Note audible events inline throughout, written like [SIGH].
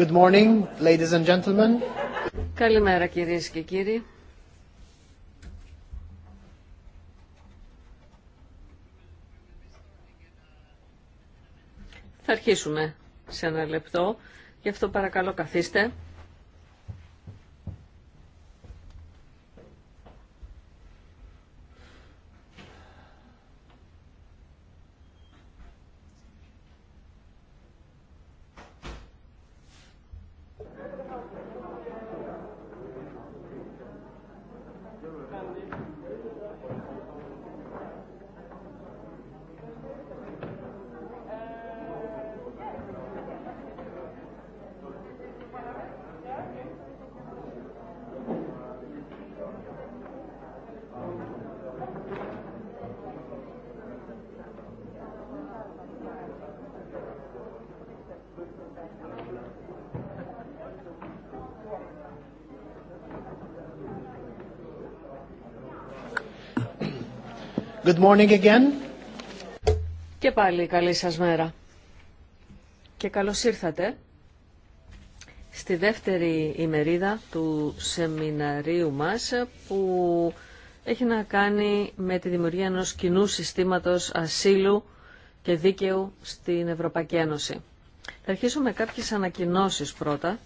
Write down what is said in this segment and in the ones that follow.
Good morning, ladies and gentlemen. Καλημέρα κυρίες και κύριοι. Θα αρχίσουμε σε ένα λεπτό. Γι' αυτό παρακαλώ καθίστε. Και πάλι καλή σας μέρα. Και καλώς ήρθατε στη δεύτερη ημερίδα του σεμιναρίου μας που έχει να κάνει με τη δημιουργία ενός κοινού συστήματος ασύλου και δίκαιου στην Ευρωπαϊκή Ένωση. Θα αρχίσουμε με κάποιες ανακοινώσεις πρώτα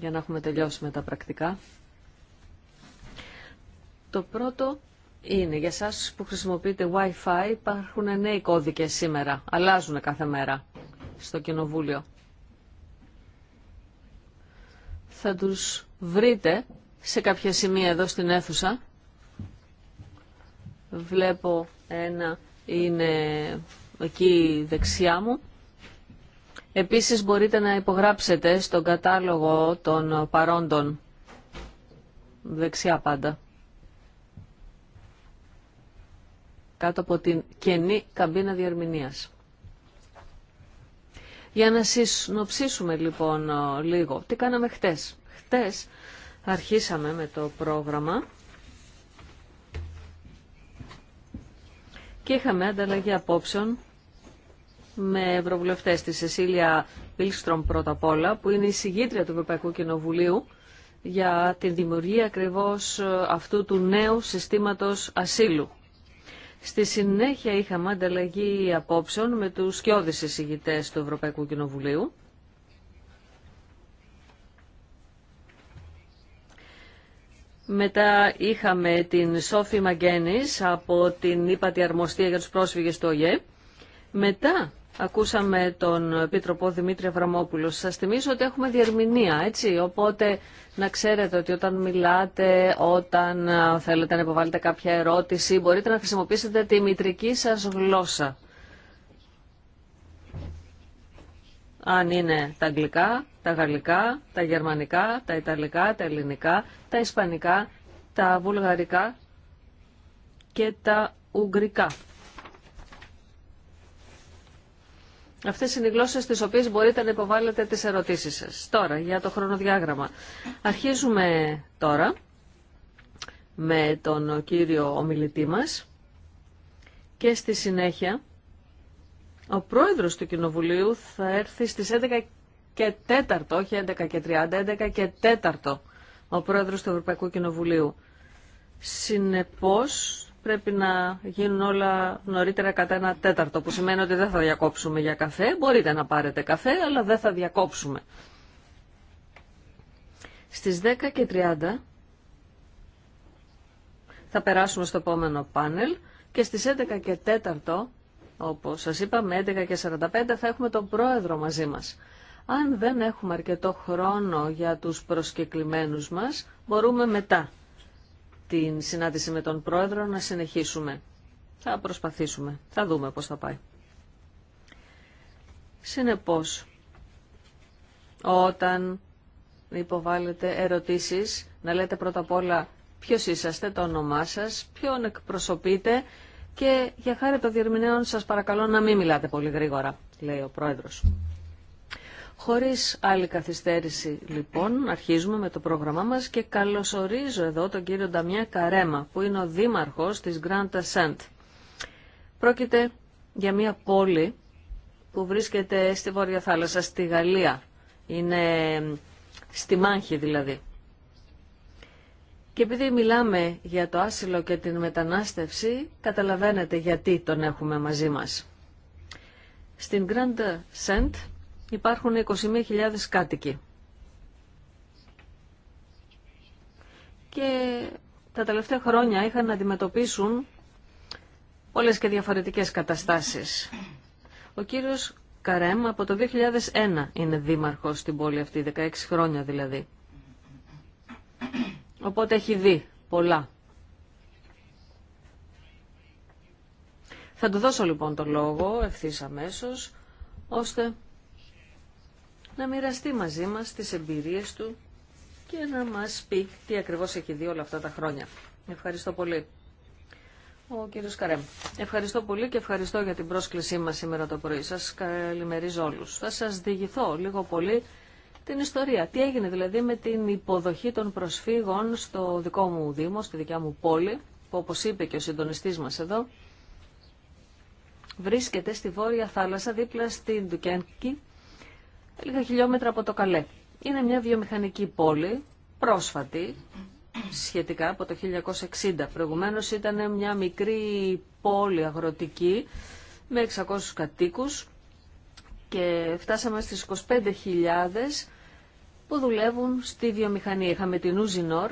για να έχουμε τελειώσει με τα πρακτικά. Το πρώτο είναι για σας που χρησιμοποιείτε Wi-Fi υπάρχουν νέοι κώδικες σήμερα. Αλλάζουν κάθε μέρα στο κοινοβούλιο. Θα τους βρείτε σε κάποια σημεία εδώ στην αίθουσα. Βλέπω ένα είναι εκεί δεξιά μου. Επίσης μπορείτε να υπογράψετε στον κατάλογο των παρόντων δεξιά πάντα. κάτω από την κενή καμπίνα διαρμηνίας. Για να συνοψίσουμε λοιπόν λίγο, τι κάναμε χτες. Χτες αρχίσαμε με το πρόγραμμα και είχαμε ανταλλαγή απόψεων με ευρωβουλευτές της Σεσίλια Πίλστρομ πρώτα απ' όλα, που είναι η συγγήτρια του Ευρωπαϊκού Κοινοβουλίου για τη δημιουργία ακριβώς ε, αυτού του νέου συστήματος ασύλου. Στη συνέχεια είχαμε ανταλλαγή απόψεων με τους σκιώδεις εισηγητές του Ευρωπαϊκού Κοινοβουλίου. Μετά είχαμε την Σόφη Μαγκένης από την ύπατη αρμοστία για τους πρόσφυγες του ΟΓΕ. Μετά Ακούσαμε τον Επίτροπο Δημήτρη Αβραμόπουλο. Σας θυμίζω ότι έχουμε διερμηνία, έτσι, οπότε να ξέρετε ότι όταν μιλάτε, όταν θέλετε να υποβάλλετε κάποια ερώτηση, μπορείτε να χρησιμοποιήσετε τη μητρική σας γλώσσα. Αν είναι τα αγγλικά, τα γαλλικά, τα γερμανικά, τα ιταλικά, τα ελληνικά, τα ισπανικά, τα βουλγαρικά και τα ουγγρικά. Αυτέ είναι οι γλώσσες στις οποίες μπορείτε να υποβάλλετε τις ερωτήσεις σας. Τώρα, για το χρονοδιάγραμμα. Αρχίζουμε τώρα με τον κύριο ομιλητή μα και στη συνέχεια ο πρόεδρος του Κοινοβουλίου θα έρθει στις 11 και 4, όχι 11 και 30, 11 και 4, ο πρόεδρος του Ευρωπαϊκού Κοινοβουλίου. Συνεπώς πρέπει να γίνουν όλα νωρίτερα κατά ένα τέταρτο, που σημαίνει ότι δεν θα διακόψουμε για καφέ. Μπορείτε να πάρετε καφέ, αλλά δεν θα διακόψουμε. Στις 10 και 30 θα περάσουμε στο επόμενο πάνελ και στις 11 και 4, όπως σας είπαμε, 11 και 45 θα έχουμε τον πρόεδρο μαζί μας. Αν δεν έχουμε αρκετό χρόνο για τους προσκεκλημένους μας, μπορούμε μετά την συνάντηση με τον πρόεδρο να συνεχίσουμε. Θα προσπαθήσουμε. Θα δούμε πώς θα πάει. Συνεπώς, όταν υποβάλλετε ερωτήσεις, να λέτε πρώτα απ' όλα ποιος είσαστε, το όνομά σας, ποιον εκπροσωπείτε και για χάρη των διερμηνέων σας παρακαλώ να μην μιλάτε πολύ γρήγορα, λέει ο πρόεδρος. Χωρίς άλλη καθυστέρηση λοιπόν αρχίζουμε με το πρόγραμμά μας και καλωσορίζω εδώ τον κύριο Νταμιά Καρέμα που είναι ο δήμαρχος της Grand Ascent. Πρόκειται για μια πόλη που βρίσκεται στη Βόρεια Θάλασσα, στη Γαλλία. Είναι στη Μάνχη δηλαδή. Και επειδή μιλάμε για το άσυλο και την μετανάστευση, καταλαβαίνετε γιατί τον έχουμε μαζί μας. Στην Grand Saint υπάρχουν 21.000 κάτοικοι. Και τα τελευταία χρόνια είχαν να αντιμετωπίσουν πολλές και διαφορετικές καταστάσεις. Ο κύριος Καρέμ από το 2001 είναι δήμαρχος στην πόλη αυτή, 16 χρόνια δηλαδή. Οπότε έχει δει πολλά. Θα του δώσω λοιπόν το λόγο ευθύ αμέσω, ώστε να μοιραστεί μαζί μας τις εμπειρίες του και να μας πει τι ακριβώς έχει δει όλα αυτά τα χρόνια. Ευχαριστώ πολύ. Ο κύριος Καρέμ. Ευχαριστώ πολύ και ευχαριστώ για την πρόσκλησή μας σήμερα το πρωί. Σας καλημερίζω όλους. Θα σας διηγηθώ λίγο πολύ την ιστορία. Τι έγινε δηλαδή με την υποδοχή των προσφύγων στο δικό μου Δήμο, στη δικιά μου πόλη, που όπως είπε και ο συντονιστής μας εδώ, βρίσκεται στη Βόρεια Θάλασσα δίπλα στην Ντουκένκη λίγα χιλιόμετρα από το Καλέ. Είναι μια βιομηχανική πόλη, πρόσφατη, σχετικά από το 1960. Προηγουμένως ήταν μια μικρή πόλη αγροτική με 600 κατοίκους και φτάσαμε στις 25.000 που δουλεύουν στη βιομηχανία. Είχαμε την Ούζινορ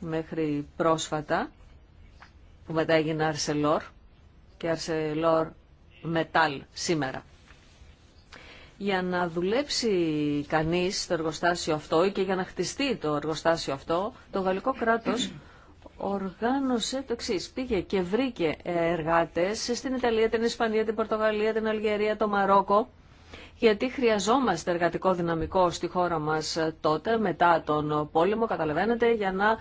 μέχρι πρόσφατα που μετά έγινε Αρσελόρ και Αρσελόρ Μετάλ σήμερα. Για να δουλέψει κανείς το εργοστάσιο αυτό και για να χτιστεί το εργοστάσιο αυτό, το γαλλικό κράτος οργάνωσε το εξή. Πήγε και βρήκε εργάτες στην Ιταλία, την Ισπανία, την Πορτογαλία, την Αλγερία, το Μαρόκο, γιατί χρειαζόμαστε εργατικό δυναμικό στη χώρα μας τότε, μετά τον πόλεμο, καταλαβαίνετε, για να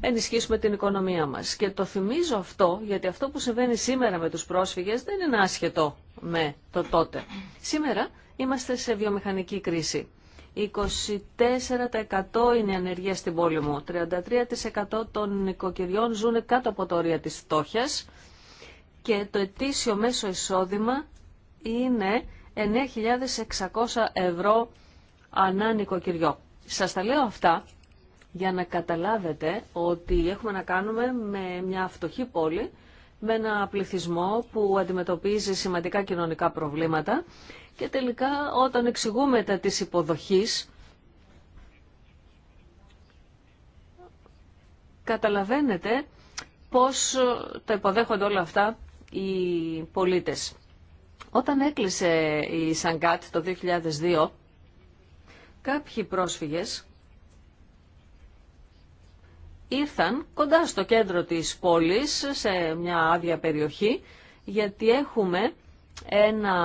ενισχύσουμε την οικονομία μας. Και το θυμίζω αυτό, γιατί αυτό που συμβαίνει σήμερα με τους πρόσφυγες δεν είναι άσχετο με το τότε. Σήμερα Είμαστε σε βιομηχανική κρίση. 24% είναι η ανεργία στην πόλη μου. 33% των νοικοκυριών ζουν κάτω από το όριο της φτώχειας και το ετήσιο μέσο εισόδημα είναι 9.600 ευρώ ανά νοικοκυριό. Σας τα λέω αυτά για να καταλάβετε ότι έχουμε να κάνουμε με μια φτωχή πόλη, με ένα πληθυσμό που αντιμετωπίζει σημαντικά κοινωνικά προβλήματα και τελικά όταν εξηγούμε τα της υποδοχής καταλαβαίνετε πώς ε, τα υποδέχονται όλα αυτά οι πολίτες. Όταν έκλεισε η Σανκάτ το 2002, κάποιοι πρόσφυγες ήρθαν κοντά στο κέντρο της πόλης, σε μια άδεια περιοχή, γιατί έχουμε ένα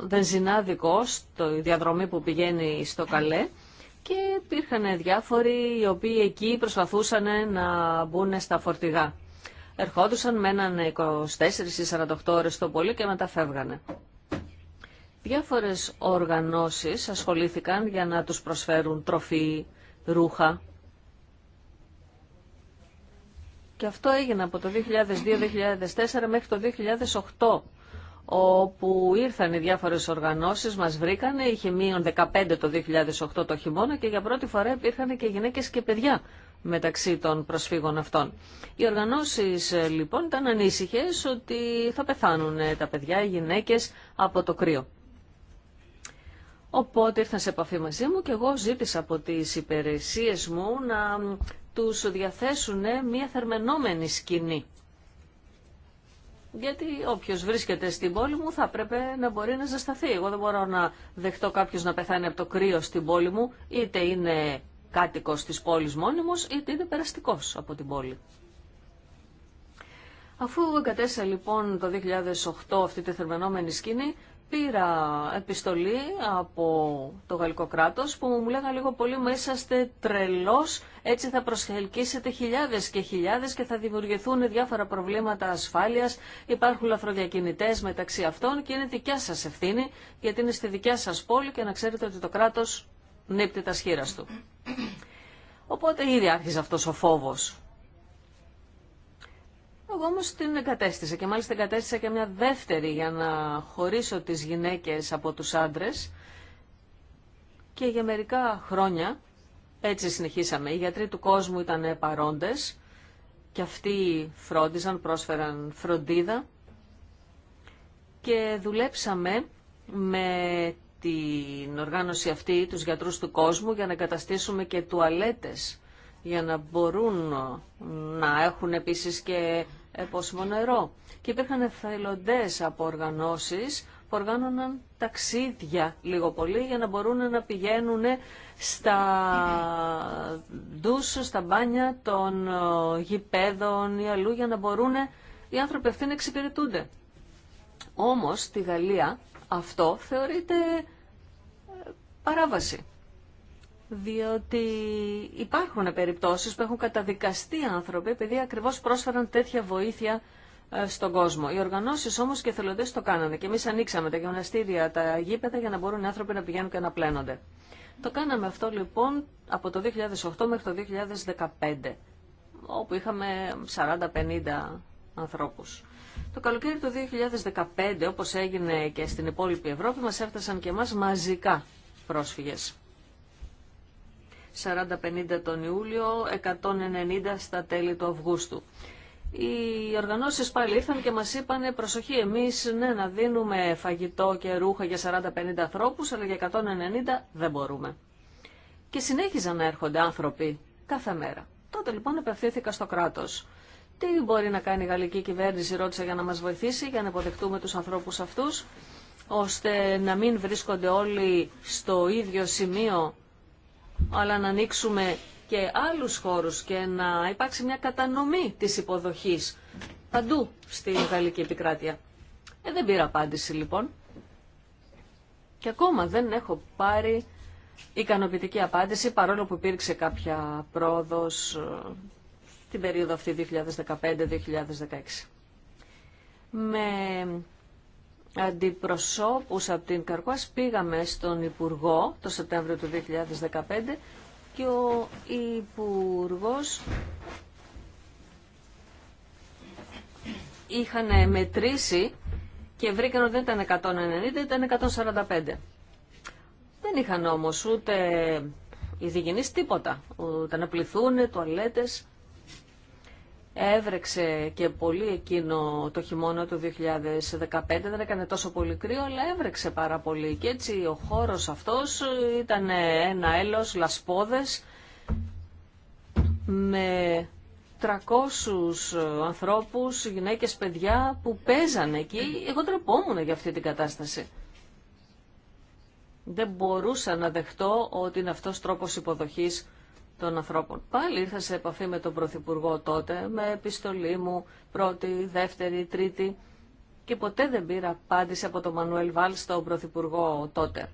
βενζινάδικο στο διαδρομή που πηγαίνει στο Καλέ και υπήρχαν διάφοροι οι οποίοι εκεί προσπαθούσαν να μπουν στα φορτηγά. Ερχόντουσαν, μέναν 24 ή 48 ώρες το πολύ και μετά φεύγανε. Διάφορες οργανώσεις ασχολήθηκαν για να τους προσφέρουν τροφή, ρούχα. Και αυτό έγινε από το 2002-2004 μέχρι το 2008 όπου ήρθαν οι διάφορες οργανώσεις, μας βρήκανε, είχε μείον 15 το 2008 το χειμώνα και για πρώτη φορά υπήρχαν και γυναίκες και παιδιά μεταξύ των προσφύγων αυτών. Οι οργανώσεις ε, λοιπόν ήταν ανήσυχε ότι θα πεθάνουν ε, τα παιδιά, οι γυναίκες από το κρύο. Οπότε ήρθαν σε επαφή μαζί μου και εγώ ζήτησα από τις υπηρεσίες μου να τους διαθέσουν μια θερμενόμενη σκηνή γιατί όποιο βρίσκεται στην πόλη μου θα πρέπει να μπορεί να ζεσταθεί. Εγώ δεν μπορώ να δεχτώ κάποιο να πεθάνει από το κρύο στην πόλη μου, είτε είναι κάτοικο τη πόλη μόνιμο, είτε είναι περαστικό από την πόλη. Αφού εγκατέστησα λοιπόν το 2008 αυτή τη θερμενόμενη σκηνή, πήρα επιστολή από το γαλλικό κράτος που μου λέγανε λίγο πολύ «Μα είσαστε τρελός, έτσι θα προσελκύσετε χιλιάδες και χιλιάδες και θα δημιουργηθούν διάφορα προβλήματα ασφάλειας, υπάρχουν λαθροδιακινητές μεταξύ αυτών και είναι δικιά σας ευθύνη γιατί είναι στη δικιά σας πόλη και να ξέρετε ότι το κράτος νύπτει τα σχήρας του». Οπότε ήδη άρχισε αυτός ο φόβος. Εγώ όμως την εγκατέστησα και μάλιστα εγκατέστησα και μια δεύτερη για να χωρίσω τις γυναίκες από τους άντρες και για μερικά χρόνια έτσι συνεχίσαμε. Οι γιατροί του κόσμου ήταν παρόντες και αυτοί φρόντιζαν, πρόσφεραν φροντίδα και δουλέψαμε με την οργάνωση αυτή, τους γιατρούς του κόσμου, για να καταστήσουμε και τουαλέτες, για να μπορούν να έχουν επίσης και ε, πόσιμο νερό. Και υπήρχαν εθελοντές από οργανώσεις που οργάνωναν ταξίδια λίγο πολύ για να μπορούν να πηγαίνουν στα ντους, στα μπάνια των ε, γηπέδων ή αλλού για να μπορούν οι άνθρωποι αυτοί να εξυπηρετούνται. Όμως στη Γαλλία αυτό θεωρείται ε, παράβαση διότι υπάρχουν περιπτώσεις που έχουν καταδικαστεί άνθρωποι επειδή ακριβώς πρόσφεραν τέτοια βοήθεια ε, στον κόσμο. Οι οργανώσεις όμως και θελοντές το κάνανε και εμείς ανοίξαμε τα γεωναστήρια, τα γήπεδα για να μπορούν οι άνθρωποι να πηγαίνουν και να πλένονται. Το κάναμε αυτό λοιπόν από το 2008 μέχρι το 2015 όπου είχαμε 40-50 ανθρώπους. Το καλοκαίρι του 2015, όπως έγινε και στην υπόλοιπη Ευρώπη, μας έφτασαν και εμά μαζικά πρόσφυγες. 40-50 τον Ιούλιο, 190 στα τέλη του Αυγούστου. Οι οργανώσεις πάλι ήρθαν και μας είπαν προσοχή εμείς ναι, να δίνουμε φαγητό και ρούχα για 40-50 ανθρώπους αλλά για 190 δεν μπορούμε. Και συνέχιζαν να έρχονται άνθρωποι κάθε μέρα. Τότε λοιπόν επευθύνθηκα στο κράτος. Τι μπορεί να κάνει η γαλλική κυβέρνηση, ρώτησα για να μας βοηθήσει, για να υποδεχτούμε τους ανθρώπους αυτούς, ώστε να μην βρίσκονται όλοι στο ίδιο σημείο αλλά να ανοίξουμε και άλλους χώρους και να υπάρξει μια κατανομή της υποδοχής παντού στην Γαλλική επικράτεια. Ε, δεν πήρα απάντηση λοιπόν. Και ακόμα δεν έχω πάρει ικανοποιητική απάντηση, παρόλο που υπήρξε κάποια πρόοδος ε, την περίοδο αυτή 2015-2016. Με αντιπροσώπους από την Καρκουάς πήγαμε στον Υπουργό το Σεπτέμβριο του 2015 και ο Υπουργός είχαν μετρήσει και βρήκαν ότι δεν ήταν 190, ήταν 145. Δεν είχαν όμως ούτε οι τίποτα, ούτε να πληθούν, τουαλέτες. Έβρεξε και πολύ εκείνο το χειμώνα του 2015, δεν έκανε τόσο πολύ κρύο, αλλά έβρεξε πάρα πολύ. Και έτσι ο χώρος αυτός ήταν ένα έλος λασπόδες με 300 ανθρώπους, γυναίκες, παιδιά που παίζανε εκεί. Εγώ τρεπόμουν για αυτή την κατάσταση. Δεν μπορούσα να δεχτώ ότι είναι αυτός τρόπος υποδοχής των ανθρώπων. Πάλι ήρθα σε επαφή με τον Πρωθυπουργό τότε, με επιστολή μου, πρώτη, δεύτερη, τρίτη και ποτέ δεν πήρα απάντηση από τον Μανουέλ Βάλ στον Πρωθυπουργό τότε.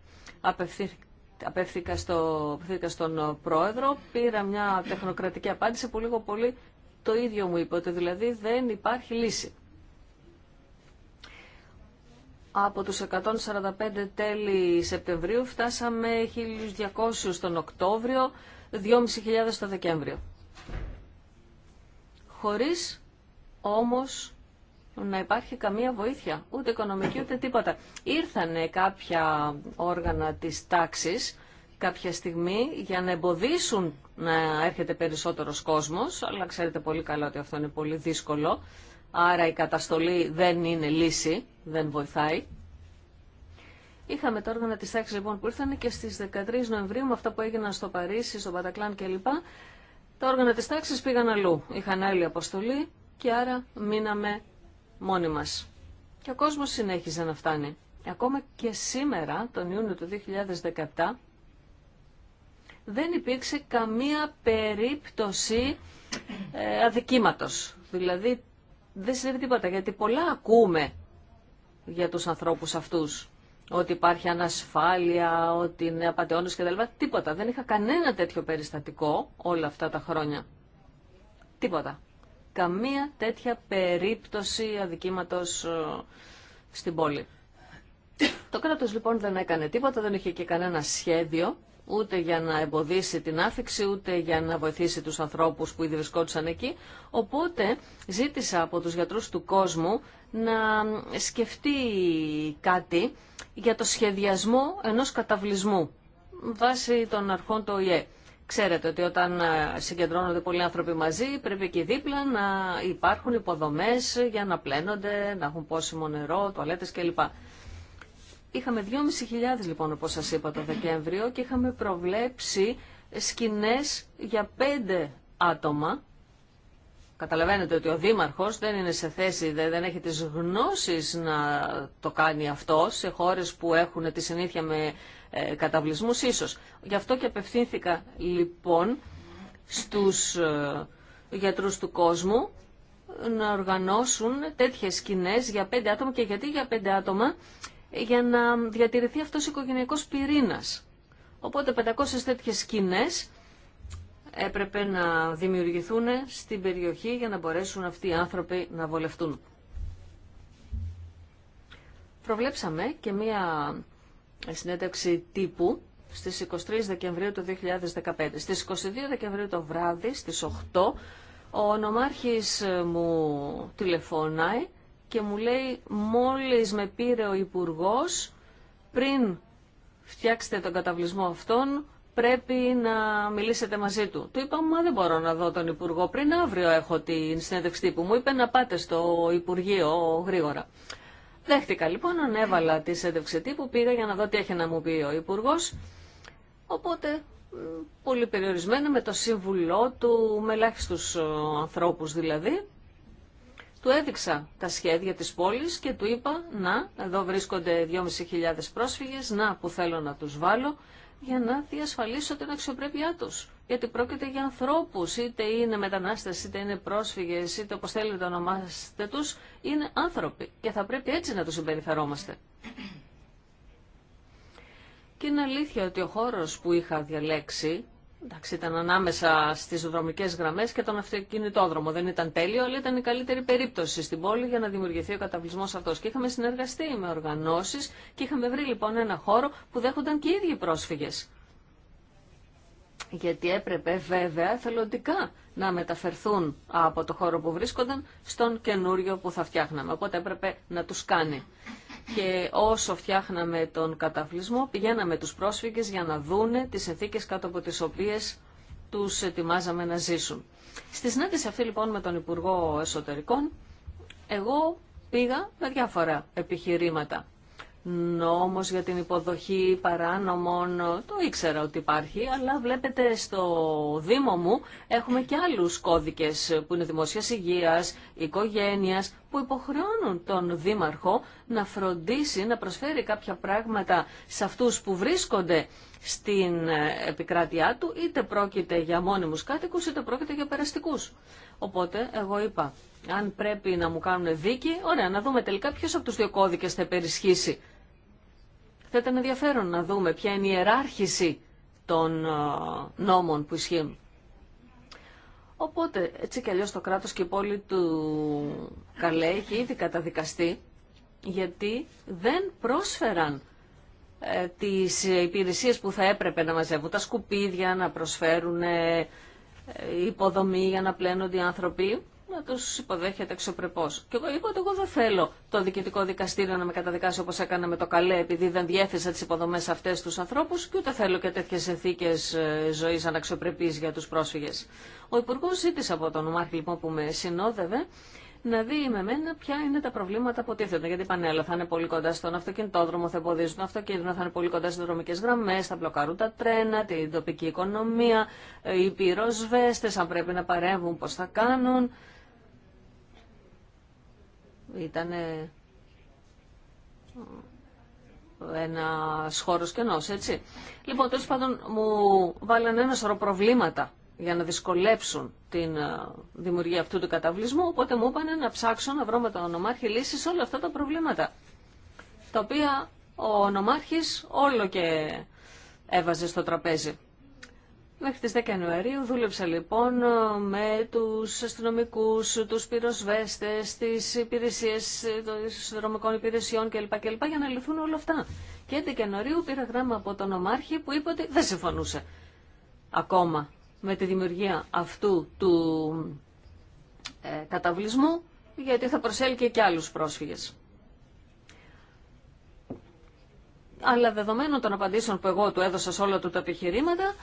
Απευθύνθηκα, στο, στον ε, Πρόεδρο, πήρα μια τεχνοκρατική απάντηση που λίγο πολύ το ίδιο μου είπε, ότι δηλαδή δεν υπάρχει λύση. Από τους 145 τέλη Σεπτεμβρίου φτάσαμε 1200 τον Οκτώβριο, 2.500 το Δεκέμβριο. Χωρίς όμως να υπάρχει καμία βοήθεια, ούτε οικονομική ούτε τίποτα. Ήρθανε κάποια όργανα της τάξης κάποια στιγμή για να εμποδίσουν να έρχεται περισσότερος κόσμος, αλλά ξέρετε πολύ καλά ότι αυτό είναι πολύ δύσκολο, άρα η καταστολή δεν είναι λύση, δεν βοηθάει. Είχαμε τα όργανα τη τάξη λοιπόν που ήρθαν και στις 13 Νοεμβρίου με αυτά που έγιναν στο Παρίσι, στο Πατακλάν κλπ. Τα όργανα τη τάξη πήγαν αλλού. Είχαν άλλη αποστολή και άρα μείναμε μόνοι μας. Και ο κόσμος συνέχιζε να φτάνει. Ακόμα και σήμερα, τον Ιούνιο του 2017, δεν υπήρξε καμία περίπτωση ε, Δηλαδή δεν συνέβη τίποτα, γιατί πολλά ακούμε για τους ανθρώπους αυτούς ότι υπάρχει ανασφάλεια, ότι είναι απαταιώνες λοιπά. Τίποτα. Δεν είχα κανένα τέτοιο περιστατικό όλα αυτά τα χρόνια. Τίποτα. Καμία τέτοια περίπτωση αδικήματος ε, στην πόλη. Το κράτος λοιπόν δεν έκανε τίποτα, δεν είχε και κανένα σχέδιο ούτε για να εμποδίσει την άφηξη, ούτε για να βοηθήσει τους ανθρώπους που ήδη βρισκόντουσαν εκεί. Οπότε ζήτησα από τους γιατρούς του κόσμου να σκεφτεί κάτι για το σχεδιασμό ενός καταβλισμού βάσει των αρχών του ΟΗΕ. Ξέρετε ότι όταν ε, συγκεντρώνονται πολλοί άνθρωποι μαζί πρέπει και δίπλα να υπάρχουν υποδομές για να πλένονται, να έχουν πόσιμο νερό, τουαλέτες κλπ. Είχαμε 2.500 λοιπόν όπως σας είπα το Δεκέμβριο και είχαμε προβλέψει σκηνές για 5 άτομα. Καταλαβαίνετε ότι ο Δήμαρχος δεν είναι σε θέση, δεν έχει τις γνώσεις να το κάνει αυτό σε χώρες που έχουν τη συνήθεια με ε, καταβλισμούς ίσως. Γι' αυτό και απευθύνθηκα λοιπόν στους ε, γιατρούς του κόσμου να οργανώσουν τέτοιες σκηνές για πέντε άτομα και γιατί για πέντε άτομα για να διατηρηθεί αυτός ο οικογενειακός πυρήνας. Οπότε 500 τέτοιες σκηνέ έπρεπε να δημιουργηθούν στην περιοχή για να μπορέσουν αυτοί οι άνθρωποι να βολευτούν. Προβλέψαμε και μία συνέντευξη τύπου στις 23 Δεκεμβρίου του 2015. Στις 22 Δεκεμβρίου το βράδυ, στις 8, ο νομάρχης μου τηλεφωνάει και μου λέει μόλις με πήρε ο Υπουργός πριν φτιάξετε τον καταβλισμό αυτόν πρέπει να μιλήσετε μαζί του. Του είπα, μα δεν μπορώ να δω τον Υπουργό. Πριν αύριο έχω την συνέντευξη που μου είπε να πάτε στο Υπουργείο γρήγορα. Δέχτηκα λοιπόν, ανέβαλα τη συνέντευξη τύπου, πήγα για να δω τι έχει να μου πει ο Υπουργό. Οπότε, πολύ περιορισμένα με το σύμβουλό του, με ελάχιστου ανθρώπου δηλαδή. Του έδειξα τα σχέδια της πόλης και του είπα να, εδώ βρίσκονται 2.500 πρόσφυγες, να που θέλω να τους βάλω για να διασφαλίσω την αξιοπρέπειά τους. Γιατί πρόκειται για ανθρώπους, είτε είναι μετανάστες, είτε είναι πρόσφυγες, είτε όπως θέλετε ονομάστε τους, είναι άνθρωποι και θα πρέπει έτσι να τους συμπεριφερόμαστε. Και είναι αλήθεια ότι ο χώρος που είχα διαλέξει Εντάξει, ήταν ανάμεσα στις δρομικέ γραμμές και τον αυτοκινητόδρομο. Δεν ήταν τέλειο, αλλά ήταν η καλύτερη περίπτωση στην πόλη για να δημιουργηθεί ο καταβλισμό αυτό. Και είχαμε συνεργαστεί με οργανώσεις και είχαμε βρει λοιπόν ένα χώρο που δέχονταν και οι ίδιοι πρόσφυγες. Γιατί έπρεπε βέβαια θελοντικά να μεταφερθούν από το χώρο που βρίσκονταν στον καινούριο που θα φτιάχναμε. Οπότε έπρεπε να του κάνει και όσο φτιάχναμε τον καταβλισμό πηγαίναμε τους πρόσφυγες για να δούνε τις συνθήκες κάτω από τις οποίες τους ετοιμάζαμε να ζήσουν. Στη συνάντηση αυτή λοιπόν με τον Υπουργό Εσωτερικών εγώ πήγα με διάφορα επιχειρήματα νόμος για την υποδοχή παράνομων, το ήξερα ότι υπάρχει, αλλά βλέπετε στο Δήμο μου έχουμε και άλλους κώδικες που είναι δημοσίας υγείας, οικογένειας, που υποχρεώνουν τον Δήμαρχο να φροντίσει, να προσφέρει κάποια πράγματα σε αυτούς που βρίσκονται στην επικράτειά του, είτε πρόκειται για μόνιμους κάτοικους, είτε πρόκειται για περαστικούς. Οπότε, εγώ είπα, αν πρέπει να μου κάνουν δίκη, ωραία, να δούμε τελικά ποιο από του δύο κώδικε θα υπερισχύσει. Θα ήταν ενδιαφέρον να δούμε ποια είναι η ιεράρχηση των ε, νόμων που ισχύουν. Οπότε, έτσι κι αλλιώς το κράτος και η πόλη του Καλέ έχει ήδη καταδικαστεί, γιατί δεν πρόσφεραν ε, τις υπηρεσίες που θα έπρεπε να μαζεύουν, τα σκουπίδια, να προσφέρουν ε, υποδομή για να πλένονται οι άνθρωποι να του υποδέχεται εξωπρεπώς. Και εγώ είπα ότι εγώ δεν θέλω το διοικητικό δικαστήριο να με καταδικάσει όπω έκανα με το καλέ επειδή δεν διέθεσα τι υποδομέ αυτέ στου ανθρώπου, και ούτε θέλω και τέτοιε συνθήκε ε, ζωή αναξιοπρεπή για του πρόσφυγες. Ο υπουργό ζήτησε από τον Μάρκ λοιπόν που με συνόδευε να δει με μένα ποια είναι τα προβλήματα που τίθενται. Γιατί πανέλα «Ναι, θα είναι πολύ κοντά στον αυτοκινητόδρομο, θα εμποδίζουν το αυτοκίνητο, θα είναι πολύ κοντά στι δρομικέ γραμμέ, θα μπλοκάρουν τα τρένα, την τοπική οικονομία, ε, οι πυροσβέστε, αν πρέπει να παρέμβουν, πώ θα κάνουν. Ήταν ένα χώρο κενό, έτσι. Λοιπόν, τέλο πάντων μου βάλανε ένα σωρό προβλήματα για να δυσκολέψουν την ε, δημιουργία αυτού του καταβλισμού, οπότε μου είπανε να ψάξω να βρω με τον ονομάρχη λύσεις όλα αυτά τα προβλήματα, τα οποία ο ονομάρχης όλο και έβαζε στο τραπέζι. Μέχρι τις 10 Ιανουαρίου δούλεψα λοιπόν με τους αστυνομικούς, τους πυροσβέστες, τις υπηρεσίες των συνδρομικών υπηρεσιών κλπ. κλπ. για να λυθούν όλα αυτά. Και 11 Ιανουαρίου πήρα γράμμα από τον Ομάρχη που είπε ότι δεν συμφωνούσε ακόμα με τη δημιουργία αυτού του ε, καταβλισμού γιατί θα προσέλκει και άλλους πρόσφυγες. Αλλά δεδομένων των απαντήσεων που εγώ του έδωσα σε όλα του τα επιχειρήματα,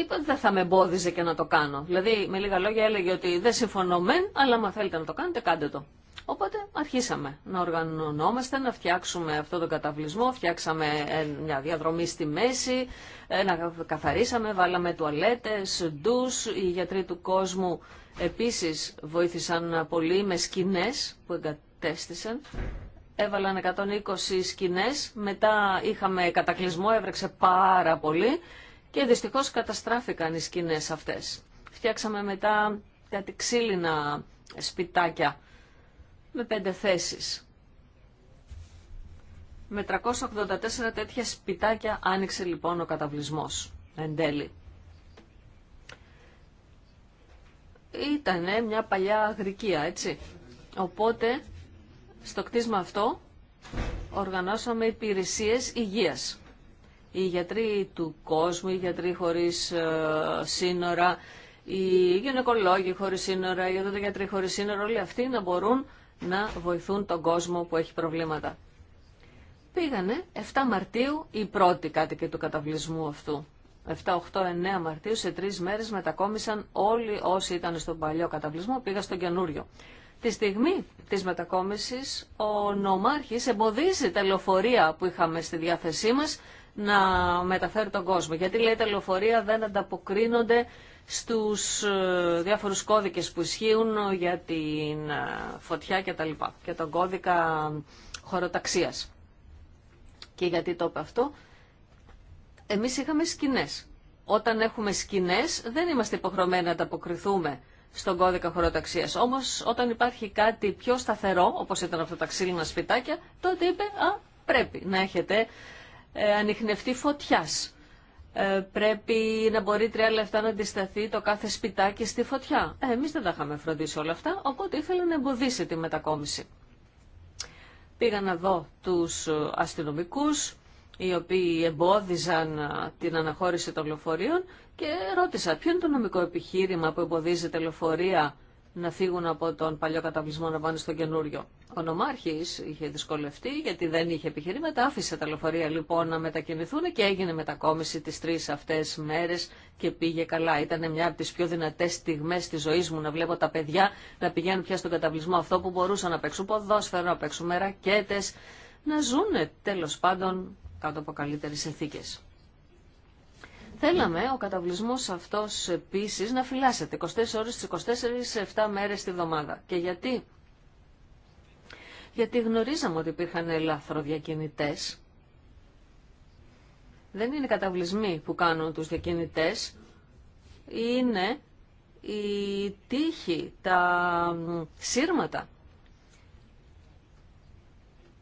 είπε ότι δεν θα με εμπόδιζε και να το κάνω. Δηλαδή, με λίγα λόγια έλεγε ότι δεν συμφωνώ μεν, αλλά άμα θέλετε να το κάνετε, κάντε το. Οπότε αρχίσαμε να οργανωνόμαστε, να φτιάξουμε αυτό τον καταβλισμό, φτιάξαμε ε, μια διαδρομή στη μέση, ε, να καθαρίσαμε, βάλαμε τουαλέτες, ντους, οι γιατροί του κόσμου επίσης βοήθησαν πολύ με σκηνές που εγκατέστησαν έβαλαν 120 σκηνέ. μετά είχαμε κατακλυσμό, έβρεξε πάρα πολύ και δυστυχώ καταστράφηκαν οι σκηνέ αυτές. Φτιάξαμε μετά κάτι ξύλινα σπιτάκια με πέντε θεσει Με 384 τέτοια σπιτάκια άνοιξε λοιπόν ο καταβλισμός εν τέλει. Ήταν μια παλιά αγρικία έτσι. Οπότε στο κτίσμα αυτό οργανώσαμε υπηρεσίες υγείας. Οι γιατροί του κόσμου, οι γιατροί χωρίς ε, σύνορα, οι γυναικολόγοι χωρίς σύνορα, οι γιατροί χωρίς σύνορα, όλοι αυτοί να μπορούν να βοηθούν τον κόσμο που έχει προβλήματα. Πήγανε 7 Μαρτίου οι πρώτοι κάτοικοι του καταβλισμού αυτού. 7, 8, 9 Μαρτίου σε τρει μέρες μετακόμισαν όλοι όσοι ήταν στον παλιό καταβλισμό πήγαν στον καινούριο. Τη στιγμή τη μετακόμισή, ο Νομάρχη εμποδίζει τα λεωφορεία που είχαμε στη διάθεσή μα να μεταφέρει τον κόσμο. Γιατί λέει τα λεωφορεία δεν ανταποκρίνονται στους ε, διάφορου κώδικε που ισχύουν για την ε, φωτιά και και τον κώδικα χωροταξία. Και γιατί το είπε αυτό, εμείς είχαμε σκηνές. Όταν έχουμε σκηνές δεν είμαστε υποχρεωμένοι να ανταποκριθούμε στον κώδικα χωροταξία. Όμω, όταν υπάρχει κάτι πιο σταθερό, όπω ήταν αυτά τα ξύλινα σπιτάκια, τότε είπε Α, πρέπει να έχετε ε, ανοιχνευτή φωτιά. Ε, πρέπει να μπορεί τρία λεφτά να αντισταθεί το κάθε σπιτάκι στη φωτιά. Ε, Εμεί δεν τα είχαμε φροντίσει όλα αυτά, οπότε ήθελε να εμποδίσει τη μετακόμιση. Πήγα να δω τους ε, αστυνομικούς, οι οποίοι εμπόδιζαν την αναχώρηση των λεωφορείων και ρώτησα ποιο είναι το νομικό επιχείρημα που εμποδίζει τα λεωφορεία να φύγουν από τον παλιό καταβλισμό να πάνε στο καινούριο. Ο Νομάρχη είχε δυσκολευτεί γιατί δεν είχε επιχειρήματα, άφησε τα λεωφορεία λοιπόν να μετακινηθούν και έγινε μετακόμιση τι τρει αυτέ μέρε και πήγε καλά. Ήταν μια από τι πιο δυνατέ στιγμές τη ζωής μου να βλέπω τα παιδιά να πηγαίνουν πια στον καταβλισμό αυτό που μπορούσαν να παίξουν ποδόσφαιρο, να παίξουν ρακέτε, να ζουν τέλο πάντων κάτω από καλύτερε συνθήκε. Θέλαμε ο καταβλισμό αυτός επίσης να φυλάσσεται 24 ώρε στις 24 σε 7 μέρες τη βδομάδα. Και γιατί? Γιατί γνωρίζαμε ότι υπήρχαν λαθροδιακινητές. Δεν είναι οι καταβλισμοί που κάνουν τους διακινητές. Είναι η τύχη, τα σύρματα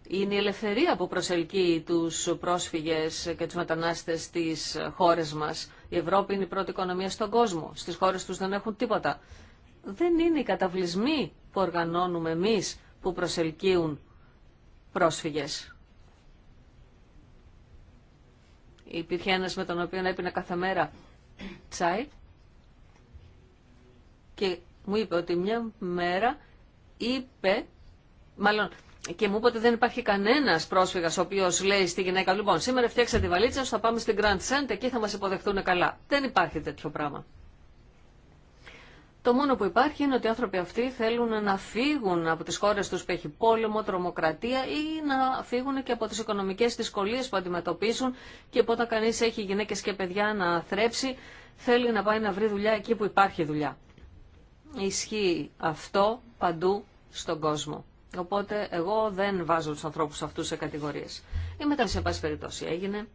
είναι η ελευθερία που προσελκύει τους πρόσφυγες και τους μετανάστες στις χώρες μας. Η Ευρώπη είναι η πρώτη οικονομία στον κόσμο. Στις χώρες τους δεν έχουν τίποτα. Δεν είναι οι καταβλισμοί που οργανώνουμε εμείς που προσελκύουν πρόσφυγες. Υπήρχε ένας με τον οποίο έπινα κάθε μέρα τσάι και μου είπε ότι μια μέρα είπε, μάλλον και μου είπε ότι δεν υπάρχει κανένα πρόσφυγα ο οποίο λέει στη γυναίκα: Λοιπόν, σήμερα φτιάξα τη βαλίτσα σου, θα πάμε στην Grand Sand, εκεί θα μα υποδεχτούν καλά. Δεν υπάρχει τέτοιο πράγμα. Το μόνο που υπάρχει είναι ότι οι άνθρωποι αυτοί θέλουν να φύγουν από τι χώρε του που έχει πόλεμο, τρομοκρατία ή να φύγουν και από τι οικονομικέ δυσκολίε που αντιμετωπίζουν και που όταν κανεί έχει γυναίκε και παιδιά να θρέψει, θέλει να πάει να βρει δουλειά εκεί που υπάρχει δουλειά. Ισχύει αυτό παντού στον κόσμο. Οπότε εγώ δεν βάζω του ανθρώπου αυτού σε κατηγορίε. Η μετάβαση, σε πάση περιπτώσει, έγινε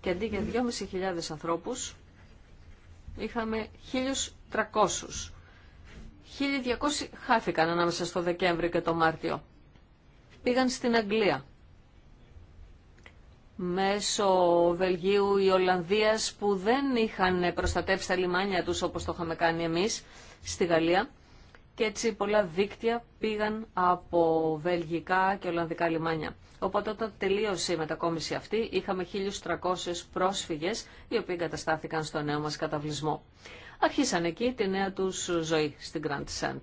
και αντί για 2.500 ανθρώπου είχαμε 1.300. 1.200 χάθηκαν ανάμεσα στο Δεκέμβριο και το Μάρτιο. Πήγαν στην Αγγλία. Μέσω Βελγίου ή Ολλανδίας που δεν είχαν προστατεύσει τα λιμάνια τους όπως το είχαμε κάνει εμείς στη Γαλλία και έτσι πολλά δίκτυα πήγαν από βελγικά και ολλανδικά λιμάνια. Οπότε όταν τελείωσε η μετακόμιση αυτή είχαμε 1.300 πρόσφυγες οι οποίοι καταστάθηκαν στο νέο μας καταβλισμό. Αρχίσαν εκεί τη νέα τους ζωή στην Grand Sand.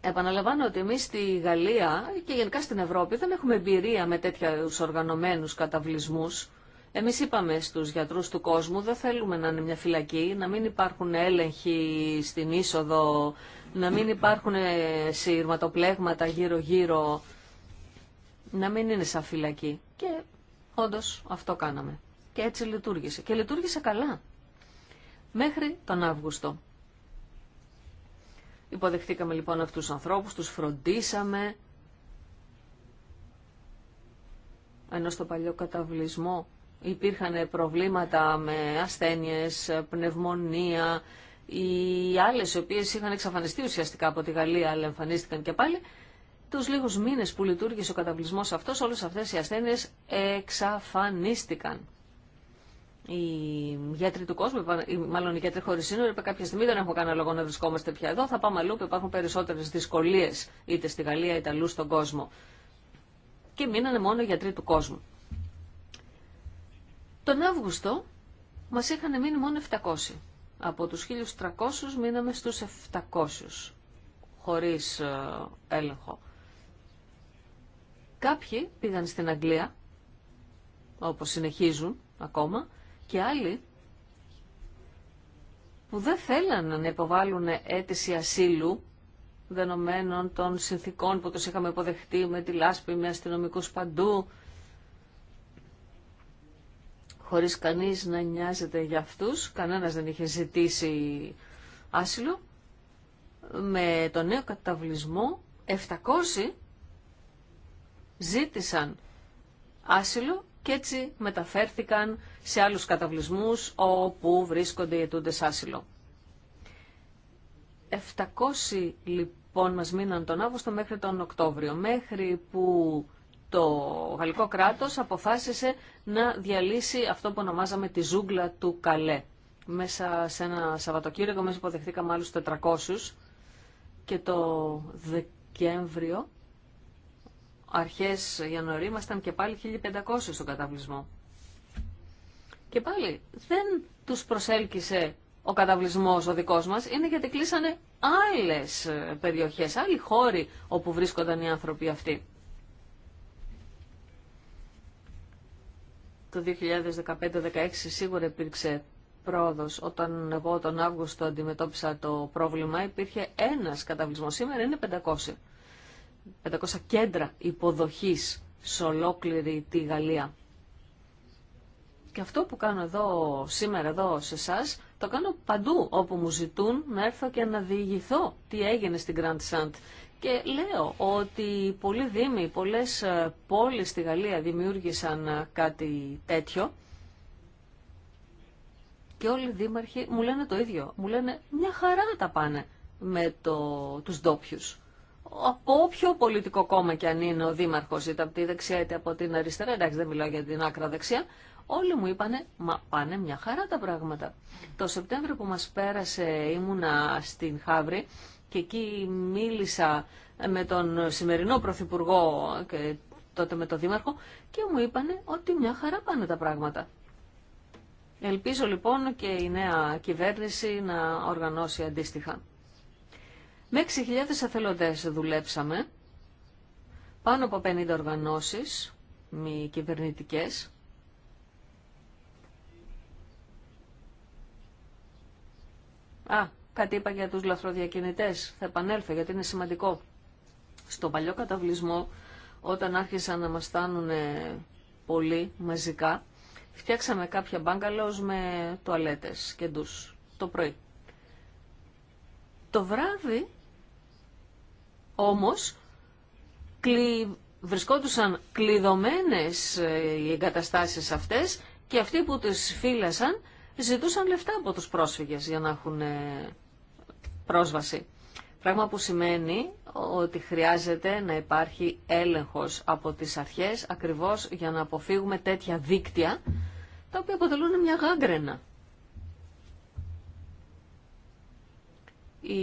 Επαναλαμβάνω ότι εμείς στη Γαλλία και γενικά στην Ευρώπη δεν έχουμε εμπειρία με τέτοιους οργανωμένους καταβλισμούς Εμεί είπαμε στου γιατρού του κόσμου, δεν θέλουμε να είναι μια φυλακή, να μην υπάρχουν έλεγχοι στην είσοδο, να μην υπάρχουν ε, σειρματοπλέγματα γύρω-γύρω, να μην είναι σαν φυλακή. Και όντω αυτό κάναμε. Και έτσι λειτουργήσε. Και λειτουργήσε καλά. Μέχρι τον Αύγουστο. Υποδεχτήκαμε λοιπόν αυτούς τους ανθρώπους, τους φροντίσαμε, ενώ στο παλιό καταβλισμό υπήρχαν προβλήματα με ασθένειες, πνευμονία οι άλλες οι οποίες είχαν εξαφανιστεί ουσιαστικά από τη Γαλλία αλλά εμφανίστηκαν και πάλι, τους λίγους μήνες που λειτουργήσε ο καταβλισμός αυτός, όλες αυτές οι ασθένειες εξαφανίστηκαν. Οι γιατροί του κόσμου, μάλλον οι γιατροί χωρί σύνορα, είπε κάποια στιγμή δεν έχουμε κανένα λόγο να βρισκόμαστε πια εδώ. Θα πάμε αλλού που υπάρχουν περισσότερε δυσκολίε είτε στη Γαλλία είτε αλλού στον κόσμο. Και μείνανε μόνο οι γιατροί του κόσμου. Τον Αύγουστο μας είχαν μείνει μόνο 700. Από τους 1.300 μείναμε στους 700, χωρίς ε, έλεγχο. Κάποιοι πήγαν στην Αγγλία, όπως συνεχίζουν ακόμα, και άλλοι που δεν θέλανε να υποβάλουν αίτηση ασύλου δεδομένων των συνθήκων που τους είχαμε υποδεχτεί με τη λάσπη, με αστυνομικού παντού χωρίς κανείς να νοιάζεται για αυτούς, κανένας δεν είχε ζητήσει άσυλο, με το νέο καταβλισμό 700 ζήτησαν άσυλο και έτσι μεταφέρθηκαν σε άλλους καταβλισμούς όπου βρίσκονται οι αιτούντες άσυλο. 700 λοιπόν μας μείναν τον Αύγουστο μέχρι τον Οκτώβριο, μέχρι που το γαλλικό κράτος αποφάσισε να διαλύσει αυτό που ονομάζαμε τη ζούγκλα του Καλέ. Μέσα σε ένα Σαββατοκύριακο μέσα δεχτήκαμε άλλους 400 και το Δεκέμβριο αρχές Ιανουαρίου ήμασταν και πάλι 1500 στον καταβλισμό. Και πάλι δεν τους προσέλκυσε ο καταβλισμός ο δικός μας, είναι γιατί κλείσανε άλλες περιοχές, άλλοι χώροι όπου βρίσκονταν οι άνθρωποι αυτοί. το 2015-2016 σίγουρα υπήρξε πρόοδος. Όταν εγώ τον Αύγουστο αντιμετώπισα το πρόβλημα υπήρχε ένας καταβλισμός. Σήμερα είναι 500. 500 κέντρα υποδοχής σε ολόκληρη τη Γαλλία. Και αυτό που κάνω εδώ σήμερα εδώ σε εσά, το κάνω παντού όπου μου ζητούν να έρθω και να διηγηθώ τι έγινε στην Grand Sand και λέω ότι πολλοί δήμοι, πολλές ε, πόλεις στη Γαλλία δημιούργησαν ε, κάτι τέτοιο και όλοι οι δήμαρχοι μου λένε το ίδιο. Μου λένε μια χαρά τα πάνε με το, τους ντόπιου. Από όποιο πολιτικό κόμμα και αν είναι ο δήμαρχος, είτε από τη δεξιά είτε από την αριστερά, εντάξει δεν μιλάω για την άκρα δεξιά, όλοι μου είπανε, μα πάνε μια χαρά τα πράγματα. Το Σεπτέμβριο που μας πέρασε ήμουνα στην Χάβρη και εκεί μίλησα με τον σημερινό πρωθυπουργό και τότε με τον δήμαρχο και μου είπανε ότι μια χαρά πάνε τα πράγματα. Ελπίζω λοιπόν και η νέα κυβέρνηση να οργανώσει αντίστοιχα. Με 6.000 εθελοντές δουλέψαμε, πάνω από 50 οργανώσεις μη κυβερνητικές, Α, Κάτι είπα για τους λαθροδιακινητές. Θα επανέλθω γιατί είναι σημαντικό. Στο παλιό καταβλισμό, όταν άρχισαν να μας στάνουν πολύ μαζικά, φτιάξαμε κάποια μπάγκαλος με τουαλέτες και ντους το πρωί. Το βράδυ, όμως, κλει... βρισκόντουσαν κλειδωμένες ε, οι εγκαταστάσεις αυτές και αυτοί που τις φύλασαν ζητούσαν λεφτά από τους πρόσφυγες για να έχουν πρόσβαση. Πράγμα που σημαίνει ότι χρειάζεται να υπάρχει έλεγχος από τις αρχές ακριβώς για να αποφύγουμε τέτοια δίκτυα τα οποία αποτελούν μια γάγκρενα. Η...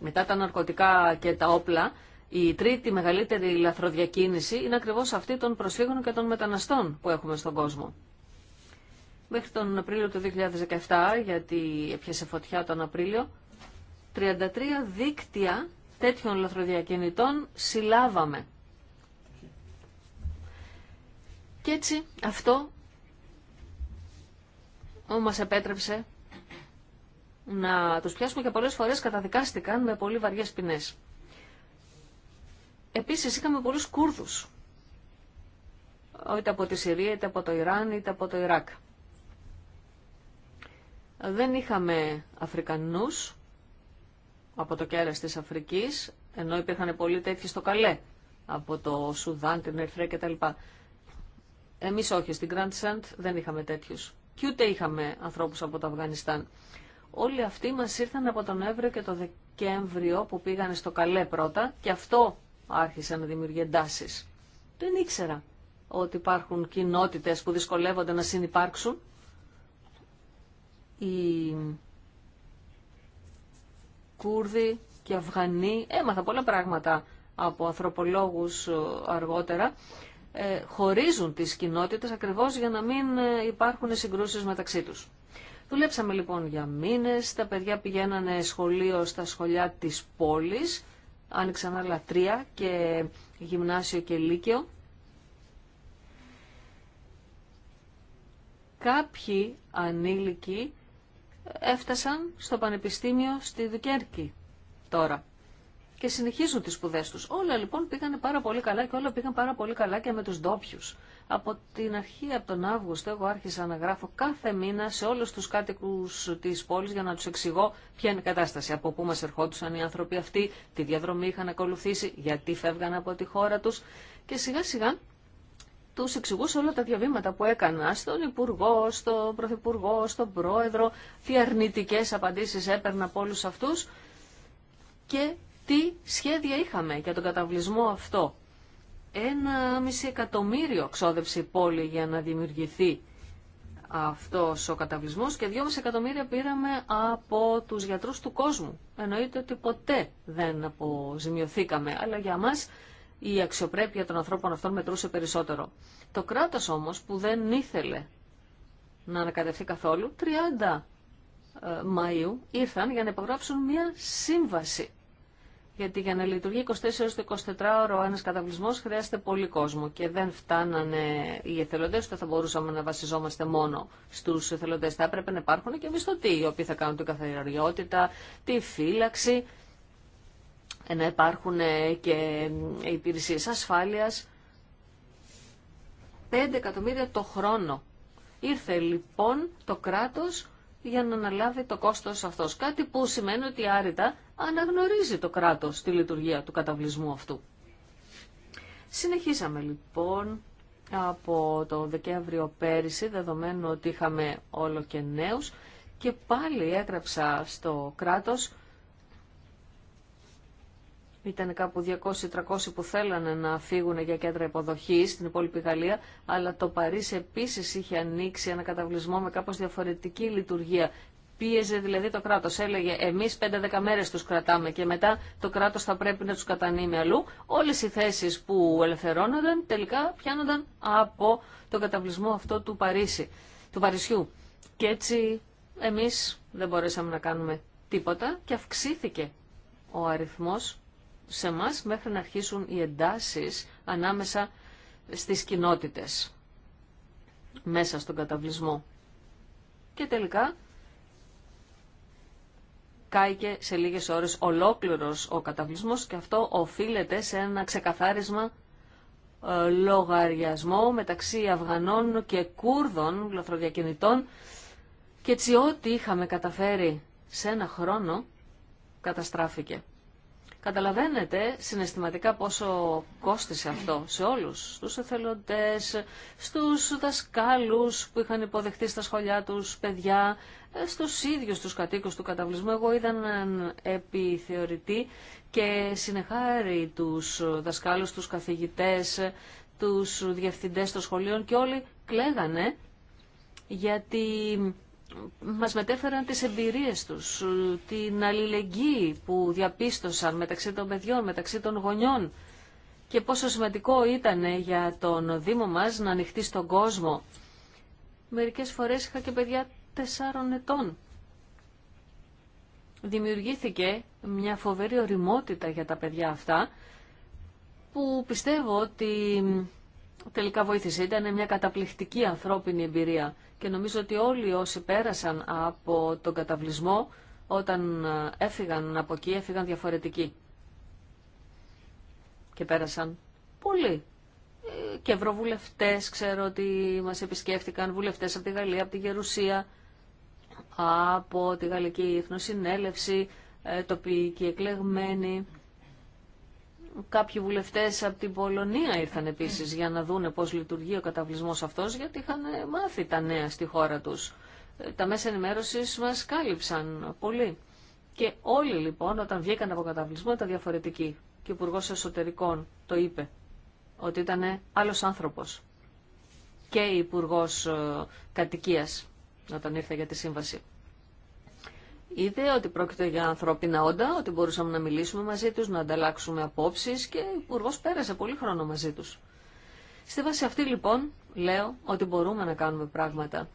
Μετά τα ναρκωτικά και τα όπλα, η τρίτη μεγαλύτερη λαθροδιακίνηση είναι ακριβώς αυτή των προσφύγων και των μεταναστών που έχουμε στον κόσμο. Μέχρι τον Απρίλιο του 2017, γιατί έπιασε φωτιά τον Απρίλιο, 33 δίκτυα τέτοιων λαθροδιακινητών συλλάβαμε. Και έτσι αυτό μας επέτρεψε να τους πιάσουμε και πολλές φορές καταδικάστηκαν με πολύ βαριές ποινές. Επίσης είχαμε πολλούς Κούρδους, είτε από τη Συρία, είτε από το Ιράν, είτε από το Ιράκ. Δεν είχαμε Αφρικανούς, από το κέρας της Αφρικής, ενώ υπήρχαν πολλοί τέτοιοι στο Καλέ, από το Σουδάν, την Ερυθρέα κτλ. Εμείς όχι, στην Grand Sand δεν είχαμε τέτοιους. Και ούτε είχαμε ανθρώπους από το Αφγανιστάν. Όλοι αυτοί μας ήρθαν από τον Νοέμβριο και το Δεκέμβριο που πήγανε στο Καλέ πρώτα και αυτό άρχισε να δημιουργεί εντάσεις. Δεν ήξερα ότι υπάρχουν κοινότητες που δυσκολεύονται να συνεπάρξουν. Η Κούρδοι και Αφγανοί. Έμαθα πολλά πράγματα από ανθρωπολόγους ε, αργότερα. Ε, χωρίζουν τις κοινότητες ακριβώς για να μην ε, υπάρχουν συγκρούσεις μεταξύ τους. Δουλέψαμε λοιπόν για μήνες, τα παιδιά πηγαίνανε σχολείο στα σχολιά της πόλης, άνοιξαν άλλα τρία και γυμνάσιο και λύκειο. Κάποιοι ανήλικοι έφτασαν στο Πανεπιστήμιο στη Δουκέρκη τώρα και συνεχίζουν τι σπουδέ τους. Όλα λοιπόν πήγαν πάρα πολύ καλά και όλα πήγαν πάρα πολύ καλά και με τους ντόπιου. Από την αρχή, από τον Αύγουστο, εγώ άρχισα να γράφω κάθε μήνα σε όλους τους κάτοικου της πόλης για να τους εξηγώ ποια είναι η κατάσταση, από πού μας ερχόντουσαν οι άνθρωποι αυτοί, τι διαδρομή είχαν ακολουθήσει, γιατί φεύγαν από τη χώρα του. και σιγά σιγά τους εξηγούσε όλα τα διαβήματα που έκανα στον Υπουργό, στον Πρωθυπουργό, στον Πρόεδρο, τι αρνητικές απαντήσεις έπαιρνα από όλους αυτούς και τι σχέδια είχαμε για τον καταβλισμό αυτό. Ένα μισή εκατομμύριο ξόδεψε η πόλη για να δημιουργηθεί αυτός ο καταβλισμός και 2,5 εκατομμύρια πήραμε από τους γιατρούς του κόσμου. Εννοείται ότι ποτέ δεν αποζημιωθήκαμε, αλλά για μας η αξιοπρέπεια των ανθρώπων αυτών μετρούσε περισσότερο. Το κράτος όμως που δεν ήθελε να ανακατευτεί καθόλου, 30 ε, Μαΐου ήρθαν για να υπογράψουν μια σύμβαση. Γιατί για να λειτουργεί 24 ώρες το 24 ώρο ένας καταβλισμός χρειάζεται πολύ κόσμο και δεν φτάνανε οι εθελοντές, δεν θα μπορούσαμε να βασιζόμαστε μόνο στους εθελοντές. Θα έπρεπε να υπάρχουν και μισθωτοί, οι οποίοι θα κάνουν την καθαριότητα, τη φύλαξη να υπάρχουν ε, και ε, υπηρεσίες ασφάλειας. 5 εκατομμύρια το χρόνο. Ήρθε λοιπόν το κράτος για να αναλάβει το κόστος αυτός. Κάτι που σημαίνει ότι άρρητα αναγνωρίζει το κράτος τη λειτουργία του καταβλισμού αυτού. Συνεχίσαμε λοιπόν από το Δεκέμβριο πέρυσι, δεδομένου ότι είχαμε όλο και νέους, και πάλι έγραψα στο κράτος ήταν κάπου 200-300 που θέλανε να φύγουν για κέντρα υποδοχή στην υπόλοιπη Γαλλία, αλλά το Παρίσι επίση είχε ανοίξει ένα καταβλισμό με κάπω διαφορετική λειτουργία. Πίεζε δηλαδή το κράτο. Έλεγε εμεί 5-10 μέρε του κρατάμε και μετά το κράτο θα πρέπει να του κατανείμει αλλού. Όλε οι θέσει που ελευθερώνονταν τελικά πιάνονταν από τον καταβλισμό αυτό του, του Παρισιού. Και έτσι εμεί δεν μπορέσαμε να κάνουμε τίποτα και αυξήθηκε ο αριθμός σε εμά μέχρι να αρχίσουν οι εντάσεις ανάμεσα στις κοινότητες μέσα στον καταβλισμό. Και τελικά κάηκε σε λίγες ώρες ολόκληρος ο καταβλισμός και αυτό οφείλεται σε ένα ξεκαθάρισμα ε, λογαριασμό μεταξύ Αφγανών και Κούρδων, λαθροδιακινητών και έτσι ό,τι είχαμε καταφέρει σε ένα χρόνο καταστράφηκε. Καταλαβαίνετε συναισθηματικά πόσο κόστησε αυτό σε όλους, στους εθελοντές, στους δασκάλους που είχαν υποδεχτεί στα σχολιά τους παιδιά, ε, στους ίδιους τους κατοίκους του καταβλισμού. Εγώ είδα έναν επιθεωρητή και συνεχάρη τους δασκάλους, τους καθηγητές, τους διευθυντές των σχολείων και όλοι κλαίγανε γιατί μας μετέφεραν τις εμπειρίες τους, την αλληλεγγύη που διαπίστωσαν μεταξύ των παιδιών, μεταξύ των γονιών και πόσο σημαντικό ήταν για τον Δήμο μας να ανοιχτεί στον κόσμο. Μερικές φορές είχα και παιδιά τεσσάρων ετών. Δημιουργήθηκε μια φοβερή οριμότητα για τα παιδιά αυτά που πιστεύω ότι τελικά βοήθησε. Ήταν μια καταπληκτική ανθρώπινη εμπειρία και νομίζω ότι όλοι όσοι πέρασαν από τον καταβλισμό όταν ε, έφυγαν από εκεί έφυγαν διαφορετικοί. Και πέρασαν πολλοί. Ε, και ευρωβουλευτέ, ξέρω ότι μας επισκέφτηκαν, βουλευτέ από τη Γαλλία, από τη Γερουσία, από τη Γαλλική Εθνοσυνέλευση, ε, τοπικοί εκλεγμένοι. Κάποιοι βουλευτές από την Πολωνία ήρθαν επίσης για να δούνε πώς λειτουργεί ο καταβλισμός αυτός, γιατί είχαν μάθει τα νέα στη χώρα τους. Ε, τα μέσα ενημέρωσης μας κάλυψαν πολύ. Και όλοι λοιπόν όταν βγήκαν από καταβλισμό ήταν διαφορετικοί. Και ο Υπουργό Εσωτερικών το είπε ότι ήταν άλλος άνθρωπος και Υπουργό ε, Κατοικίας όταν ήρθε για τη σύμβαση είδε ότι πρόκειται για ανθρώπινα όντα, ότι μπορούσαμε να μιλήσουμε μαζί τους, να ανταλλάξουμε απόψεις και ο Υπουργός πέρασε πολύ χρόνο μαζί τους. Στη βάση αυτή λοιπόν λέω ότι μπορούμε να κάνουμε πράγματα.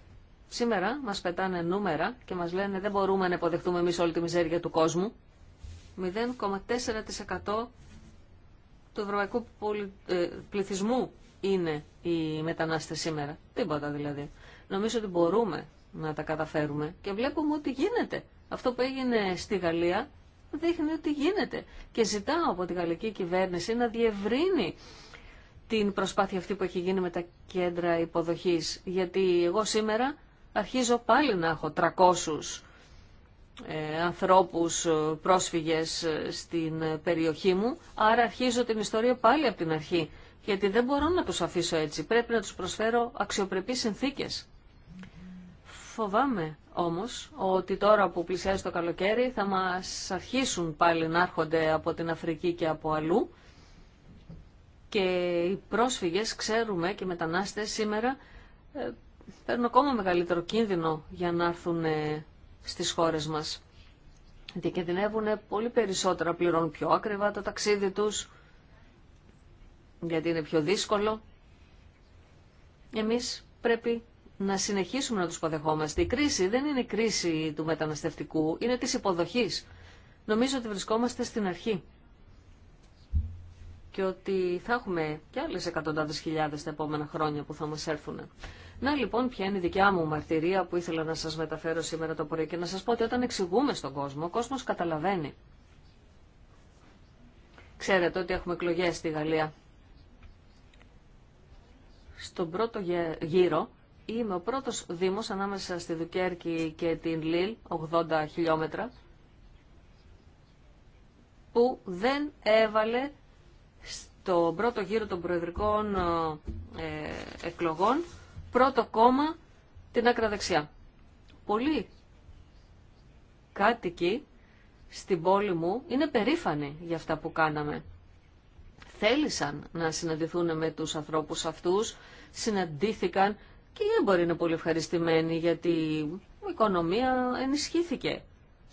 Σήμερα μας πετάνε νούμερα και μας λένε δεν μπορούμε να υποδεχτούμε εμείς όλη τη μιζέρια του κόσμου. 0,4% του ευρωπαϊκού ε, πληθυσμού είναι οι μετανάστες σήμερα. Τίποτα δηλαδή. Νομίζω ότι μπορούμε να τα καταφέρουμε και βλέπουμε ότι γίνεται. Αυτό που έγινε στη Γαλλία δείχνει ότι γίνεται. Και ζητάω από τη γαλλική κυβέρνηση να διευρύνει την προσπάθεια αυτή που έχει γίνει με τα κέντρα υποδοχής. Γιατί εγώ σήμερα αρχίζω πάλι να έχω 300 ε, ανθρώπους ε, πρόσφυγες ε, στην περιοχή μου, άρα αρχίζω την ιστορία πάλι από την αρχή. Γιατί δεν μπορώ να τους αφήσω έτσι. Πρέπει να τους προσφέρω αξιοπρεπείς συνθήκες. Φοβάμαι όμως ότι τώρα που πλησιάζει το καλοκαίρι θα μας αρχίσουν πάλι να έρχονται από την Αφρική και από αλλού και οι πρόσφυγες ξέρουμε και οι μετανάστες σήμερα ε, παίρνουν ακόμα μεγαλύτερο κίνδυνο για να έρθουν ε, στις χώρες μας. Διακινδυνεύουν πολύ περισσότερα, πληρώνουν πιο ακριβά το ταξίδι τους, γιατί είναι πιο δύσκολο. Εμείς πρέπει να συνεχίσουμε να τους υποδεχόμαστε. Η κρίση δεν είναι η κρίση του μεταναστευτικού, είναι της υποδοχής. Νομίζω ότι βρισκόμαστε στην αρχή και ότι θα έχουμε και άλλες εκατοντάδες χιλιάδες τα επόμενα χρόνια που θα μας έρθουν. Να λοιπόν ποια είναι η δικιά μου μαρτυρία που ήθελα να σας μεταφέρω σήμερα το πρωί και να σας πω ότι όταν εξηγούμε στον κόσμο, ο κόσμος καταλαβαίνει. Ξέρετε ότι έχουμε εκλογέ στη Γαλλία. Στον πρώτο γύρο Είμαι ο πρώτος δήμος ανάμεσα στη Δουκέρκη και την Λίλ, 80 χιλιόμετρα, που δεν έβαλε στο πρώτο γύρο των προεδρικών ε, εκλογών πρώτο κόμμα την άκρα δεξιά. Πολλοί κάτοικοι στην πόλη μου είναι περήφανοι για αυτά που κάναμε. Θέλησαν να συναντηθούν με τους ανθρώπους αυτούς, συναντήθηκαν και δεν μπορεί να είναι πολύ ευχαριστημένοι γιατί η οικονομία ενισχύθηκε.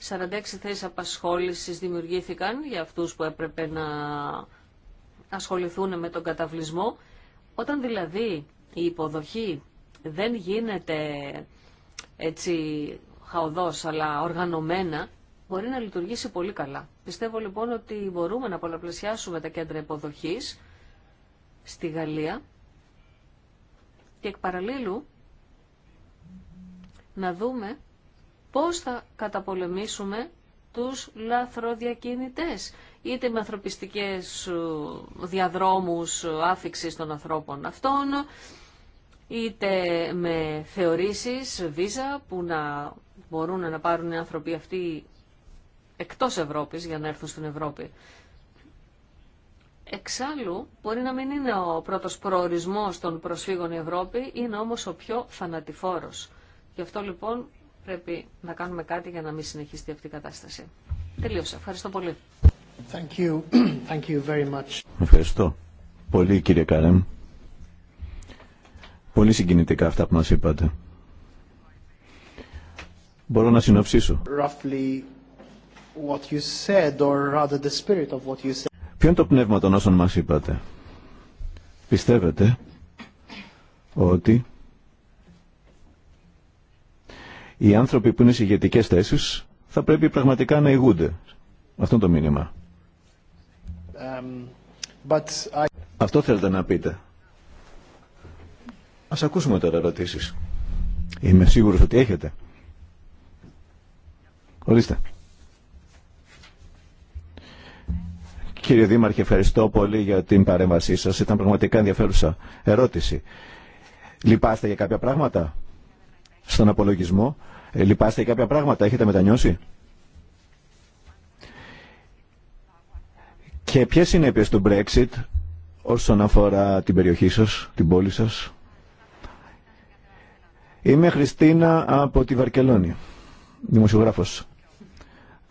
46 θέσεις απασχόλησης δημιουργήθηκαν για αυτούς που έπρεπε να ασχοληθούν με τον καταβλισμό. Όταν δηλαδή η υποδοχή δεν γίνεται έτσι χαοδός αλλά οργανωμένα, μπορεί να λειτουργήσει πολύ καλά. Πιστεύω λοιπόν ότι μπορούμε να πολλαπλασιάσουμε τα κέντρα υποδοχής στη Γαλλία και εκ παραλίλου να δούμε πώς θα καταπολεμήσουμε τους λαθροδιακινητές, είτε με ανθρωπιστικές ε, διαδρόμους ε, άφηξης των ανθρώπων αυτών, είτε με θεωρήσεις, βίζα, που να μπορούν να πάρουν οι άνθρωποι αυτοί εκτός Ευρώπης για να έρθουν στην Ευρώπη. Εξάλλου, μπορεί να μην είναι ο πρώτος προορισμός των προσφύγων η Ευρώπη, είναι όμως ο πιο θανατηφόρος. Γι' αυτό λοιπόν πρέπει να κάνουμε κάτι για να μην συνεχιστεί αυτή η κατάσταση. Τελείωσα. Ευχαριστώ πολύ. Thank you. [CLEARS THROAT] Thank you very much. Ευχαριστώ πολύ κύριε Καρέμ. Πολύ συγκινητικά αυτά που μας είπατε. Μπορώ να συνοψίσω. Ποιο είναι το πνεύμα των όσων μας είπατε. Πιστεύετε ότι οι άνθρωποι που είναι σε ηγετικές θέσεις θα πρέπει πραγματικά να ηγούνται. Αυτό είναι το μήνυμα. Um, but I... Αυτό θέλετε να πείτε. Ας ακούσουμε τώρα ερωτήσεις. Είμαι σίγουρος ότι έχετε. Ορίστε. Κύριε Δήμαρχε, ευχαριστώ πολύ για την παρέμβασή σας. Ήταν πραγματικά ενδιαφέρουσα ερώτηση. Λυπάστε για κάποια πράγματα στον απολογισμό. Ε, λυπάστε για κάποια πράγματα. Έχετε μετανιώσει. Και ποιες συνέπειες του Brexit όσον αφορά την περιοχή σας, την πόλη σας. Είμαι Χριστίνα από τη Βαρκελόνη, δημοσιογράφος.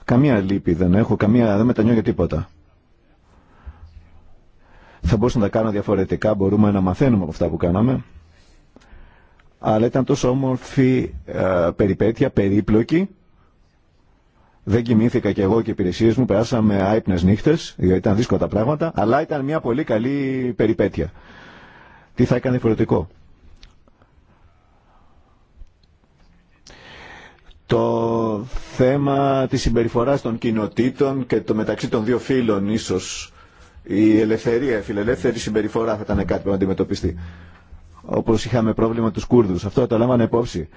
Καμία λύπη δεν έχω, καμία, δεν μετανιώ για τίποτα θα μπορούσαμε να τα κάνουμε διαφορετικά, μπορούμε να μαθαίνουμε από αυτά που κάναμε. Αλλά ήταν τόσο όμορφη ε, περιπέτεια, περίπλοκη. Δεν κοιμήθηκα κι εγώ και οι υπηρεσίε μου, περάσαμε άϊπνε νύχτε, γιατί ήταν δύσκολα τα πράγματα, αλλά ήταν μια πολύ καλή περιπέτεια. Τι θα έκανε διαφορετικό. Το θέμα της συμπεριφοράς των κοινοτήτων και το μεταξύ των δύο φίλων ίσως η ελευθερία, η φιλελεύθερη συμπεριφορά θα ήταν κάτι που να αντιμετωπιστεί. Όπω είχαμε πρόβλημα του Κούρδου. Αυτό το λάμβανε υπόψη.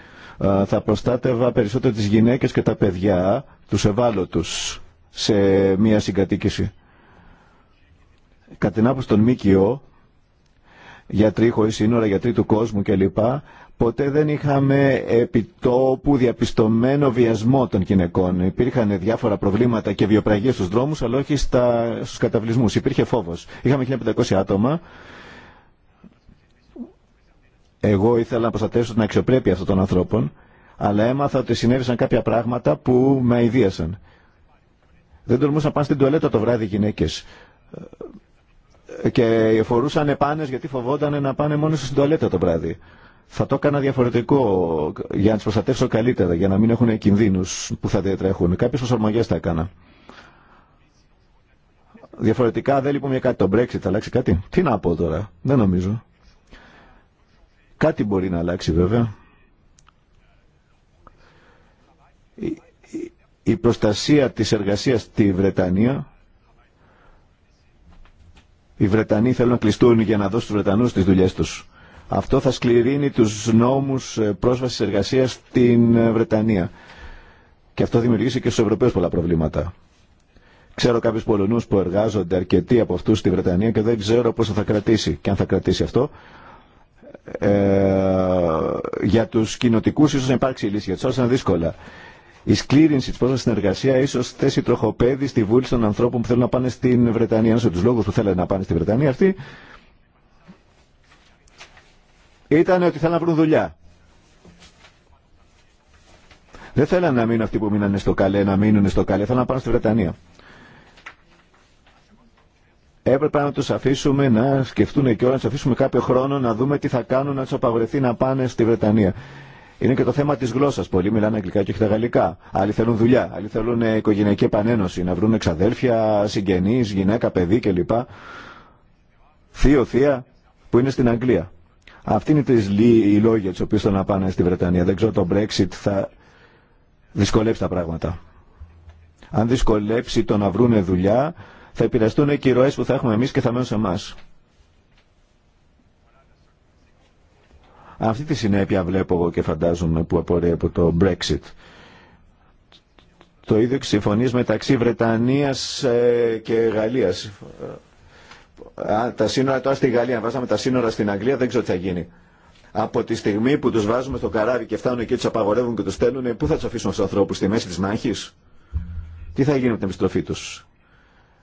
Θα προστάτευα περισσότερο τι γυναίκε και τα παιδιά, του ευάλωτου, σε μία συγκατοίκηση. Κατά την άποψη των ΜΚΟ, γιατροί χωρί σύνορα, γιατροί του κόσμου κλπ ποτέ δεν είχαμε επιτόπου διαπιστωμένο βιασμό των γυναικών. Υπήρχαν διάφορα προβλήματα και βιοπραγίες στους δρόμους, αλλά όχι στα, στους καταβλισμούς. Υπήρχε φόβος. Είχαμε 1500 άτομα. Εγώ ήθελα να προστατεύσω την αξιοπρέπεια αυτών των ανθρώπων, αλλά έμαθα ότι συνέβησαν κάποια πράγματα που με αηδίασαν. Δεν τολμούσαν να πάνε στην τουαλέτα το βράδυ οι γυναίκες και φορούσαν επάνες γιατί φοβόταν να πάνε μόνο στην τουαλέτα το βράδυ θα το έκανα διαφορετικό για να τι προστατεύσω καλύτερα, για να μην έχουν κινδύνου που θα διατρέχουν. Κάποιε προσαρμογέ θα έκανα. Διαφορετικά δεν λείπουμε για κάτι. Το Brexit θα αλλάξει κάτι. Τι να πω τώρα. Δεν νομίζω. Κάτι μπορεί να αλλάξει βέβαια. Η προστασία της εργασίας στη Βρετανία οι Βρετανοί θέλουν να κλειστούν για να δώσουν στους Βρετανούς τις δουλειές τους. Αυτό θα σκληρύνει τους νόμους ε, πρόσβασης εργασίας στην ε, Βρετανία. Και αυτό δημιουργήσει και στους Ευρωπαίους πολλά προβλήματα. Ξέρω κάποιους Πολωνούς που εργάζονται αρκετοί από αυτούς στη Βρετανία και δεν ξέρω πώ θα κρατήσει και αν θα κρατήσει αυτό. Ε, για τους κοινοτικού ίσως να υπάρξει λύση, για τους άλλους είναι δύσκολα. Η σκλήρυνση τη πρόσβαση στην εργασία ίσω θέσει τροχοπέδι στη βούληση των ανθρώπων που θέλουν να πάνε στην Βρετανία. Ένα από του λόγου που θέλουν να πάνε στη Βρετανία αυτή ήταν ότι θέλαν να βρουν δουλειά. Δεν θέλανε να μείνουν αυτοί που μείνανε στο καλέ, να μείνουν στο καλέ, θέλαν να πάνε στη Βρετανία. Έπρεπε να τους αφήσουμε να σκεφτούν και όλα, να τους αφήσουμε κάποιο χρόνο να δούμε τι θα κάνουν να τους απαγορευτεί να πάνε στη Βρετανία. Είναι και το θέμα τη γλώσσα. Πολλοί μιλάνε αγγλικά και όχι τα γαλλικά. Άλλοι θέλουν δουλειά. Άλλοι θέλουν οικογενειακή επανένωση. Να βρουν εξαδέλφια, συγγενεί, γυναίκα, παιδί κλπ. Θείο, θεία που είναι στην Αγγλία. Αυτή είναι τις, οι λόγοι για τους να πάνε στη Βρετανία. Δεν ξέρω το Brexit θα δυσκολέψει τα πράγματα. Αν δυσκολέψει το να βρούνε δουλειά, θα επηρεαστούν και οι ροές που θα έχουμε εμείς και θα μένουν σε εμά. Αυτή τη συνέπεια βλέπω εγώ και φαντάζομαι που απορρέει από το Brexit. Το ίδιο συμφωνεί μεταξύ Βρετανίας ε, και Γαλλίας τα σύνορα τώρα στη Γαλλία, αν βάζαμε τα σύνορα στην Αγγλία δεν ξέρω τι θα γίνει. Από τη στιγμή που του βάζουμε στο καράβι και φτάνουν εκεί, του απαγορεύουν και του στέλνουν, πού θα του αφήσουν του ανθρώπου, στη μέση τη μάχη. Τι θα γίνει με την επιστροφή του.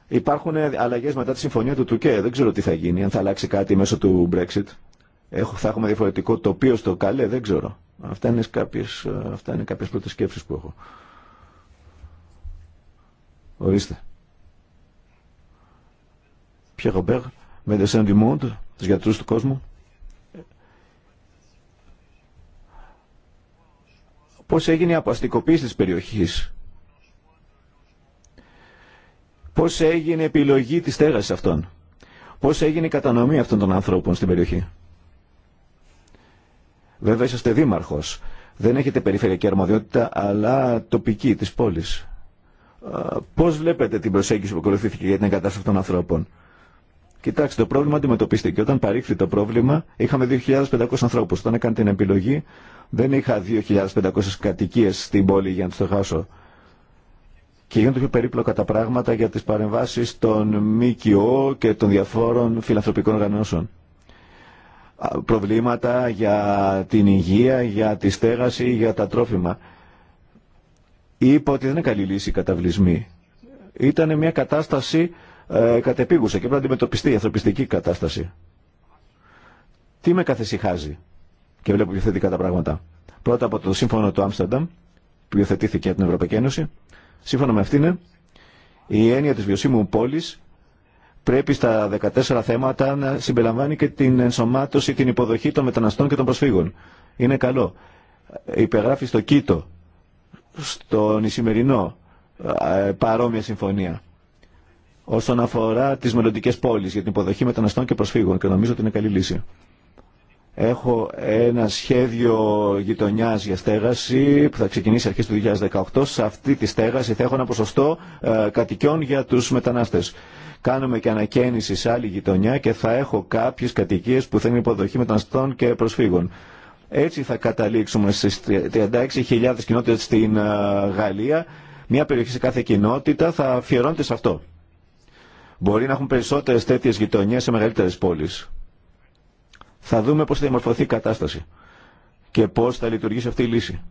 Υπάρχουν αλλαγέ μετά τη συμφωνία του Τουκέ. Δεν ξέρω τι θα γίνει, αν θα αλλάξει κάτι μέσω του Brexit. Έχω, θα έχουμε διαφορετικό τοπίο στο καλέ, δεν ξέρω. Αυτά είναι κάποιες, ε, αυτά είναι πρώτες σκέψεις που έχω. Ορίστε. Pierre Robert, Médecin du Monde, τους γιατρούς του κόσμου. Πώς έγινε η απαστικοποίηση της περιοχής. Πώς έγινε η επιλογή της στέγασης αυτών. Πώς έγινε η κατανομή αυτών των ανθρώπων στην περιοχή. Βέβαια είσαστε δήμαρχος. Δεν έχετε περιφερειακή αρμοδιότητα, αλλά τοπική της πόλης. Πώς βλέπετε την προσέγγιση που ακολουθήθηκε για την εγκατάσταση αυτών των ανθρώπων. Κοιτάξτε, το πρόβλημα αντιμετωπίστηκε. Όταν παρήχθη το πρόβλημα, είχαμε 2.500 ανθρώπου. Όταν έκανε την επιλογή, δεν είχα 2.500 κατοικίε στην πόλη για να του το χάσω. Και γίνονται πιο περίπλοκα τα πράγματα για τι παρεμβάσει των ΜΚΟ και των διαφόρων φιλανθρωπικών οργανώσεων. Προβλήματα για την υγεία, για τη στέγαση, για τα τρόφιμα. Είπα ότι δεν είναι καλή λύση οι καταβλισμοί. Ήταν μια κατάσταση ε, κατεπίγουσα και πρέπει να αντιμετωπιστεί η ανθρωπιστική κατάσταση. Τι με καθησυχάζει και βλέπω πιο θετικά τα πράγματα. Πρώτα από το σύμφωνο του Άμστερνταμ που υιοθετήθηκε από την Ευρωπαϊκή Ένωση. Σύμφωνα με αυτήν, η έννοια τη βιωσίμου πόλη πρέπει στα 14 θέματα να συμπεριλαμβάνει και την ενσωμάτωση, την υποδοχή των μεταναστών και των προσφύγων. Είναι καλό. Υπεγράφει στο Κίτο, στον Ισημερινό, ε, παρόμοια συμφωνία όσον αφορά τι μελλοντικέ πόλει για την υποδοχή μεταναστών και προσφύγων και νομίζω ότι είναι καλή λύση. Έχω ένα σχέδιο γειτονιά για στέγαση που θα ξεκινήσει αρχές του 2018. Σε αυτή τη στέγαση θα έχω ένα ποσοστό ε, κατοικιών για του μετανάστες. Κάνουμε και ανακαίνιση σε άλλη γειτονιά και θα έχω κάποιε κατοικίε που θα είναι υποδοχή μεταναστών και προσφύγων. Έτσι θα καταλήξουμε στι 36.000 κοινότητε στην ε, Γαλλία. Μια περιοχή σε κάθε κοινότητα θα αφιερώνεται σε αυτό. Μπορεί να έχουν περισσότερες τέτοιες γειτονιές σε μεγαλύτερες πόλεις. Θα δούμε πώς θα δημορφωθεί η κατάσταση και πώς θα λειτουργήσει αυτή η λύση.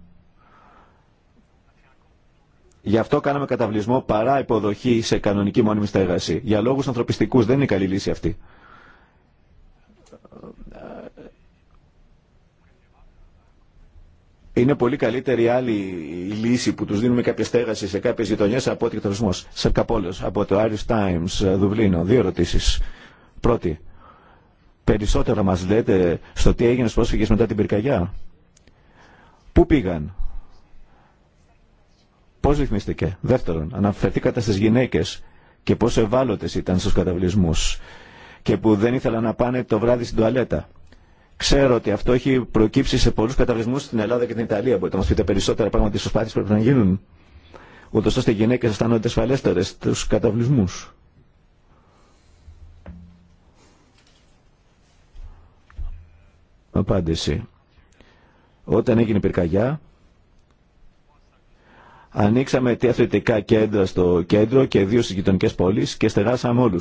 Γι' αυτό κάναμε καταβλισμό παρά υποδοχή σε κανονική μόνιμη στέγαση. Για λόγους ανθρωπιστικούς δεν είναι καλή λύση αυτή. Είναι πολύ καλύτερη άλλη η λύση που τους δίνουμε κάποια στέγαση σε κάποιες γειτονιές από ότι ο Σε καπόλος, από το Irish Times, ε, Δουβλίνο. Δύο ερωτήσεις. Πρώτη, περισσότερα μας λέτε στο τι έγινε στους πρόσφυγες μετά την πυρκαγιά. Πού πήγαν, πώς ρυθμίστηκε. Δεύτερον, αναφερθήκατε στις γυναίκες και πόσο ευάλωτες ήταν στους καταβλισμούς και που δεν ήθελαν να πάνε το βράδυ στην τουαλέτα. Ξέρω ότι αυτό έχει προκύψει σε πολλού καταβλισμού στην Ελλάδα και την Ιταλία. Μπορείτε να μα πείτε περισσότερα πράγματα, τι προσπάθειε πρέπει να γίνουν, ούτω ώστε οι γυναίκε αισθάνονται ασφαλέστερε στου καταβλισμού. Απάντηση. Όταν έγινε η πυρκαγιά, ανοίξαμε τι αθλητικά κέντρα στο κέντρο και δύο στι γειτονικέ πόλει και στεγάσαμε όλου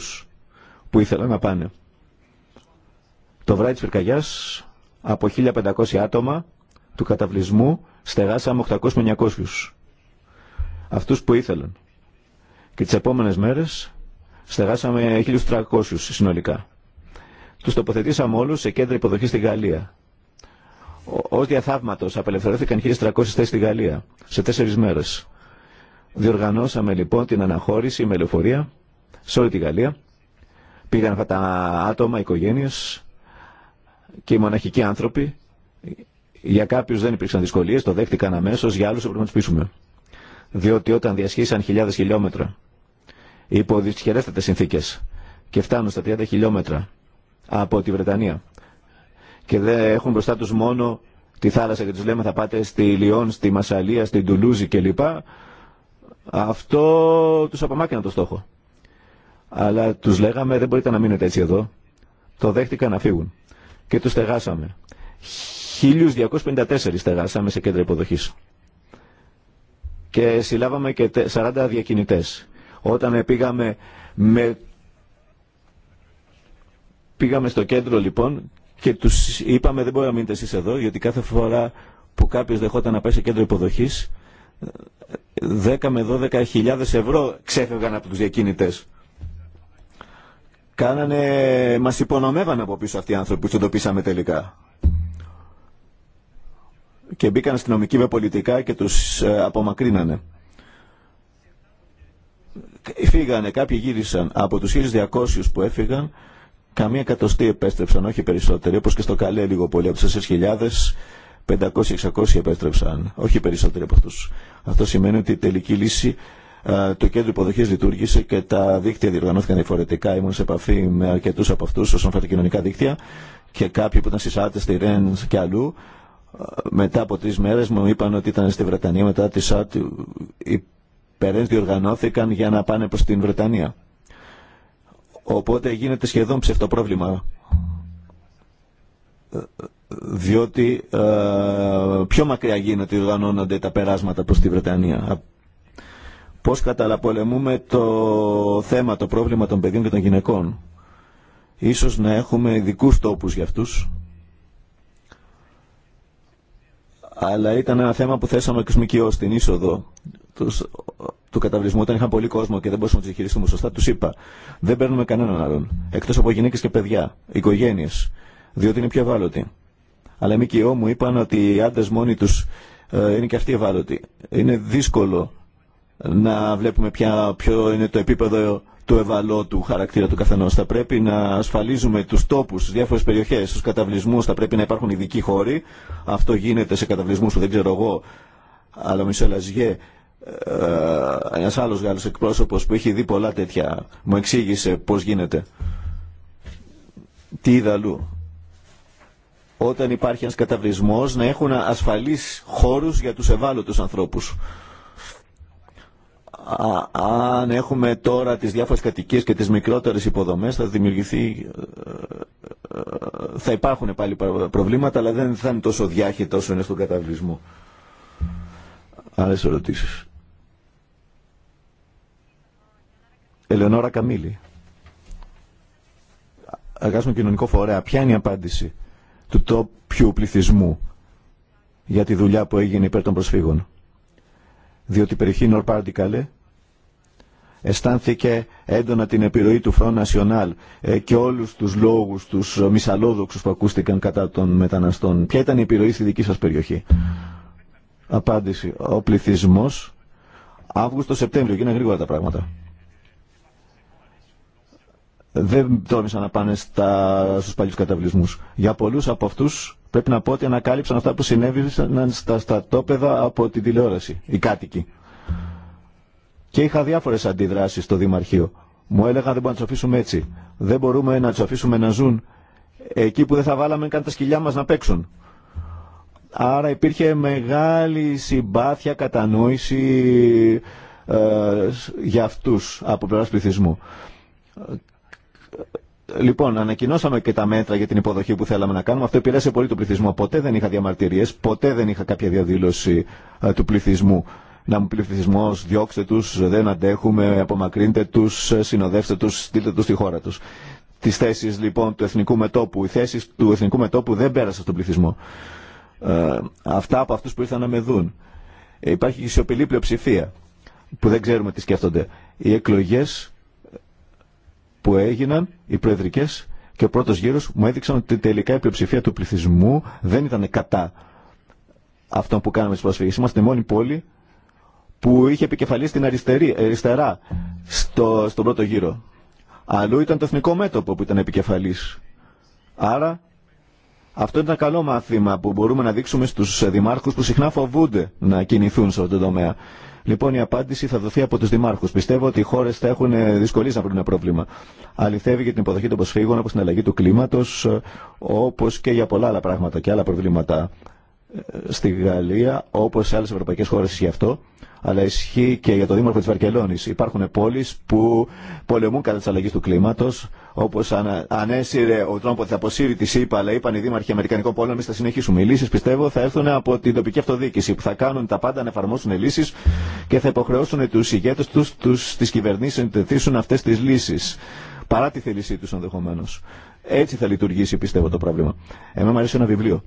που ήθελαν να πάνε. Το βράδυ της πυρκαγιάς από 1500 άτομα του καταβλισμού στεγάσαμε 800 με 900. Αυτούς που ήθελαν. Και τις επόμενες μέρες στεγάσαμε 1300 συνολικά. Τους τοποθετήσαμε όλους σε κέντρα υποδοχής στη Γαλλία. Ω διαθαύματο απελευθερώθηκαν 1.300 θέσει στη Γαλλία σε τέσσερι μέρε. Διοργανώσαμε λοιπόν την αναχώρηση με λεωφορεία σε όλη τη Γαλλία. Πήγαν αυτά τα άτομα, οικογένειε, και οι μοναχικοί άνθρωποι. Για κάποιου δεν υπήρξαν δυσκολίε, το δέχτηκαν αμέσω, για άλλου πρέπει να του πείσουμε. Διότι όταν διασχίσαν χιλιάδε χιλιόμετρα υπό δυσχερέστατε συνθήκε και φτάνουν στα 30 χιλιόμετρα από τη Βρετανία και δεν έχουν μπροστά του μόνο τη θάλασσα και του λέμε θα πάτε στη Λιόν, στη Μασαλία, στην Τουλούζη κλπ. Αυτό του απομάκρυνε το στόχο. Αλλά του λέγαμε δεν μπορείτε να μείνετε έτσι εδώ. Το δέχτηκαν να φύγουν και τους στεγάσαμε. 1.254 στεγάσαμε σε κέντρο υποδοχής. Και συλλάβαμε και 40 διακινητές. Όταν πήγαμε, με... πήγαμε στο κέντρο λοιπόν και τους είπαμε δεν μπορεί να μείνετε εσείς εδώ γιατί κάθε φορά που κάποιος δεχόταν να πάει σε κέντρο υποδοχής 10 με 12 χιλιάδες ευρώ ξέφευγαν από τους διακίνητες κάνανε, μας υπονομεύανε από πίσω αυτοί οι άνθρωποι που του εντοπίσαμε τελικά. Και μπήκαν αστυνομικοί με πολιτικά και τους ε, απομακρύνανε. Φύγανε, κάποιοι γύρισαν. Από τους 1200 που έφυγαν, καμία εκατοστή επέστρεψαν, όχι περισσότεροι. Όπως και στο Καλέ λίγο πολύ, από τους 4.000, 600 επέστρεψαν, όχι περισσότεροι από αυτούς. Αυτό σημαίνει ότι η τελική λύση ε, το κέντρο υποδοχή λειτουργήσε και τα δίκτυα διοργανώθηκαν διαφορετικά. Ήμουν σε επαφή με αρκετού από αυτού όσον αφορά τα κοινωνικά δίκτυα και κάποιοι που ήταν στι Άτε, στη Ρεν και αλλού. Ε, μετά από τρει μέρε μου είπαν ότι ήταν στη Βρετανία. Μετά τη ΣΑΤ οι Περέν διοργανώθηκαν για να πάνε προ την Βρετανία. Οπότε γίνεται σχεδόν ψευτοπρόβλημα ε, διότι ε, πιο μακριά γίνεται οργανώνονται τα περάσματα προ τη Βρετανία Πώς καταλαπολεμούμε το θέμα, το πρόβλημα των παιδιών και των γυναικών. Ίσως να έχουμε ειδικού τόπους για αυτούς. Αλλά ήταν ένα θέμα που θέσαμε και ΜΚΟ στην είσοδο του, του καταβλισμού. Όταν είχαν πολύ κόσμο και δεν μπορούσαμε να τους χειριστούμε σωστά, του είπα: Δεν παίρνουμε κανέναν άλλον. εκτός από γυναίκες και παιδιά, οικογένειες, Διότι είναι πιο ευάλωτοι. Αλλά οι ΜΚΟ μου είπαν ότι οι άντρε μόνοι του ε, είναι και αυτοί ευάλωτοι. Είναι δύσκολο να βλέπουμε ποια, ποιο είναι το επίπεδο του ευαλώτου χαρακτήρα του καθενός. Θα πρέπει να ασφαλίζουμε τους τόπους, τις διάφορες περιοχές, τους καταβλισμούς, θα πρέπει να υπάρχουν ειδικοί χώροι. Αυτό γίνεται σε καταβλισμούς που δεν ξέρω εγώ, αλλά ο Μισελ Αζιέ, ε, ένας άλλος Γάλλος εκπρόσωπος που έχει δει πολλά τέτοια, μου εξήγησε πώς γίνεται. Τι είδα αλλού. Όταν υπάρχει ένας καταβλισμός να έχουν ασφαλείς χώρους για τους ευάλωτους ανθρώπους αν έχουμε τώρα τις διάφορες κατοικίες και τις μικρότερες υποδομές θα δημιουργηθεί ε, ε, θα υπάρχουν πάλι προβλήματα αλλά δεν θα είναι τόσο διάχυτο όσο είναι στον καταβλισμό Άλλες ερωτήσεις Ελεονόρα Καμίλη Αγάσμο κοινωνικό φορέα ποια είναι η απάντηση του τόπιου πληθυσμού για τη δουλειά που έγινε υπέρ των προσφύγων διότι περιχύνει περιοχή καλέ αισθάνθηκε έντονα την επιρροή του Front National ε, και όλους τους λόγους, τους μισαλόδοξους που ακούστηκαν κατά των μεταναστών. Ποια ήταν η επιρροή στη δική σας περιοχή. Απάντηση. Ο πληθυσμός Αύγουστο-Σεπτέμβριο. Γίνανε γρήγορα τα πράγματα. Δεν τόλμησαν να πάνε στα... στους παλιούς καταβλισμούς. Για πολλούς από αυτούς πρέπει να πω ότι ανακάλυψαν αυτά που συνέβησαν στα στρατόπεδα από την τηλεόραση, οι κάτοικοι. Και είχα διάφορε αντιδράσει στο Δημαρχείο. Μου έλεγαν δεν μπορούμε να του αφήσουμε έτσι. Δεν μπορούμε να του αφήσουμε να ζουν εκεί που δεν θα βάλαμε καν τα σκυλιά μας να παίξουν. Άρα υπήρχε μεγάλη συμπάθεια, κατανόηση ε, για αυτού από πλευρά πληθυσμού. Λοιπόν, ανακοινώσαμε και τα μέτρα για την υποδοχή που θέλαμε να κάνουμε. Αυτό επηρέασε πολύ τον πληθυσμό. Ποτέ δεν είχα διαμαρτυρίε, ποτέ δεν είχα κάποια διαδήλωση ε, του πληθυσμού να μου πει πληθυσμό, διώξτε του, δεν αντέχουμε, απομακρύνετε του, συνοδεύστε του, στείλτε του στη χώρα του. Τι θέσει λοιπόν του εθνικού μετόπου, οι θέσει του εθνικού μετόπου δεν πέρασαν στον πληθυσμό. Ε, αυτά από αυτού που ήρθαν να με δουν. Ε, υπάρχει και σιωπηλή πλειοψηφία που δεν ξέρουμε τι σκέφτονται. Οι εκλογέ που έγιναν, οι προεδρικέ και ο πρώτο γύρο μου έδειξαν ότι τελικά η πλειοψηφία του πληθυσμού δεν ήταν κατά αυτό που κάναμε στι προσφυγέ. Είμαστε μόνη πόλη που είχε επικεφαλή στην αριστερή, ε, αριστερά στο, στον πρώτο γύρο. Αλλού ήταν το εθνικό μέτωπο που ήταν επικεφαλής. Άρα αυτό είναι ένα καλό μάθημα που μπορούμε να δείξουμε στους ε, δημάρχους που συχνά φοβούνται να κινηθούν σε αυτό το τομέα. Λοιπόν, η απάντηση θα δοθεί από του Δημάρχου. Πιστεύω ότι οι χώρε θα έχουν δυσκολίε να βρουν ένα πρόβλημα. Αληθεύει για την υποδοχή των προσφύγων, όπω την αλλαγή του κλίματο, ε, όπω και για πολλά άλλα πράγματα και άλλα προβλήματα στη Γαλλία, όπως σε άλλες ευρωπαϊκές χώρες ισχύει αυτό, αλλά ισχύει και για το Δήμαρχο της Βαρκελόνης. Υπάρχουν πόλεις που πολεμούν κατά της αλλαγής του κλίματος, όπως ανέσυρε ο Τρόμπο θα αποσύρει τη ΣΥΠΑ, αλλά είπαν οι Δήμαρχοι Αμερικανικών πόλων, εμείς θα συνεχίσουμε. Οι λύσεις πιστεύω θα έρθουν από την τοπική αυτοδιοίκηση που θα κάνουν τα πάντα να εφαρμόσουν λύσεις και θα υποχρεώσουν τους ηγέτες τους, τους τις κυβερνήσεις να τεθήσουν αυτές τις λύσεις. Παρά τη θέλησή του ενδεχομένω. Έτσι θα λειτουργήσει πιστεύω το πρόβλημα. Εμένα μου αρέσει ένα βιβλίο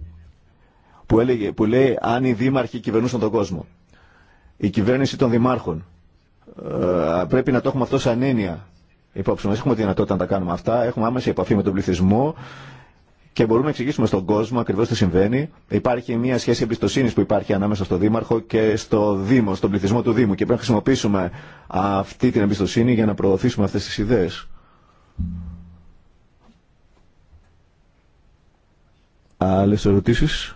που, έλεγε, που λέει αν οι δήμαρχοι κυβερνούσαν τον κόσμο. Η κυβέρνηση των δημάρχων. Ε, πρέπει να το έχουμε αυτό σαν έννοια υπόψη μας. Έχουμε τη δυνατότητα να τα κάνουμε αυτά, έχουμε άμεση επαφή με τον πληθυσμό και μπορούμε να εξηγήσουμε στον κόσμο ακριβώς τι συμβαίνει. Υπάρχει μια σχέση εμπιστοσύνης που υπάρχει ανάμεσα στο Δήμαρχο και στο Δήμο, στον πληθυσμό του Δήμου και πρέπει να χρησιμοποιήσουμε αυτή την εμπιστοσύνη για να προωθήσουμε αυτές τις ιδέες. Άλλες ερωτήσει.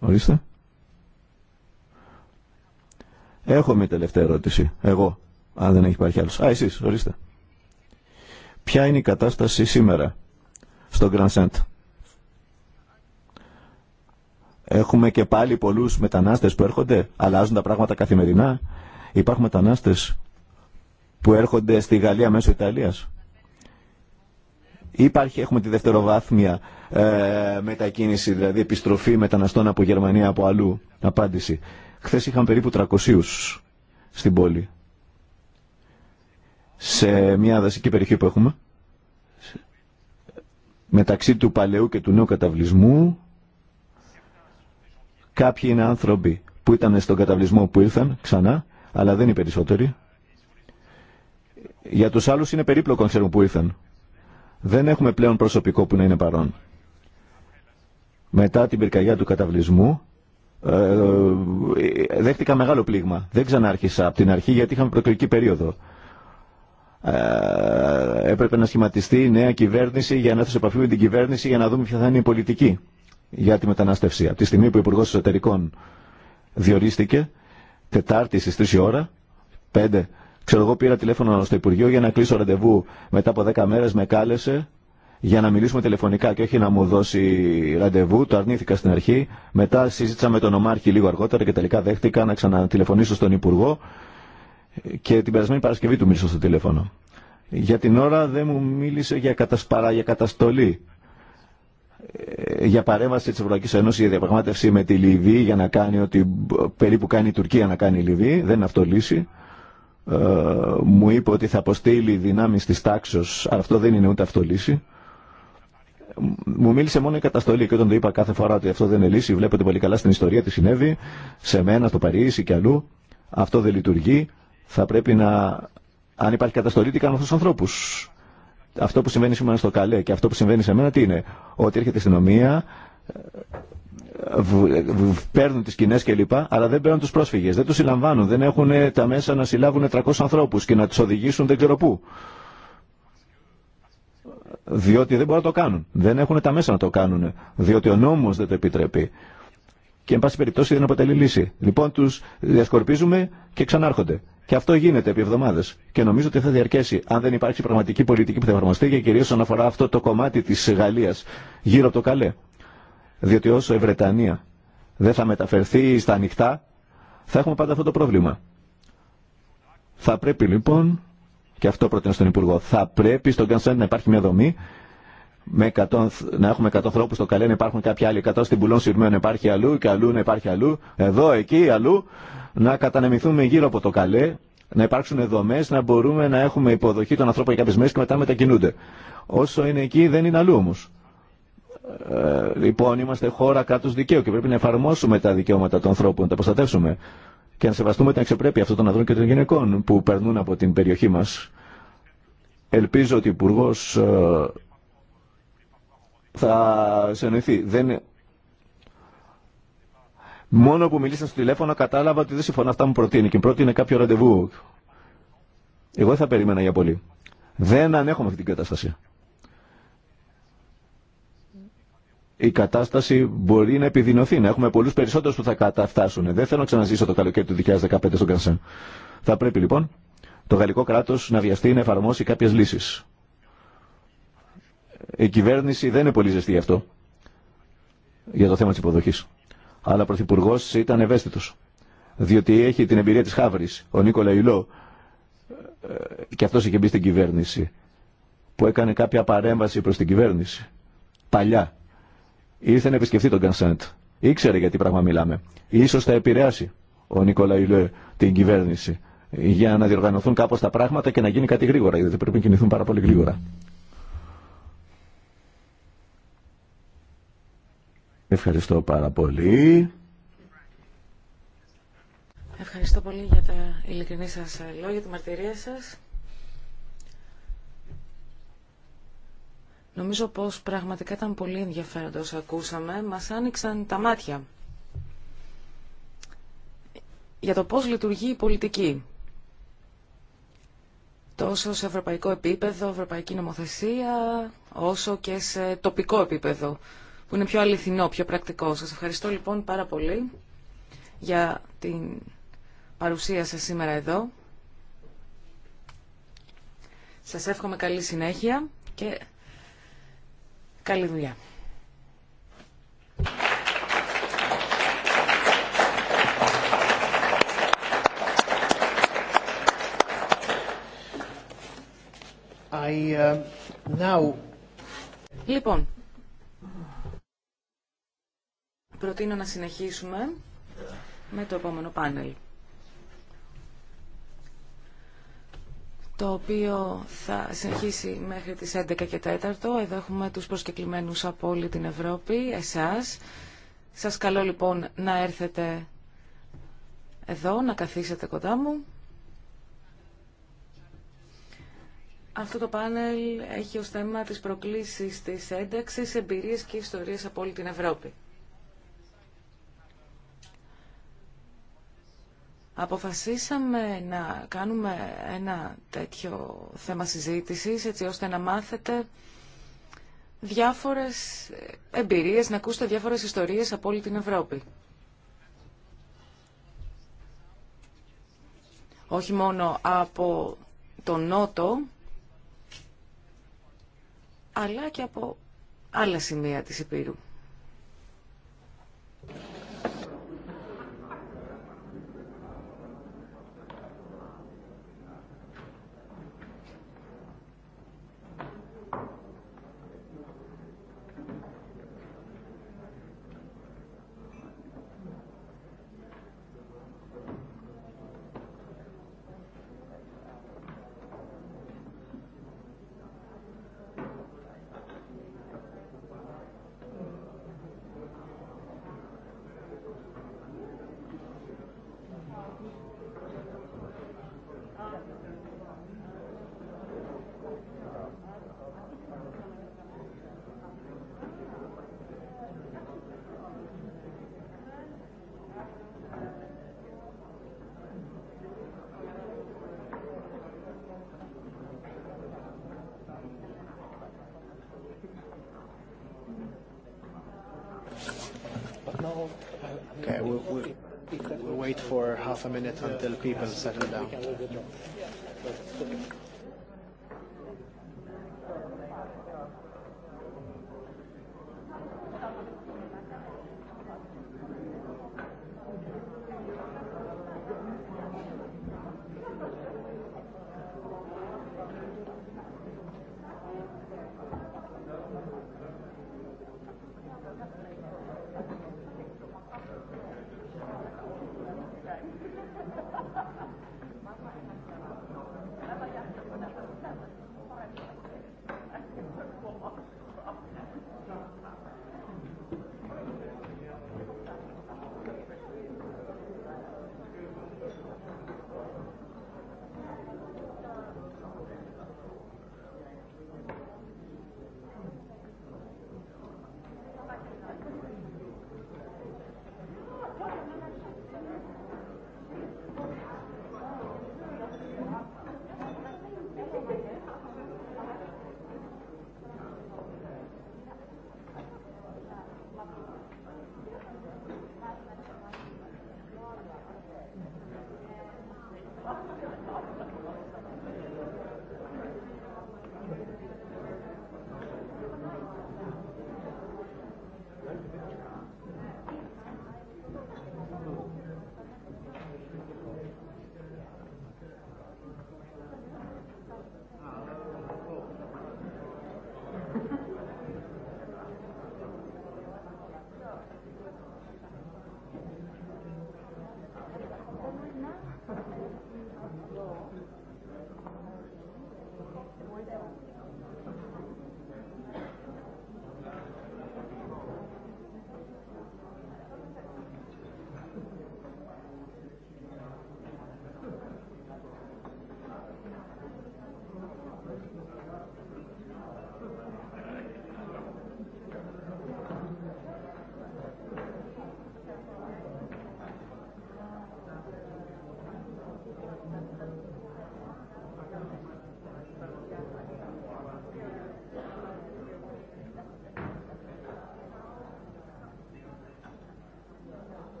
Ορίστε. Έχω μια τελευταία ερώτηση. Εγώ, αν δεν έχει υπάρχει άλλος. Α, εσείς, ορίστε. Ποια είναι η κατάσταση σήμερα στο Grand Saint. Έχουμε και πάλι πολλούς μετανάστες που έρχονται, αλλάζουν τα πράγματα καθημερινά. Υπάρχουν μετανάστες που έρχονται στη Γαλλία μέσω Ιταλίας. Υπάρχει, έχουμε τη δευτεροβάθμια ε, μετακίνηση, δηλαδή επιστροφή μεταναστών από Γερμανία από αλλού. Απάντηση. Χθε είχαν περίπου 300 στην πόλη. Σε μια δασική περιοχή που έχουμε, μεταξύ του παλαιού και του νέου καταβλισμού, κάποιοι είναι άνθρωποι που ήταν στον καταβλισμό που ήρθαν ξανά, αλλά δεν είναι περισσότεροι. Για τους άλλους είναι περίπλοκο να που ήρθαν. Δεν έχουμε πλέον προσωπικό που να είναι παρόν μετά την πυρκαγιά του καταβλισμού ε, ε, δέχτηκα μεγάλο πλήγμα. Δεν ξανάρχισα από την αρχή γιατί είχαμε προεκλογική περίοδο. Ε, έπρεπε να σχηματιστεί η νέα κυβέρνηση για να έρθω σε επαφή με την κυβέρνηση για να δούμε ποια θα είναι η πολιτική για τη μετανάστευση. Από τη στιγμή που ο Υπουργό Εσωτερικών διορίστηκε, Τετάρτη στι 3 ώρα, 5, ξέρω εγώ πήρα τηλέφωνο στο Υπουργείο για να κλείσω ραντεβού. Μετά από 10 μέρε με κάλεσε για να μιλήσουμε τηλεφωνικά και όχι να μου δώσει ραντεβού. Το αρνήθηκα στην αρχή. Μετά συζήτησα με τον Ομάρχη λίγο αργότερα και τελικά δέχτηκα να ξανατηλεφωνήσω στον Υπουργό και την περασμένη Παρασκευή του μίλησα στο τηλέφωνο. Για την ώρα δεν μου μίλησε για, κατασπαρά, για καταστολή. Ε, για παρέμβαση τη Ευρωπαϊκή Ένωση για διαπραγμάτευση με τη Λιβύη για να κάνει ό,τι περίπου κάνει η Τουρκία να κάνει η Λιβύη. Δεν είναι αυτό λύση. Ε, μου είπε ότι θα αποστείλει δυνάμει τη τάξη, αλλά αυτό δεν είναι ούτε αυτό μου μίλησε μόνο η καταστολή και όταν το είπα κάθε φορά ότι αυτό δεν είναι λύση, βλέπετε πολύ καλά στην ιστορία τι συνέβη, σε μένα, στο Παρίσι και αλλού, αυτό δεν λειτουργεί, θα πρέπει να, αν υπάρχει καταστολή, τι κάνουν αυτού του ανθρώπου. Αυτό που συμβαίνει σήμερα στο Καλέ και αυτό που συμβαίνει σε μένα τι είναι, ότι έρχεται η αστυνομία, παίρνουν τις σκηνέ κλπ. Αλλά δεν παίρνουν τους πρόσφυγες, δεν τους συλλαμβάνουν, δεν έχουν τα μέσα να συλλάβουν 300 ανθρώπους και να τους οδηγήσουν δεν ξέρω πού διότι δεν μπορούν να το κάνουν. Δεν έχουν τα μέσα να το κάνουν, διότι ο νόμος δεν το επιτρέπει. Και εν πάση περιπτώσει δεν αποτελεί λύση. Λοιπόν, τους διασκορπίζουμε και ξανάρχονται. Και αυτό γίνεται επί εβδομάδε. Και νομίζω ότι θα διαρκέσει αν δεν υπάρξει πραγματική πολιτική που θα εφαρμοστεί και κυρίω όσον αφορά αυτό το κομμάτι τη Γαλλία γύρω από το καλέ. Διότι όσο η Βρετανία δεν θα μεταφερθεί στα ανοιχτά, θα έχουμε πάντα αυτό το πρόβλημα. Θα πρέπει λοιπόν και αυτό προτείνω στον Υπουργό. Θα πρέπει στον Κανσέντ να υπάρχει μια δομή με 100, να έχουμε 100 ανθρώπου στο καλέ, να υπάρχουν κάποιοι άλλοι 100 στην πουλών σειρμέων, να υπάρχει αλλού και αλλού να υπάρχει αλλού, εδώ, εκεί, αλλού, να κατανεμηθούμε γύρω από το καλέ, να υπάρξουν δομέ, να μπορούμε να έχουμε υποδοχή των ανθρώπων για κάποιε μέρε και μετά μετακινούνται. Όσο είναι εκεί δεν είναι αλλού όμω. Ε, λοιπόν, είμαστε χώρα κράτου δικαίου και πρέπει να εφαρμόσουμε τα δικαιώματα των ανθρώπων, να τα προστατεύσουμε και να σεβαστούμε την αξιοπρέπεια αυτών των ανδρών και των γυναικών που περνούν από την περιοχή μας. Ελπίζω ότι ο υπουργό ε, θα συνοηθεί. Δεν... Μόνο που μιλήσα στο τηλέφωνο κατάλαβα ότι δεν συμφωνώ αυτά μου προτείνει και πρότεινε κάποιο ραντεβού. Εγώ δεν θα περίμενα για πολύ. Δεν ανέχομαι αυτή την κατάσταση. η κατάσταση μπορεί να επιδεινωθεί, να έχουμε πολλού περισσότερου που θα καταφτάσουν. Δεν θέλω να ξαναζήσω το καλοκαίρι του 2015 στον Κανσέν. Θα πρέπει λοιπόν το γαλλικό κράτο να βιαστεί να εφαρμόσει κάποιε λύσει. Η κυβέρνηση δεν είναι πολύ ζεστή γι' αυτό, για το θέμα τη υποδοχή. Αλλά ο Πρωθυπουργό ήταν ευαίσθητο. διότι έχει την εμπειρία τη Χάβρη, ο Νίκολα Ιλό, ε, και αυτό είχε μπει στην κυβέρνηση, που έκανε κάποια παρέμβαση προ την κυβέρνηση, παλιά, ήρθε να επισκεφθεί τον Κανσέντ. Ήξερε γιατί πράγμα μιλάμε. Ίσως θα επηρεάσει ο Νικόλα Ιλουέ την κυβέρνηση για να διοργανωθούν κάπω τα πράγματα και να γίνει κάτι γρήγορα, γιατί πρέπει να κινηθούν πάρα πολύ γρήγορα. Ευχαριστώ πάρα πολύ. Ευχαριστώ πολύ για τα ειλικρινή σας λόγια, τη μαρτυρία σας. Νομίζω πως πραγματικά ήταν πολύ ενδιαφέροντα όσα ακούσαμε. Μας άνοιξαν τα μάτια για το πώς λειτουργεί η πολιτική. Τόσο σε ευρωπαϊκό επίπεδο, ευρωπαϊκή νομοθεσία, όσο και σε τοπικό επίπεδο, που είναι πιο αληθινό, πιο πρακτικό. Σας ευχαριστώ λοιπόν πάρα πολύ για την παρουσία σας σήμερα εδώ. Σας εύχομαι καλή συνέχεια Καλή δουλειά. I, uh, now... Λοιπόν, προτείνω να συνεχίσουμε με το επόμενο πάνελ. το οποίο θα συνεχίσει μέχρι τις 11 και 4. Εδώ έχουμε τους προσκεκλημένους από όλη την Ευρώπη, εσάς. Σας καλώ λοιπόν να έρθετε εδώ, να καθίσετε κοντά μου. Αυτό το πάνελ έχει ως θέμα τις προκλήσεις της ένταξης, εμπειρίες και ιστορίες από όλη την Ευρώπη. Αποφασίσαμε να κάνουμε ένα τέτοιο θέμα συζήτησης έτσι ώστε να μάθετε διάφορες εμπειρίες, να ακούσετε διάφορες ιστορίες από όλη την Ευρώπη. Όχι μόνο από τον Νότο, αλλά και από άλλα σημεία της Επίρου. half a minute until people settle down.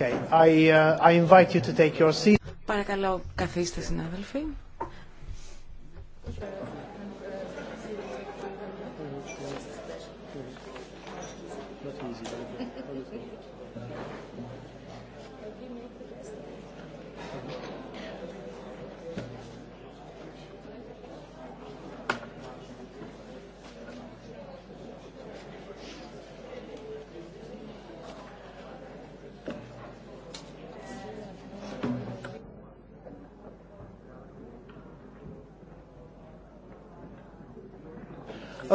Okay. I, uh, I invite you to take your seat. Παρακαλώ, καθίστε συνάδελφοι.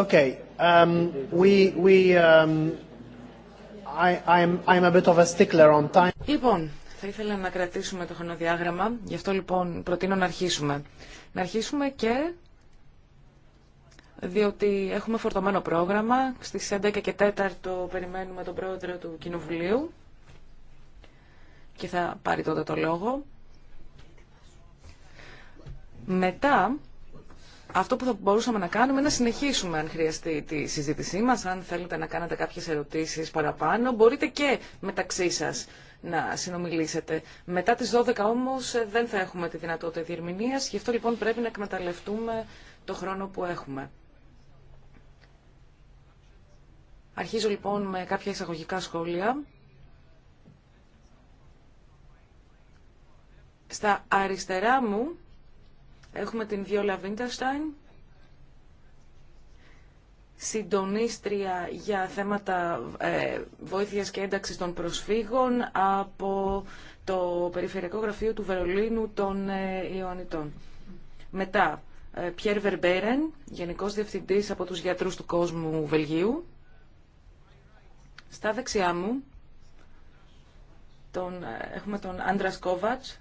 Okay. Um, we, we, um, I, I'm, I'm a bit of a stickler on time. Λοιπόν, θα ήθελα να κρατήσουμε το χρονοδιάγραμμα, γι' αυτό λοιπόν προτείνω να αρχίσουμε. Να αρχίσουμε και διότι έχουμε φορτωμένο πρόγραμμα. Στις 11 και 4 περιμένουμε τον πρόεδρο του Κοινοβουλίου και θα πάρει τότε το λόγο. Μετά αυτό που θα μπορούσαμε να κάνουμε είναι να συνεχίσουμε αν χρειαστεί τη συζήτησή μας. Αν θέλετε να κάνετε κάποιες ερωτήσεις παραπάνω, μπορείτε και μεταξύ σας να συνομιλήσετε. Μετά τις 12 όμως ε, δεν θα έχουμε τη δυνατότητα διερμηνίας, γι' αυτό λοιπόν πρέπει να εκμεταλλευτούμε το χρόνο που έχουμε. Αρχίζω λοιπόν με κάποια εισαγωγικά σχόλια. Στα αριστερά μου Έχουμε την Βιόλα Βίντερστάιν, συντονίστρια για θέματα ε, βοήθειας και ένταξης των προσφύγων από το Περιφερειακό Γραφείο του Βερολίνου των ε, Ιωαννητών. Μετά, ε, Πιέρ Βερμπέρεν, Γενικός Διευθυντής από τους Γιατρούς του Κόσμου Βελγίου. Στα δεξιά μου τον, ε, έχουμε τον Άντρα Κόβατς,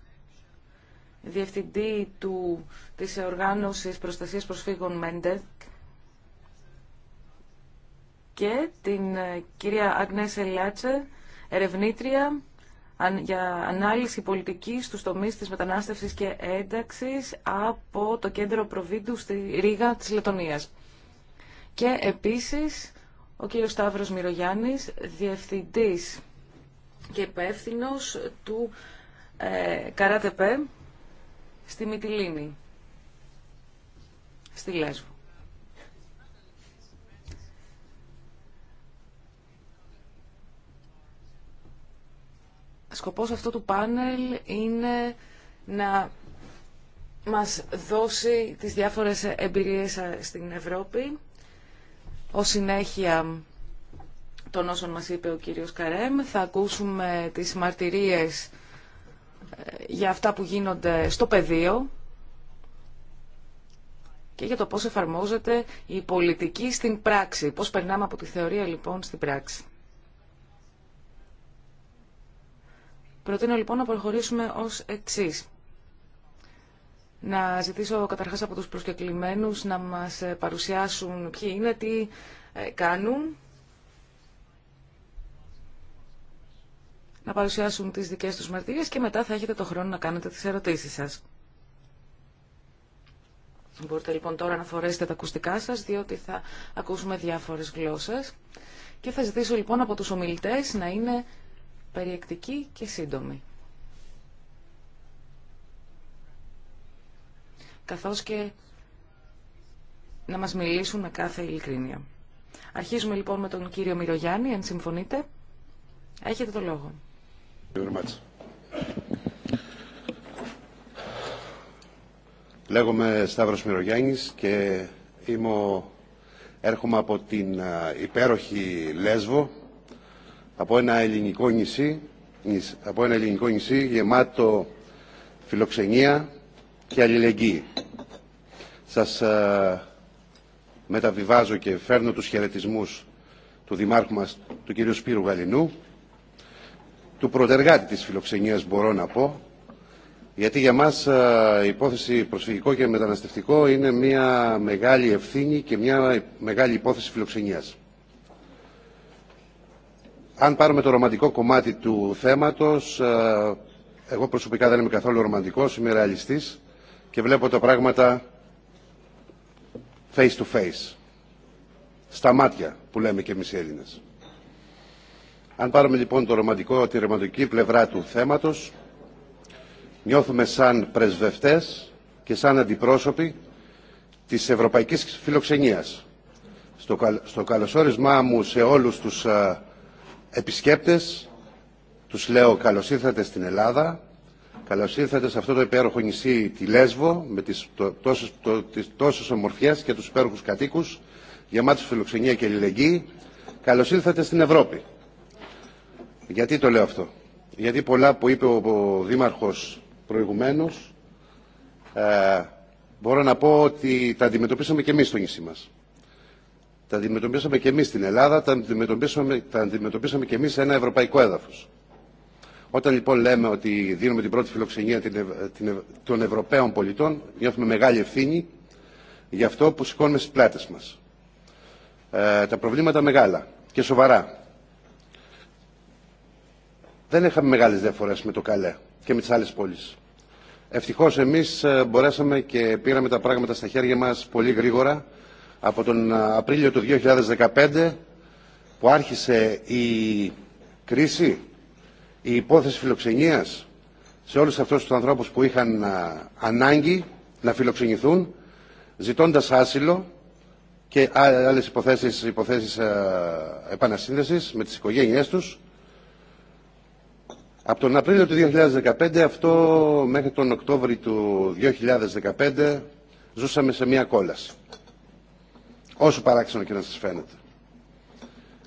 διευθυντή του, της Οργάνωσης Προστασίας Προσφύγων Μέντεκ και την ε, κυρία Αγνές Ελάτσε, ερευνήτρια για ανάλυση πολιτικής στους τομείς της μετανάστευσης και ένταξης από το κέντρο προβίντου στη Ρήγα της Λετωνίας. Και επίσης ο κύριος Σταύρος Μυρογιάννης, διευθυντής και υπεύθυνο του ε, Καράτεπέ, στη Μητυλίνη, στη Λέσβο. Σκοπός αυτού του πάνελ είναι να μας δώσει τις διάφορες εμπειρίες ε, στην Ευρώπη. Ως συνέχεια των όσων μας είπε ο κύριος Καρέμ θα ακούσουμε τις μαρτυρίες για αυτά που γίνονται στο πεδίο και για το πώς εφαρμόζεται η πολιτική στην πράξη. Πώς περνάμε από τη θεωρία λοιπόν στην πράξη. Προτείνω λοιπόν να προχωρήσουμε ως εξής. Να ζητήσω καταρχάς από τους προσκεκλημένους να μας παρουσιάσουν ποιοι είναι, τι ε, κάνουν να παρουσιάσουν τις δικές τους μαρτυρίες και μετά θα έχετε το χρόνο να κάνετε τις ερωτήσεις σας. Μπορείτε λοιπόν τώρα να φορέσετε τα ακουστικά σας, διότι θα ακούσουμε διάφορες γλώσσες. Και θα ζητήσω λοιπόν από τους ομιλητές να είναι περιεκτικοί και σύντομοι. Καθώς και να μας μιλήσουν με κάθε ειλικρίνεια. Αρχίζουμε λοιπόν με τον κύριο Μυρογιάννη, αν συμφωνείτε. Έχετε το λόγο. Λέγομαι Σταύρος Μυρογιάννης και είμαι έρχομαι από την υπέροχη Λέσβο, από ένα ελληνικό νησί, από ένα ελληνικό νησί γεμάτο φιλοξενία και αλληλεγγύη. Σας μεταβιβάζω και φέρνω τους χαιρετισμού του Δημάρχου μας, του κ. Σπύρου Γαλινού, του προτεργάτη της φιλοξενίας μπορώ να πω γιατί για μας ε, η υπόθεση προσφυγικό και μεταναστευτικό είναι μια μεγάλη ευθύνη και μια μεγάλη υπόθεση φιλοξενίας. Αν πάρουμε το ρομαντικό κομμάτι του θέματος, ε, εγώ προσωπικά δεν είμαι καθόλου ρομαντικός, είμαι ρεαλιστής και βλέπω τα πράγματα face to face, στα μάτια που λέμε και εμείς οι Έλληνες. Αν πάρουμε λοιπόν το ρομαντικό, τη ρομαντική πλευρά του θέματος, νιώθουμε σαν πρεσβευτές και σαν αντιπρόσωποι της ευρωπαϊκής φιλοξενίας. Στο, στο καλωσόρισμά μου σε όλους τους α, επισκέπτες, τους λέω καλώς ήρθατε στην Ελλάδα, καλώς ήρθατε σε αυτό το υπέροχο νησί τη Λέσβο, με τις, το, τόσες, τις τόσες ομορφιές και τους υπέροχους κατοίκους, γεμάτους φιλοξενία και αλληλεγγύη, καλώς ήρθατε στην Ευρώπη. Γιατί το λέω αυτό. Γιατί πολλά που είπε ο Δήμαρχος προηγουμένως ε, μπορώ να πω ότι τα αντιμετωπίσαμε και εμείς στο νησί μας. Τα αντιμετωπίσαμε και εμείς στην Ελλάδα, τα αντιμετωπίσαμε, τα αντιμετωπίσαμε και εμείς σε ένα ευρωπαϊκό έδαφος. Όταν λοιπόν λέμε ότι δίνουμε την πρώτη φιλοξενία των Ευρωπαίων πολιτών, νιώθουμε μεγάλη ευθύνη για αυτό που σηκώνουμε στις πλάτες μας. Ε, τα προβλήματα μεγάλα και σοβαρά δεν είχαμε μεγάλες διαφορές με το Καλέ και με τις άλλες πόλεις. Ευτυχώς εμείς ε, μπορέσαμε και πήραμε τα πράγματα στα χέρια μας πολύ γρήγορα από τον ε, Απρίλιο του 2015 που άρχισε η κρίση, η υπόθεση φιλοξενίας σε όλους αυτούς τους ανθρώπους που είχαν ε, ανάγκη να φιλοξενηθούν ζητώντας άσυλο και άλλες υποθέσεις, υποθέσεις επανασύνδεσης με τις οικογένειές τους από τον Απρίλιο του 2015, αυτό μέχρι τον Οκτώβριο του 2015, ζούσαμε σε μια κόλαση. Όσο παράξενο και να σας φαίνεται.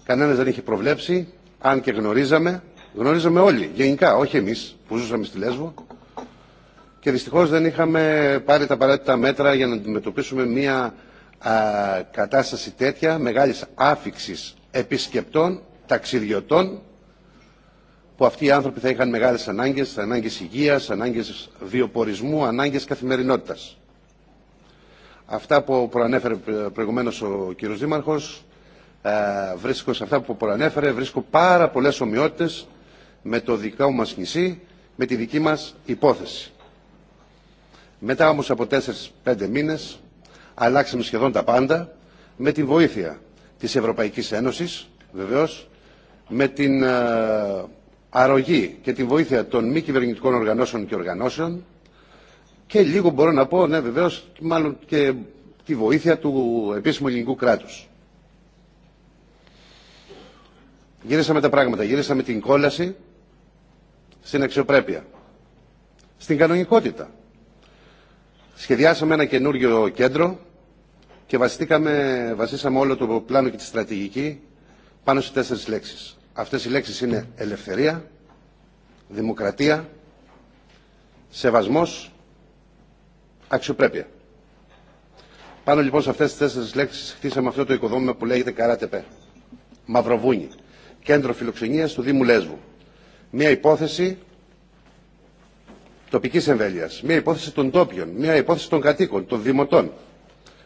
Κανένας δεν είχε προβλέψει, αν και γνωρίζαμε, γνωρίζαμε όλοι, γενικά, όχι εμείς που ζούσαμε στη Λέσβο, και δυστυχώς δεν είχαμε πάρει τα απαραίτητα μέτρα για να αντιμετωπίσουμε μια κατάσταση τέτοια μεγάλης άφηξης επισκεπτών, ταξιδιωτών που αυτοί οι άνθρωποι θα είχαν μεγάλε ανάγκε, ανάγκε υγεία, ανάγκε βιοπορισμού, ανάγκε καθημερινότητα. Αυτά που προανέφερε προηγουμένω ο κύριος Δήμαρχος, ε, βρίσκω σε αυτά που προανέφερε, βρίσκω πάρα πολλέ ομοιότητε με το δικό μα νησί, με τη δική μα υπόθεση. όμω όμως από 4-5 μήνε αλλάξαμε σχεδόν τα πάντα με τη βοήθεια της Ευρωπαϊκής Ένωσης, βεβαίως, με την ε, αρρωγή και τη βοήθεια των μη κυβερνητικών οργανώσεων και οργανώσεων και λίγο μπορώ να πω, ναι βεβαίως, μάλλον και τη βοήθεια του επίσημου ελληνικού κράτους. Γυρίσαμε τα πράγματα, γυρίσαμε την κόλαση στην αξιοπρέπεια, στην κανονικότητα. Σχεδιάσαμε ένα καινούριο κέντρο και βασίσαμε όλο το πλάνο και τη στρατηγική πάνω σε τέσσερις λέξεις. Αυτές οι λέξεις είναι ελευθερία, δημοκρατία, σεβασμός, αξιοπρέπεια. Πάνω λοιπόν σε αυτές τις τέσσερις λέξεις χτίσαμε αυτό το οικοδόμημα που λέγεται Καράτεπε. Μαυροβούνι. Κέντρο φιλοξενίας του Δήμου Λέσβου. Μια υπόθεση τοπικής εμβέλειας. Μια υπόθεση των τόπιων. Μια υπόθεση των κατοίκων, των δημοτών.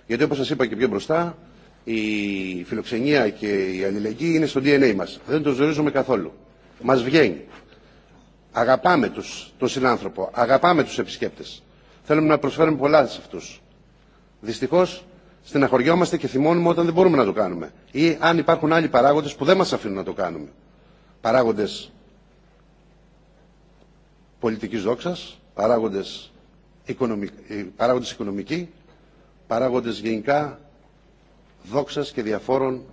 Γιατί όπως σας είπα και πιο μπροστά, η φιλοξενία και η αλληλεγγύη είναι στο DNA μας. Δεν το ζορίζουμε καθόλου. Μας βγαίνει. Αγαπάμε τους, τον συνάνθρωπο. Αγαπάμε τους επισκέπτες. Θέλουμε να προσφέρουμε πολλά σε αυτούς. Δυστυχώς, στεναχωριόμαστε και θυμώνουμε όταν δεν μπορούμε να το κάνουμε. Ή αν υπάρχουν άλλοι παράγοντες που δεν μας αφήνουν να το κάνουμε. Παράγοντες πολιτικής δόξας, παράγοντες, οικονομικ... Ε, παράγοντες οικονομικοί, παράγοντες γενικά δόξας και διαφόρων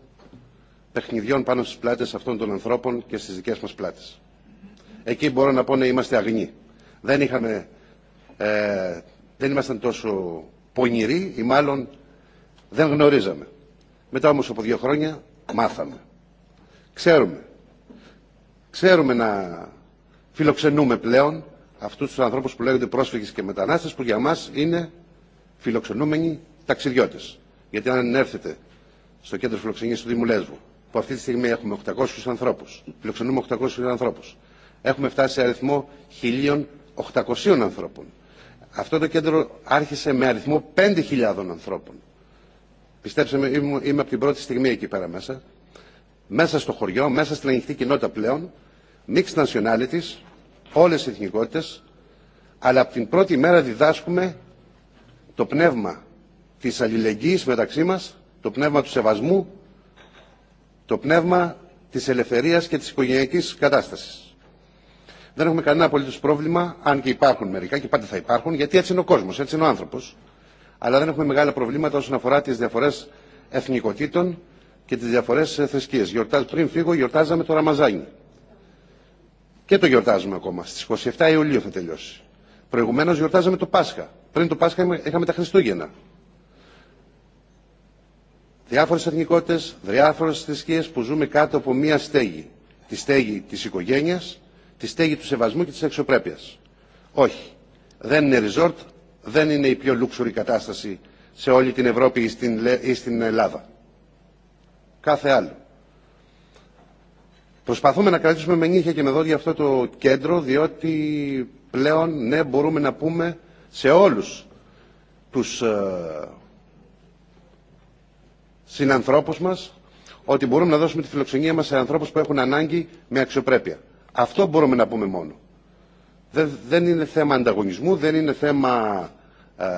παιχνιδιών πάνω στις πλάτες αυτών των ανθρώπων και στις δικές μας πλάτες. Εκεί μπορώ να πω να είμαστε αγνοί. Δεν, είχαμε, ε, δεν ήμασταν τόσο πονηροί ή μάλλον δεν γνωρίζαμε. Μετά όμως από δύο χρόνια μάθαμε. Ξέρουμε. Ξέρουμε να φιλοξενούμε πλέον αυτούς τους ανθρώπους που λέγονται πρόσφυγες και μετανάστες που για μας είναι φιλοξενούμενοι ταξιδιώτες. Γιατί αν έρθετε στο κέντρο φιλοξενία του Δήμου Λέσβου, που αυτή τη στιγμή έχουμε 800 ανθρώπου, φιλοξενούμε 800 ανθρώπου, έχουμε φτάσει σε αριθμό 1.800 ανθρώπων. Αυτό το κέντρο άρχισε με αριθμό 5.000 ανθρώπων. Πιστέψτε με, είμαι από την πρώτη στιγμή εκεί πέρα μέσα. Μέσα στο χωριό, μέσα στην ανοιχτή κοινότητα πλέον, mixed nationalities, όλες οι εθνικότητες, αλλά από την πρώτη μέρα διδάσκουμε το πνεύμα της αλληλεγγύης μεταξύ μας, το πνεύμα του σεβασμού, το πνεύμα της ελευθερίας και της οικογενειακής κατάστασης. Δεν έχουμε κανένα απολύτως πρόβλημα, αν και υπάρχουν μερικά και πάντα θα υπάρχουν, γιατί έτσι είναι ο κόσμος, έτσι είναι ο άνθρωπος. Αλλά δεν έχουμε μεγάλα προβλήματα όσον αφορά τις διαφορές εθνικοτήτων και τις διαφορές θρησκείες. Γιορτάζ, πριν φύγω γιορτάζαμε το Ραμαζάνι. Και το γιορτάζουμε ακόμα. στι 27 Ιουλίου θα τελειώσει. Προηγουμένω γιορτάζαμε το Πάσχα. Πριν το Πάσχα είχαμε τα Χριστούγεννα διάφορες εθνικότητες, διάφορες θρησκείες που ζούμε κάτω από μία στέγη. Τη στέγη της οικογένειας, τη στέγη του σεβασμού και της αξιοπρέπειας. Όχι. Δεν είναι resort, δεν είναι η πιο λούξουρη κατάσταση σε όλη την Ευρώπη ή στην, Ελλάδα. Κάθε άλλο. Προσπαθούμε να κρατήσουμε με νύχια και με δόντια αυτό το κέντρο, διότι πλέον, ναι, μπορούμε να πούμε σε όλους τους ε, συνανθρώπους μας ότι μπορούμε να δώσουμε τη φιλοξενία μας σε ανθρώπους που έχουν ανάγκη με αξιοπρέπεια. Αυτό μπορούμε να πούμε μόνο. Δεν είναι θέμα ανταγωνισμού, δεν είναι θέμα ε, ε,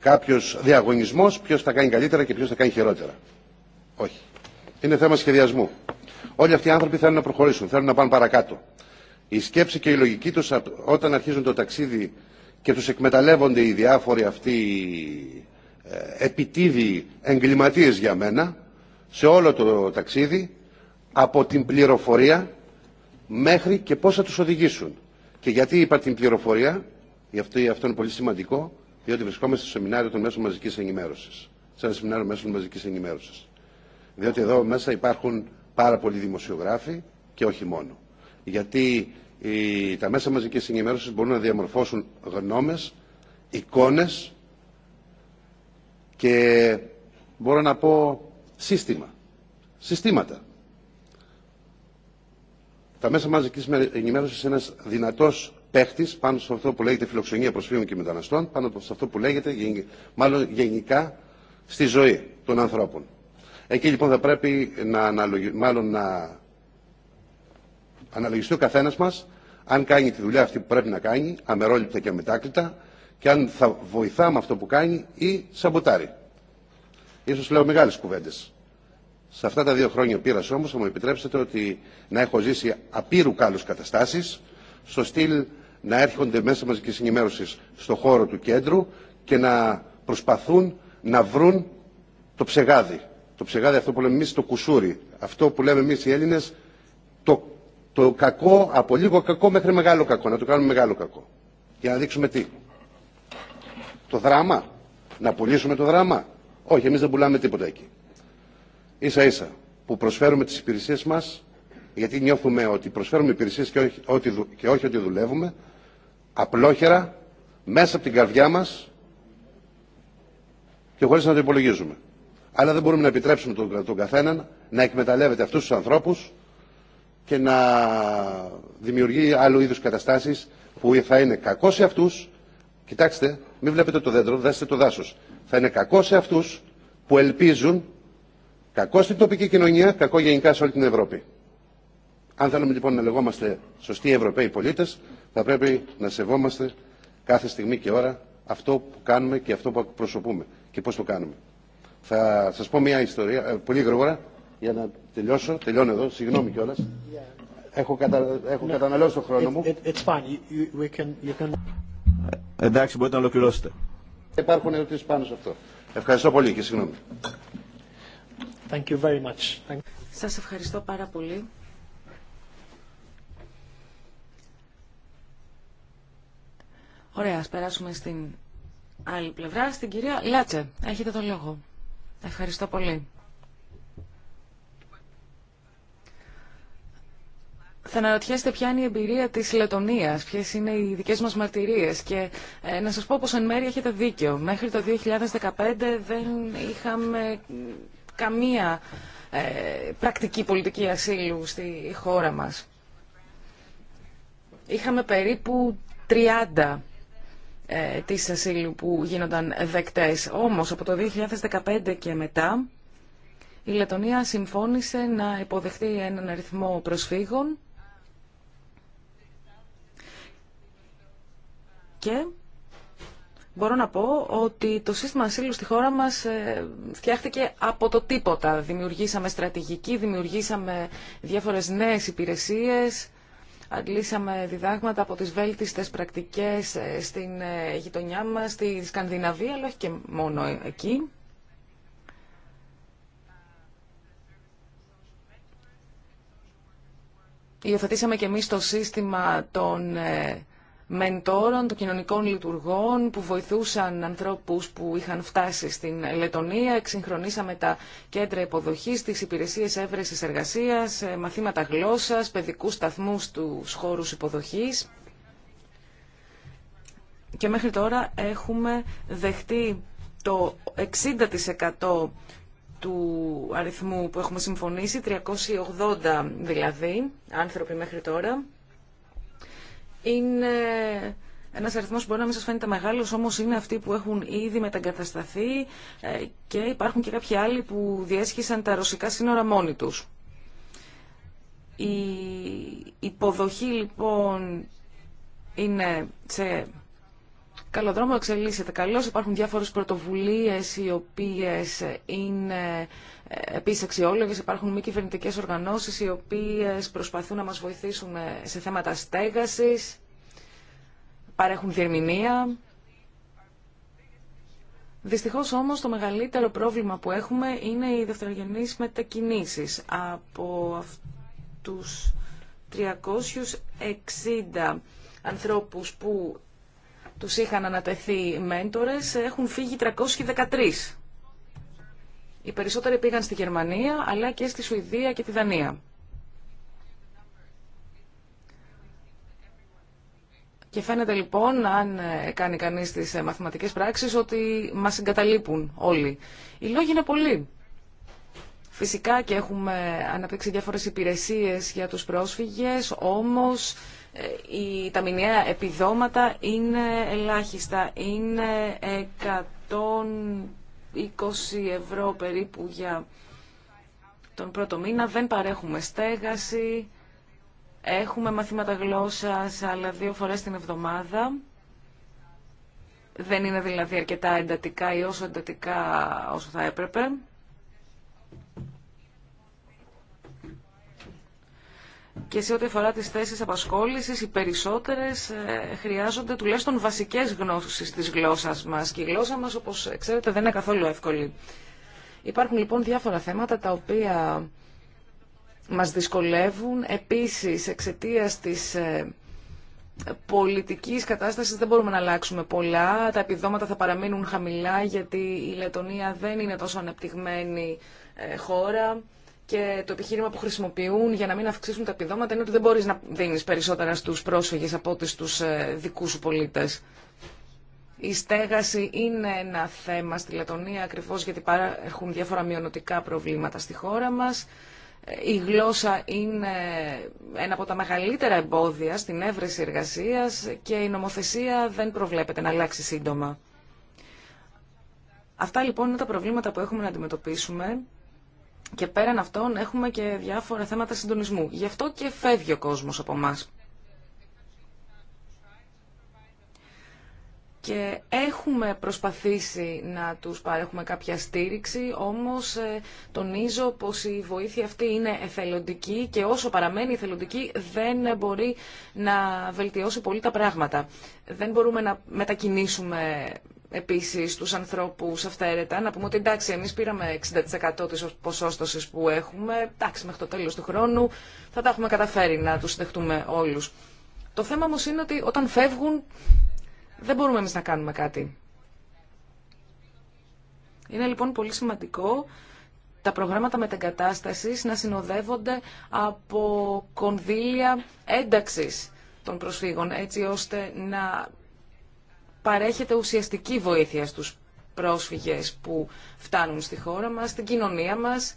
κάποιος διαγωνισμός ποιος θα κάνει καλύτερα και ποιος θα κάνει χειρότερα. Όχι. Είναι θέμα σχεδιασμού. Όλοι αυτοί οι άνθρωποι θέλουν να προχωρήσουν, θέλουν να πάνε παρακάτω. Η σκέψη και η λογική τους όταν αρχίζουν το ταξίδι και τους εκμεταλλεύονται οι διάφοροι αυτοί ε, επιτίδιοι εγκληματίες για μένα σε όλο το ταξίδι από την πληροφορία μέχρι και πώς θα τους οδηγήσουν. Και γιατί είπα την πληροφορία, αυτό, αυτό είναι πολύ σημαντικό, διότι βρισκόμαστε στο σεμινάριο των μέσων μαζικής ενημέρωσης. Σε ένα σεμινάριο μέσων μαζικής ενημέρωσης. Διότι εδώ μέσα υπάρχουν πάρα πολλοί δημοσιογράφοι και όχι μόνο. Γιατί τα μέσα μαζικής ενημέρωσης μπορούν να διαμορφώσουν γνώμες, εικόνες και μπορώ να πω σύστημα, συστήματα. Τα μέσα μαζική ενημέρωση είναι ένας δυνατός παίχτη πάνω σε αυτό που λέγεται φιλοξενία προσφύγων και μεταναστών, πάνω σε αυτό που λέγεται μάλλον γενικά στη ζωή των ανθρώπων. Εκεί λοιπόν θα πρέπει να, αναλογι... μάλλον να αναλογιστεί ο καθένα μας αν κάνει τη δουλειά αυτή που πρέπει να κάνει, αμερόληπτα και αμετάκλητα, και αν θα βοηθά με αυτό που κάνει ή σαμποτάρει. Ίσως λέω μεγάλες κουβέντες. Σε αυτά τα δύο χρόνια πείρας όμως θα μου επιτρέψετε ότι να έχω ζήσει απείρου κάλους καταστάσεις στο στυλ να έρχονται μέσα και συνημέρωσης στο χώρο του κέντρου και να προσπαθούν να βρουν το ψεγάδι. Το ψεγάδι αυτό που λέμε εμείς το κουσούρι. Αυτό που λέμε εμείς οι Έλληνες το, το κακό από λίγο κακό μέχρι μεγάλο κακό. Να το κάνουμε μεγάλο κακό. Για να δείξουμε τι. Το δράμα. Να πουλήσουμε το δράμα. Όχι, εμείς δεν πουλάμε τίποτα εκεί. Ίσα ίσα που προσφέρουμε τις υπηρεσίες μας, γιατί νιώθουμε ότι προσφέρουμε υπηρεσίες και όχι, ότι, και όχι ότι δουλεύουμε, απλόχερα, μέσα από την καρδιά μας και χωρί να το υπολογίζουμε. Αλλά δεν μπορούμε να επιτρέψουμε τον, τον καθέναν να εκμεταλλεύεται αυτού του ανθρώπου και να δημιουργεί άλλου είδου καταστάσει που θα είναι κακό σε αυτού. Κοιτάξτε, μην βλέπετε το δέντρο, δέστε το δάσο. Θα είναι κακό σε αυτού που ελπίζουν, κακό στην τοπική κοινωνία, κακό γενικά σε όλη την Ευρώπη. Αν θέλουμε λοιπόν να λεγόμαστε σωστοί Ευρωπαίοι πολίτε, θα πρέπει να σεβόμαστε κάθε στιγμή και ώρα αυτό που κάνουμε και αυτό που εκπροσωπούμε και πώ το κάνουμε. Θα σα πω μια ιστορία, ε, πολύ γρήγορα, για να τελειώσω. Τελειώνω εδώ, συγγνώμη κιόλα. Έχω, κατα... Έχω καταναλώσει τον χρόνο μου. Εντάξει, μπορείτε να ολοκληρώσετε. Υπάρχουν ερωτήσει πάνω σε αυτό. Ευχαριστώ πολύ και συγγνώμη. Σα Σας ευχαριστώ πάρα πολύ. Ωραία, ας περάσουμε στην άλλη πλευρά, στην κυρία Λάτσε. Έχετε τον λόγο. Ευχαριστώ πολύ. θα αναρωτιέστε ποια είναι η εμπειρία της Λετωνία, ποιε είναι οι δικέ μας μαρτυρίες και ε, να σας πω πω εν μέρει έχετε δίκιο. Μέχρι το 2015 δεν είχαμε καμία ε, πρακτική πολιτική ασύλου στη χώρα μας. Είχαμε περίπου 30 ε, τη ασύλου που γίνονταν δεκτές. Όμως από το 2015 και μετά η Λετωνία συμφώνησε να υποδεχτεί έναν αριθμό προσφύγων Και μπορώ να πω ότι το σύστημα ασύλου στη χώρα μας ε, φτιάχτηκε από το τίποτα. Δημιουργήσαμε στρατηγική, δημιουργήσαμε διάφορες νέες υπηρεσίες, αντλήσαμε διδάγματα από τις βέλτιστες πρακτικές ε, στην ε, γειτονιά μας, στη Σκανδιναβία, αλλά όχι και μόνο εκεί. Υιοθετήσαμε και εμείς το σύστημα των μεντόρων, των κοινωνικών λειτουργών που βοηθούσαν ανθρώπους που είχαν φτάσει στην Λετωνία. Εξυγχρονίσαμε τα κέντρα υποδοχής, τις υπηρεσίες έβρεσης εργασίας, ε, μαθήματα γλώσσας, παιδικούς σταθμού του χώρους υποδοχής. Και μέχρι τώρα έχουμε δεχτεί το 60% του αριθμού που έχουμε συμφωνήσει, 380 δηλαδή, άνθρωποι μέχρι τώρα είναι ένα αριθμό που μπορεί να μην σα φαίνεται μεγάλο, όμω είναι αυτοί που έχουν ήδη μεταγκατασταθεί ε, και υπάρχουν και κάποιοι άλλοι που διέσχισαν τα ρωσικά σύνορα μόνοι του. Η υποδοχή λοιπόν είναι σε καλό δρόμο, εξελίσσεται καλώ. Υπάρχουν διάφορε πρωτοβουλίε οι οποίε είναι ε, επίσης αξιόλογες υπάρχουν μη κυβερνητικέ οργανώσεις οι οποίες προσπαθούν να μας βοηθήσουν ε, σε θέματα στέγασης, παρέχουν διερμηνία. Δυστυχώς όμως το μεγαλύτερο πρόβλημα που έχουμε είναι οι δευτερογενείς μετακινήσεις. Από τους 360 ανθρώπους που τους είχαν ανατεθεί μέντορες έχουν φύγει 313. Οι περισσότεροι πήγαν στη Γερμανία, αλλά και στη Σουηδία και τη Δανία. Και φαίνεται λοιπόν, αν ε, κάνει κανείς τις ε, μαθηματικές πράξεις, ότι μας εγκαταλείπουν όλοι. Οι λόγοι είναι πολλοί. Φυσικά και έχουμε ε, αναπτύξει διάφορες υπηρεσίες για τους πρόσφυγες, όμως η, τα μηνιαία επιδόματα είναι ελάχιστα. Είναι 100 20 ευρώ περίπου για τον πρώτο μήνα. Δεν παρέχουμε στέγαση. Έχουμε μαθήματα γλώσσας άλλα δύο φορές την εβδομάδα. Δεν είναι δηλαδή αρκετά εντατικά ή όσο εντατικά όσο θα έπρεπε. και σε ό,τι αφορά τις θέσεις απασχόλησης, οι περισσότερες ε, χρειάζονται τουλάχιστον βασικές γνώσεις της γλώσσας μας και η γλώσσα μας, όπως ξέρετε, δεν είναι καθόλου εύκολη. Υπάρχουν λοιπόν διάφορα θέματα τα οποία μας δυσκολεύουν. Επίσης, εξαιτία της ε, πολιτικής κατάστασης δεν μπορούμε να αλλάξουμε πολλά. Τα επιδόματα θα παραμείνουν χαμηλά γιατί η Λετωνία δεν είναι τόσο ανεπτυγμένη ε, χώρα και το επιχείρημα που χρησιμοποιούν για να μην αυξήσουν τα επιδόματα είναι ότι δεν μπορείς να δίνεις περισσότερα στους πρόσφυγες από ό,τι στους ε, δικούς σου πολίτες. Η στέγαση είναι ένα θέμα στη Λετωνία ακριβώς γιατί έχουν διάφορα μειονοτικά προβλήματα στη χώρα μας. Ε, η γλώσσα είναι ένα από τα μεγαλύτερα εμπόδια στην έβρεση εργασίας και η νομοθεσία δεν προβλέπεται να αλλάξει σύντομα. Αυτά λοιπόν είναι τα προβλήματα που έχουμε να αντιμετωπίσουμε και πέραν αυτών έχουμε και διάφορα θέματα συντονισμού. Γι' αυτό και φεύγει ο κόσμος από εμά. Και έχουμε προσπαθήσει να τους παρέχουμε κάποια στήριξη, όμως ε, τονίζω πως η βοήθεια αυτή είναι εθελοντική και όσο παραμένει εθελοντική δεν μπορεί να βελτιώσει πολύ τα πράγματα. Δεν μπορούμε να μετακινήσουμε Επίση του ανθρώπους αυθαίρετα, να πούμε ότι εντάξει εμείς πήραμε 60% τη ποσόστοση που έχουμε, εντάξει μέχρι το τέλος του χρόνου θα τα έχουμε καταφέρει να τους δεχτούμε όλους. Το θέμα όμω είναι ότι όταν φεύγουν δεν μπορούμε εμεί να κάνουμε κάτι. Είναι λοιπόν πολύ σημαντικό τα προγράμματα μετεγκατάστασης να συνοδεύονται από κονδύλια ένταξης των προσφύγων, έτσι ώστε να παρέχεται ουσιαστική βοήθεια στους πρόσφυγες που φτάνουν στη χώρα μας, στην κοινωνία μας,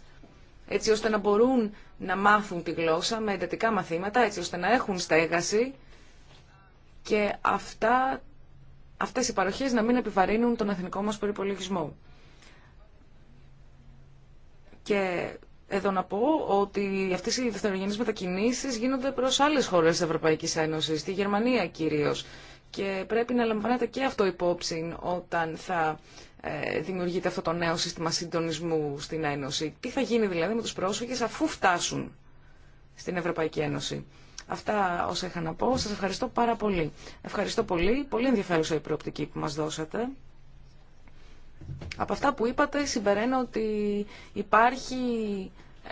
έτσι ώστε να μπορούν να μάθουν τη γλώσσα με εντατικά μαθήματα, έτσι ώστε να έχουν στέγαση και αυτά, αυτές οι παροχές να μην επιβαρύνουν τον εθνικό μας περιπολογισμό. Και εδώ να πω ότι αυτές οι δευτερογενείς μετακινήσεις γίνονται προς άλλες χώρες της Ευρωπαϊκής Ένωσης, στη Γερμανία κυρίως, και πρέπει να λαμβάνετε και αυτό υπόψη όταν θα ε, δημιουργείται αυτό το νέο σύστημα συντονισμού στην Ένωση. Τι θα γίνει δηλαδή με τους πρόσφυγες αφού φτάσουν στην Ευρωπαϊκή Ένωση. Αυτά όσα είχα να πω. Σας ευχαριστώ πάρα πολύ. Ευχαριστώ πολύ. Πολύ ενδιαφέρουσα η προοπτική που μας δώσατε. Από αυτά που είπατε συμπεραίνω ότι υπάρχει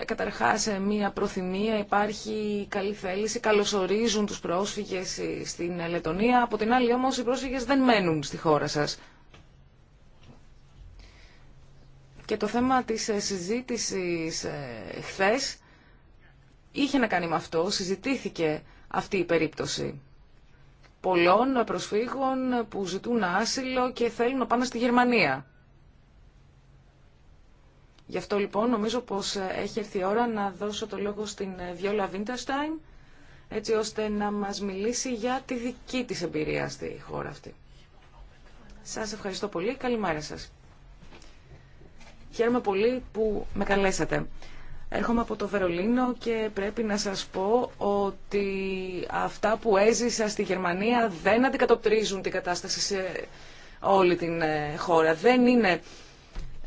ε, καταρχάς ε, μια προθυμία, υπάρχει καλή θέληση, καλωσορίζουν τους πρόσφυγες ε, στην Λετωνία, από την άλλη όμως οι πρόσφυγες δεν μένουν στη χώρα σας. Και το θέμα της συζήτησης χθες είχε να κάνει με αυτό, συζητήθηκε αυτή η περίπτωση πολλών προσφύγων που ζητούν άσυλο και θέλουν να πάνε στη Γερμανία. Γι' αυτό λοιπόν νομίζω πως ε, έχει έρθει η ώρα να δώσω το λόγο στην ε, Βιόλα Βίντερστάιν έτσι ώστε να μας μιλήσει για τη δική της εμπειρία στη χώρα αυτή. Σας ευχαριστώ πολύ. Καλημέρα σας. Χαίρομαι πολύ που με καλέσατε. Έρχομαι από το Βερολίνο και πρέπει να σας πω ότι αυτά που έζησα στη Γερμανία δεν αντικατοπτρίζουν την κατάσταση σε όλη την ε, χώρα. Δεν είναι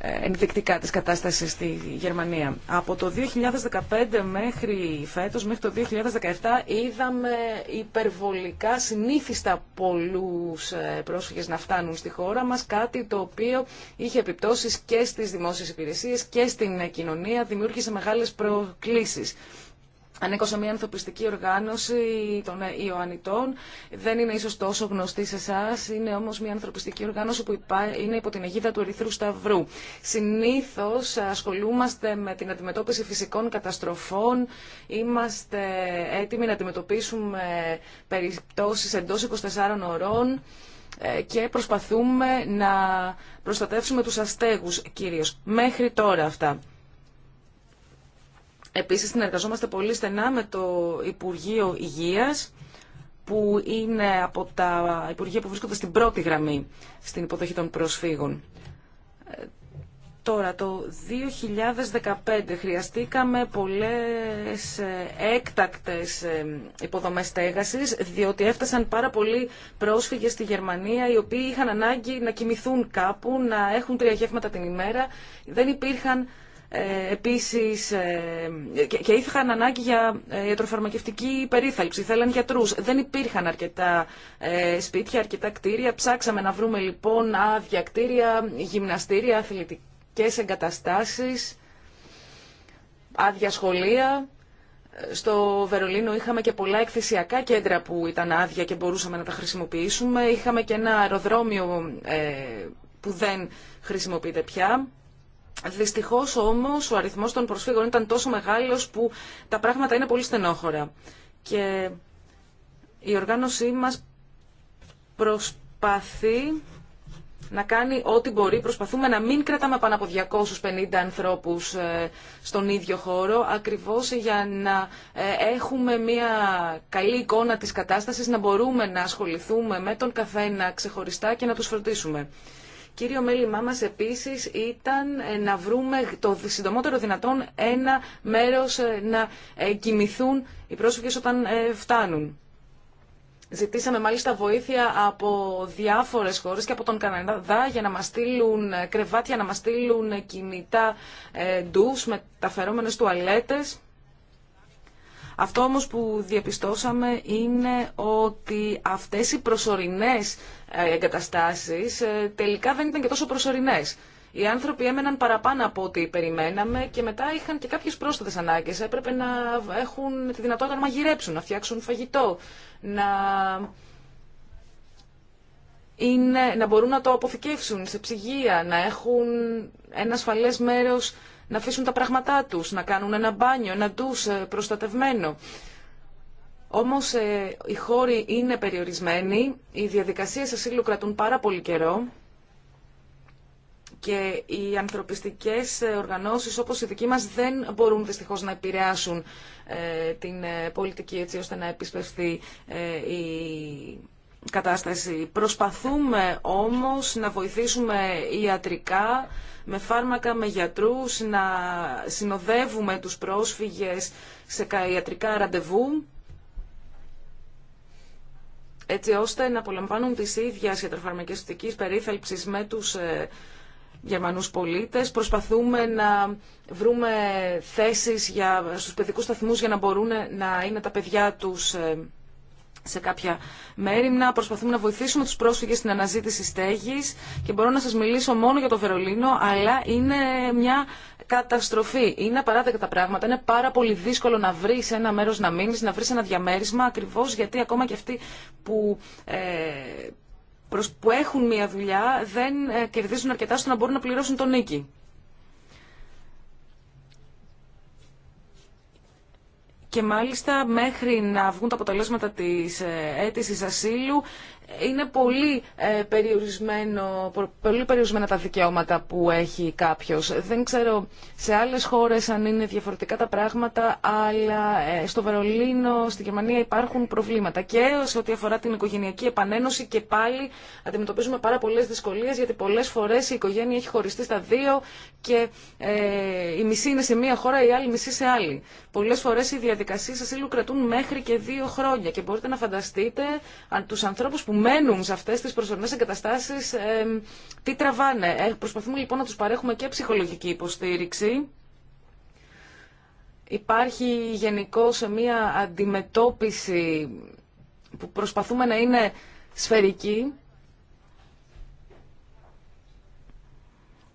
ενδεικτικά της κατάστασης στη Γερμανία. Από το 2015 μέχρι φέτος, μέχρι το 2017, είδαμε υπερβολικά συνήθιστα πολλούς ε, πρόσφυγες να φτάνουν στη χώρα μας, κάτι το οποίο είχε επιπτώσεις και στις δημόσιες υπηρεσίες και στην κοινωνία, δημιούργησε μεγάλες προκλήσεις. Ανήκω σε μια ανθρωπιστική οργάνωση των Ιωαννητών. Δεν είναι ίσως τόσο γνωστή σε εσά, είναι όμως μια ανθρωπιστική οργάνωση που είναι υπό την αιγίδα του Ερυθρού Σταυρού. Συνήθως ασχολούμαστε με την αντιμετώπιση φυσικών καταστροφών. Είμαστε έτοιμοι να αντιμετωπίσουμε περιπτώσεις εντός 24 ωρών ε, και προσπαθούμε να προστατεύσουμε τους αστέγους κυρίως. Μέχρι τώρα αυτά. Επίσης συνεργαζόμαστε πολύ στενά με το Υπουργείο Υγείας που είναι από τα Υπουργεία που βρίσκονται στην πρώτη γραμμή στην υποδοχή των προσφύγων. Ε, τώρα, το 2015 χρειαστήκαμε πολλές ε, έκτακτες ε, υποδομές στέγασης, διότι έφτασαν πάρα πολλοί πρόσφυγες στη Γερμανία, οι οποίοι είχαν ανάγκη να κοιμηθούν κάπου, να έχουν τρία γεύματα την ημέρα. Δεν υπήρχαν ε, επίσης ε, και είχαν ανάγκη για ε, ιατροφαρμακευτική περίθαλψη, θέλαν γιατρούς. Δεν υπήρχαν αρκετά σπίτια, αρκετά κτίρια. Ψάξαμε να βρούμε λοιπόν άδεια κτίρια, γυμναστήρια, αθλητικές εγκαταστάσεις, άδεια σχολεία. Στο Βερολίνο είχαμε και πολλά εκθεσιακά κέντρα που ήταν άδεια και μπορούσαμε να τα χρησιμοποιήσουμε. Είχαμε και ένα αεροδρόμιο που δεν χρησιμοποιείται πια. Δυστυχώς όμως ο αριθμός των προσφύγων ήταν τόσο μεγάλος που τα πράγματα είναι πολύ στενόχωρα. Και η οργάνωσή μας προσπαθεί να κάνει ό,τι μπορεί. Προσπαθούμε να μην κρατάμε πάνω από 250 ανθρώπους ε, στον ίδιο χώρο, ακριβώς για να ε, έχουμε μια καλή εικόνα της κατάστασης, να μπορούμε να ασχοληθούμε με τον καθένα ξεχωριστά και να τους φροντίσουμε. Κύριο μέλημά μας επίσης ήταν ε, να βρούμε το συντομότερο δυνατόν ένα μέρος ε, να ε, κοιμηθούν οι πρόσφυγες όταν φτάνουν. Ζητήσαμε μάλιστα βοήθεια από διάφορες χώρες και από τον Καναδά για να μας στείλουν κρεβάτια, να μας στείλουν κινητά ντους, μεταφερόμενες τουαλέτες. Αυτό όμως που διαπιστώσαμε είναι ότι αυτές οι προσωρινές ε, εγκαταστάσεις ε, τελικά δεν ήταν και τόσο προσωρινές. Οι άνθρωποι έμεναν παραπάνω από ό,τι περιμέναμε και μετά είχαν και κάποιες πρόσθετες ανάγκες. Έπρεπε να έχουν τη δυνατότητα να μαγειρέψουν, να φτιάξουν φαγητό, να... Είναι, να μπορούν να το αποθηκεύσουν σε ψυγεία, να έχουν ένα ασφαλές μέρος να αφήσουν τα πράγματά τους, να κάνουν ένα μπάνιο, ένα ντους ε, προστατευμένο. Όμως ε, οι χώροι είναι περιορισμένοι, οι διαδικασίες ασύλου κρατούν πάρα πολύ καιρό και οι ανθρωπιστικές ε, οργανώσεις όπως η δική μας δεν μπορούν δυστυχώς να επηρεάσουν την πολιτική έτσι ώστε να επισπευθεί η κατάσταση. Προσπαθούμε όμως να βοηθήσουμε ιατρικά, με φάρμακα, με γιατρούς, να συνοδεύουμε τους πρόσφυγες σε ιατρικά ραντεβού, έτσι ώστε να απολαμβάνουν τις ίδιας ιατροφαρμακευτικής περίθαλψης με τους ε, Γερμανούς πολίτες. Προσπαθούμε να βρούμε θέσεις για, στους παιδικούς σταθμούς για να μπορούν να είναι τα παιδιά τους ε, σε κάποια μέρη να Προσπαθούμε να βοηθήσουμε τους πρόσφυγες στην αναζήτηση στέγης και μπορώ να σας μιλήσω μόνο για το Βερολίνο, αλλά είναι μια καταστροφή. Είναι απαράδεκτα τα πράγματα. Είναι πάρα πολύ δύσκολο να βρει ένα μέρο να μείνει, να βρει ένα διαμέρισμα, ακριβώ γιατί ακόμα και αυτοί που, ε, που έχουν μια δουλειά δεν ε, κερδίζουν αρκετά στο να μπορούν να πληρώσουν τον νίκη. και μάλιστα μέχρι να βγουν τα αποτελέσματα της ε, αίτησης ασύλου είναι πολύ, ε, περιορισμένο, πολύ περιορισμένα τα δικαιώματα που έχει κάποιος. Δεν ξέρω σε άλλες χώρες αν είναι διαφορετικά τα πράγματα, αλλά ε, στο Βερολίνο, στη Γερμανία υπάρχουν προβλήματα. Και σε ό,τι αφορά την οικογενειακή επανένωση και πάλι αντιμετωπίζουμε πάρα πολλές δυσκολίες, γιατί πολλές φορές η οικογένεια έχει χωριστεί στα δύο και ε, η μισή είναι σε μία χώρα, η άλλη μισή σε άλλη. Πολλές φορές οι διαδικασίες ασύλου κρατούν μέχρι και δύο χρόνια και μπορείτε να φανταστείτε αν που μένουν σε αυτές τις προσωρινές εγκαταστάσεις τι τραβάνε. Ε, προσπαθούμε λοιπόν να τους παρέχουμε και ψυχολογική υποστήριξη. Υπάρχει γενικό σε μία αντιμετώπιση που προσπαθούμε να είναι σφαιρική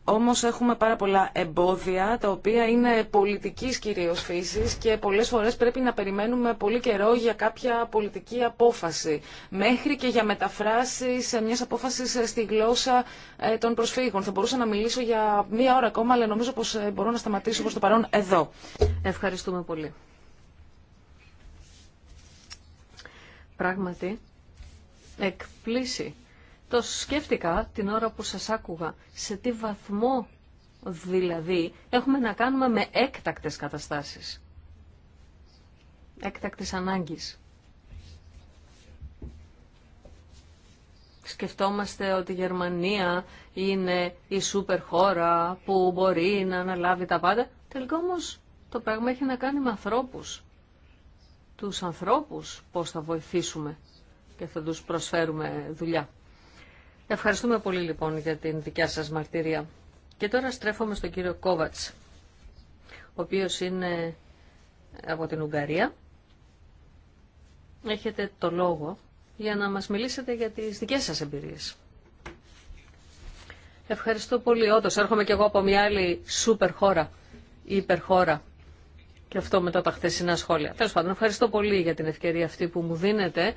Όμως έχουμε πάρα πολλά εμπόδια, τα οποία είναι πολιτικής κυρίως φύσης και πολλές φορές πρέπει να περιμένουμε πολύ καιρό για κάποια πολιτική απόφαση, μέχρι και για μεταφράσεις μιας απόφασης στη γλώσσα ε, των προσφύγων. Θα μπορούσα να μιλήσω για μία ώρα ακόμα, αλλά νομίζω πως ε, μπορώ να σταματήσω προς το παρόν εδώ. Ευχαριστούμε πολύ. Πράγματι, εκπλήσει το σκέφτηκα την ώρα που σας άκουγα. Σε τι βαθμό δηλαδή έχουμε να κάνουμε με έκτακτες καταστάσεις. Έκτακτης ανάγκης. Σκεφτόμαστε ότι η Γερμανία είναι η σούπερ χώρα που μπορεί να αναλάβει τα πάντα. Τελικά όμως το πράγμα έχει να κάνει με ανθρώπους. Τους ανθρώπους πώς θα βοηθήσουμε και θα τους προσφέρουμε δουλειά. Ευχαριστούμε πολύ λοιπόν για την δικιά σας μαρτυρία. Και τώρα στρέφομαι στον κύριο Κόβατς, ο οποίος είναι από την Ουγγαρία. Έχετε το λόγο για να μας μιλήσετε για τις δικές σας εμπειρίες. Ευχαριστώ πολύ. Όντω, έρχομαι και εγώ από μια άλλη σούπερ χώρα, υπερχώρα. Και αυτό μετά τα χθεσινά σχόλια. Τέλο πάντων, ευχαριστώ πολύ για την ευκαιρία αυτή που μου δίνετε,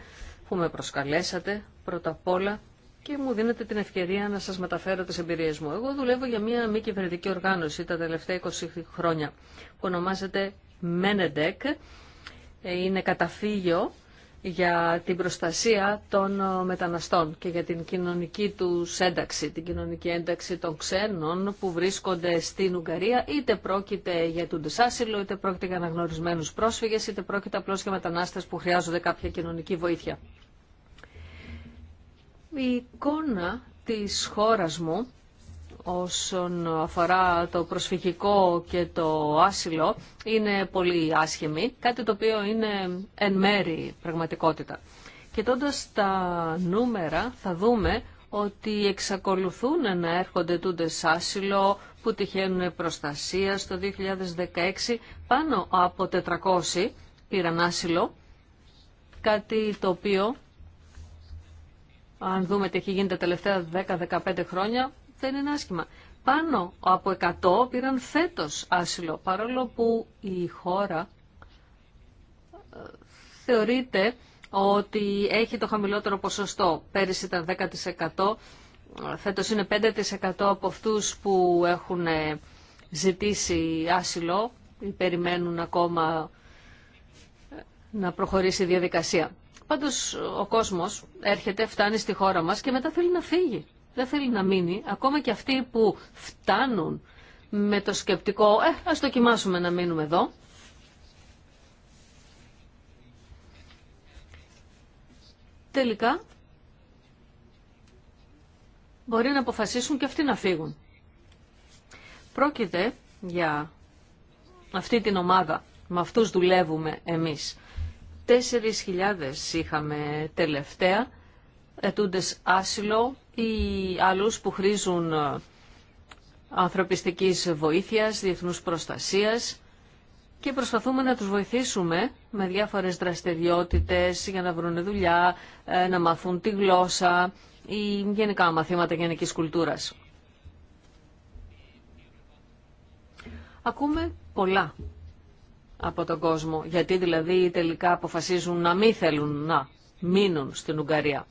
που με προσκαλέσατε πρώτα απ' όλα και μου δίνετε την ευκαιρία να σας μεταφέρω τις εμπειρίες μου. Εγώ δουλεύω για μια μη κυβερνητική οργάνωση τα τελευταία 20 χρόνια που ονομάζεται MENEDEC. Ε, είναι καταφύγιο για την προστασία των ε, μεταναστών και για την κοινωνική του ένταξη, την κοινωνική ένταξη των ξένων που βρίσκονται στην Ουγγαρία, είτε πρόκειται για τον δυσάσυλο, είτε πρόκειται για αναγνωρισμένους πρόσφυγες, είτε πρόκειται απλώς για μετανάστες που χρειάζονται κάποια κοινωνική βοήθεια. Η εικόνα της χώρας μου όσον αφορά το προσφυγικό και το άσυλο είναι πολύ άσχημη, κάτι το οποίο είναι εν μέρη πραγματικότητα. Κοιτώντα στα νούμερα θα δούμε ότι εξακολουθούν να έρχονται τούντες άσυλο που τυχαίνουν προστασία το 2016 πάνω από 400 πήραν άσυλο, κάτι το οποίο αν δούμε τι έχει γίνει τα τελευταία 10-15 χρόνια, δεν είναι άσχημα. Πάνω από 100 πήραν φέτος άσυλο, παρόλο που η χώρα ε, θεωρείται ότι έχει το χαμηλότερο ποσοστό. Πέρυσι ήταν 10%, ε, φέτος είναι 5% από αυτούς που έχουν ε, ζητήσει άσυλο ή περιμένουν ακόμα να προχωρήσει η διαδικασία. Πάντω ο κόσμος έρχεται, φτάνει στη χώρα μας και μετά θέλει να φύγει. Δεν θέλει να μείνει. Ακόμα και αυτοί που φτάνουν με το σκεπτικό «Ε, ας δοκιμάσουμε να μείνουμε εδώ». Τελικά μπορεί να αποφασίσουν και αυτοί να φύγουν. Πρόκειται για αυτή την ομάδα. Με αυτούς δουλεύουμε εμείς. 4.000 είχαμε τελευταία ετούντες άσυλο ή άλλους που χρήζουν ε, ανθρωπιστικής βοήθειας, διεθνούς προστασίας και προσπαθούμε να τους βοηθήσουμε με διάφορες δραστηριότητες για να βρουν δουλειά, ε, να μάθουν τη γλώσσα ή γενικά μαθήματα γενικής κουλτούρας. Ακούμε πολλά από τον κόσμο. Γιατί δηλαδή τελικά αποφασίζουν να μην θέλουν να μείνουν στην Ουγγαρία.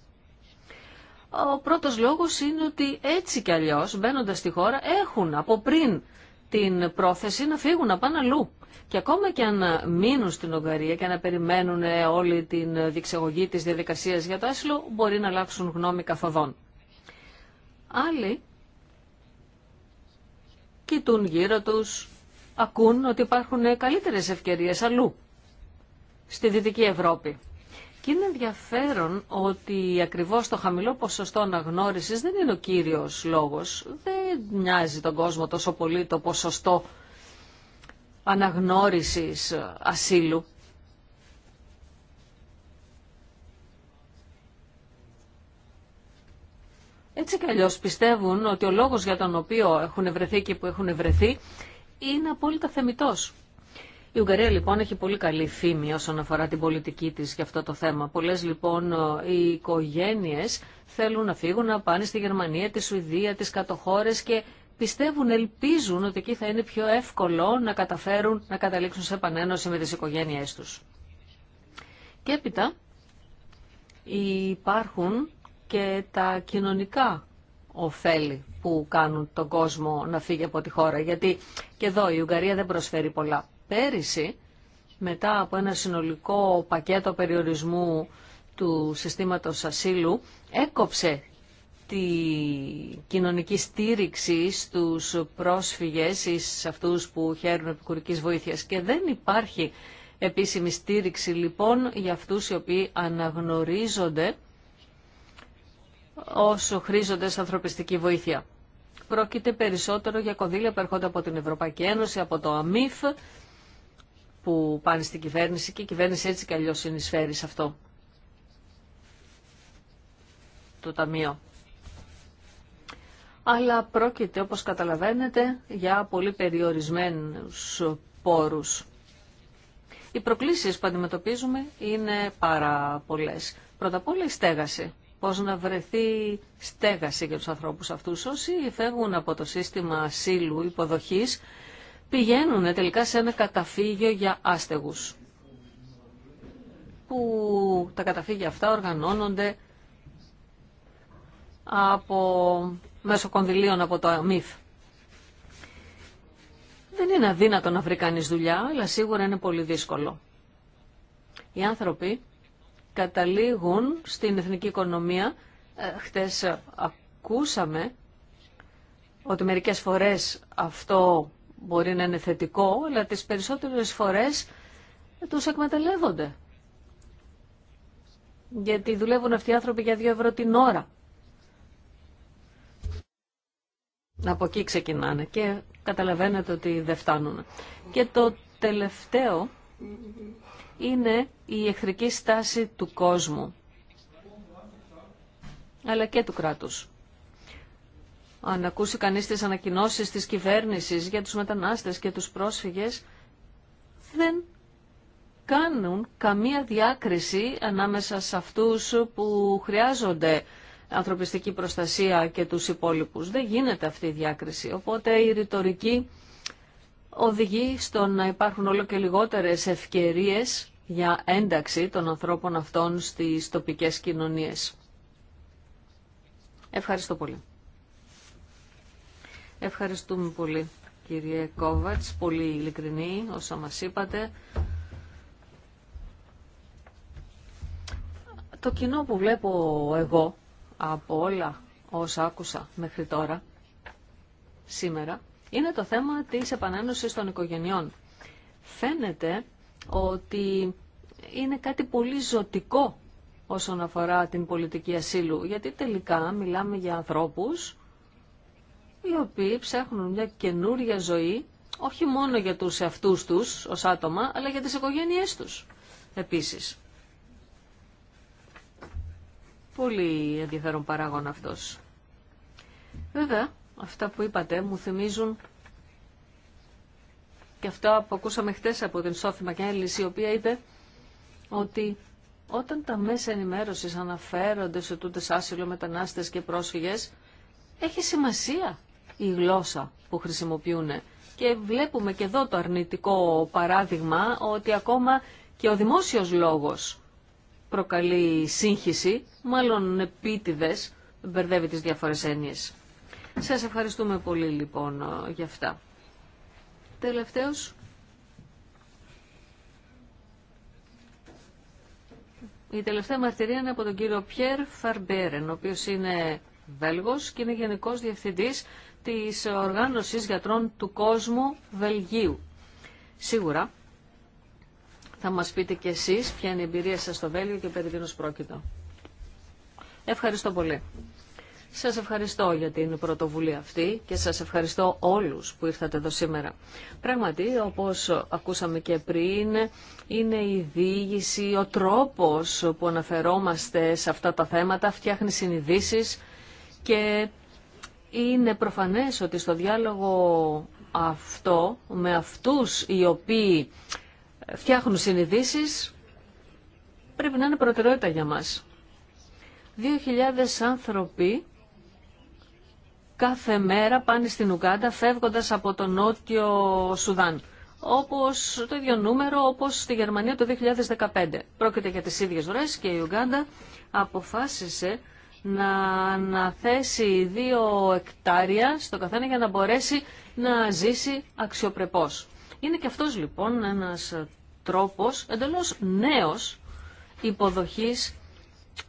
Ο πρώτος λόγος είναι ότι έτσι κι αλλιώς μπαίνοντα στη χώρα έχουν από πριν την πρόθεση να φύγουν να πάνε αλλού. Και ακόμα και αν μείνουν στην Ουγγαρία και να περιμένουν όλη την διεξαγωγή της διαδικασίας για το άσυλο, μπορεί να αλλάξουν γνώμη καθοδόν. Άλλοι κοιτούν γύρω τους, ακούν ότι υπάρχουν καλύτερες ευκαιρίες αλλού, στη Δυτική Ευρώπη. Και είναι ενδιαφέρον ότι ακριβώς το χαμηλό ποσοστό αναγνώρισης δεν είναι ο κύριος λόγος. Δεν μοιάζει τον κόσμο τόσο πολύ το ποσοστό αναγνώρισης ασύλου. Έτσι κι αλλιώς πιστεύουν ότι ο λόγος για τον οποίο έχουν βρεθεί και που έχουν βρεθεί είναι απόλυτα θεμητό. Η Ουγγαρία λοιπόν έχει πολύ καλή φήμη όσον αφορά την πολιτική της για αυτό το θέμα. Πολλές λοιπόν ε, οι οικογένειες θέλουν να φύγουν, να πάνε στη Γερμανία, τη Σουηδία, τις κατοχώρες και πιστεύουν, ελπίζουν ότι εκεί θα είναι πιο εύκολο να καταφέρουν να καταλήξουν σε επανένωση με τις οικογένειές τους. Και έπειτα υπάρχουν και τα κοινωνικά ωφέλη που κάνουν τον κόσμο να φύγει από τη χώρα. Γιατί και εδώ η Ουγγαρία δεν προσφέρει πολλά. Πέρυσι, μετά από ένα συνολικό πακέτο περιορισμού του συστήματος ασύλου, έκοψε τη κοινωνική στήριξη στους πρόσφυγες ή σε αυτούς που χαίρουν επικουρικής βοήθειας. Και δεν υπάρχει επίσημη στήριξη λοιπόν για αυτούς οι οποίοι αναγνωρίζονται όσο χρήζονται σε ανθρωπιστική βοήθεια. Πρόκειται περισσότερο για κονδύλια που έρχονται από την Ευρωπαϊκή Ένωση, από το ΑΜΙΦ, που πάνε στην κυβέρνηση και η κυβέρνηση έτσι κι αλλιώς συνεισφέρει σε αυτό το Ταμείο. Αλλά πρόκειται, όπως καταλαβαίνετε, για πολύ περιορισμένους πόρους. Οι προκλήσεις που αντιμετωπίζουμε είναι πάρα πολλές. Πρώτα απ' όλα η στέγαση πώς να βρεθεί στέγαση για τους ανθρώπους αυτούς. Όσοι φεύγουν από το σύστημα ασύλου υποδοχής, πηγαίνουν τελικά σε ένα καταφύγιο για άστεγους. Που τα καταφύγια αυτά οργανώνονται από, μέσω κονδυλίων από το ΜΙΦ. Δεν είναι αδύνατο να βρει κανείς δουλειά, αλλά σίγουρα είναι πολύ δύσκολο. Οι άνθρωποι καταλήγουν στην εθνική οικονομία. Ε, χτες ακούσαμε ότι μερικές φορές αυτό μπορεί να είναι θετικό, αλλά τις περισσότερες φορές τους εκμεταλλεύονται. Γιατί δουλεύουν αυτοί οι άνθρωποι για δύο ευρώ την ώρα. Από εκεί ξεκινάνε και καταλαβαίνετε ότι δεν φτάνουν. Και το τελευταίο είναι η εχθρική στάση του κόσμου, αλλά και του κράτους. Αν ακούσει κανείς τις ανακοινώσεις της κυβέρνησης για τους μετανάστες και τους πρόσφυγες, δεν κάνουν καμία διάκριση ανάμεσα σε αυτούς που χρειάζονται ανθρωπιστική προστασία και τους υπόλοιπους. Δεν γίνεται αυτή η διάκριση. Οπότε η ρητορική οδηγεί στο να υπάρχουν όλο και λιγότερες ευκαιρίες για ένταξη των ανθρώπων αυτών στις τοπικές κοινωνίες. Ευχαριστώ πολύ. Ευχαριστούμε πολύ κύριε Κόβατς, πολύ ειλικρινή όσα μας είπατε. Το κοινό που βλέπω εγώ από όλα όσα άκουσα μέχρι τώρα, σήμερα, είναι το θέμα της επανένωσης των οικογενειών. Φαίνεται ότι είναι κάτι πολύ ζωτικό όσον αφορά την πολιτική ασύλου, γιατί τελικά μιλάμε για ανθρώπους οι οποίοι ψάχνουν μια καινούρια ζωή, όχι μόνο για τους αυτούς τους ως άτομα, αλλά για τις οικογένειές τους επίσης. Πολύ ενδιαφέρον παράγον αυτός. Βέβαια, Αυτά που είπατε μου θυμίζουν και αυτά που ακούσαμε χτες από την Σόφη Μακέλης, η οποία είπε ότι όταν τα μέσα ενημέρωσης αναφέρονται σε τούτες άσυλο μετανάστες και πρόσφυγες, έχει σημασία η γλώσσα που χρησιμοποιούν. Και βλέπουμε και εδώ το αρνητικό παράδειγμα ότι ακόμα και ο δημόσιος λόγος προκαλεί σύγχυση, μάλλον επίτηδες, μπερδεύει τις διαφορές έννοιες. Σας ευχαριστούμε πολύ λοιπόν για αυτά. Τελευταίος. Η τελευταία μαρτυρία είναι από τον κύριο Πιέρ Φαρμπέρεν, ο οποίος είναι Βέλγος και είναι Γενικός Διευθυντής της Οργάνωσης Γιατρών του Κόσμου Βελγίου. Σίγουρα θα μας πείτε κι εσείς ποια είναι η εμπειρία σας στο Βέλγιο και περί τίνος πρόκειτο. Ευχαριστώ πολύ. Σας ευχαριστώ για την πρωτοβουλία αυτή και σας ευχαριστώ όλους που ήρθατε εδώ σήμερα. Πράγματι, όπως ακούσαμε και πριν, είναι η δίγηση, ο τρόπος που αναφερόμαστε σε αυτά τα θέματα, φτιάχνει συνειδήσεις και είναι προφανές ότι στο διάλογο αυτό, με αυτούς οι οποίοι φτιάχνουν συνειδήσεις, πρέπει να είναι προτεραιότητα για μας. 2.000 άνθρωποι κάθε μέρα πάνε στην Ουγκάντα φεύγοντας από το νότιο Σουδάν. Όπως το ίδιο νούμερο όπως στη Γερμανία το 2015. Πρόκειται για τις ίδιες δουλειές και η Ουγκάντα αποφάσισε να αναθέσει δύο εκτάρια στο καθένα για να μπορέσει να ζήσει αξιοπρεπώς. Είναι και αυτός λοιπόν ένας τρόπος εντελώς νέος υποδοχής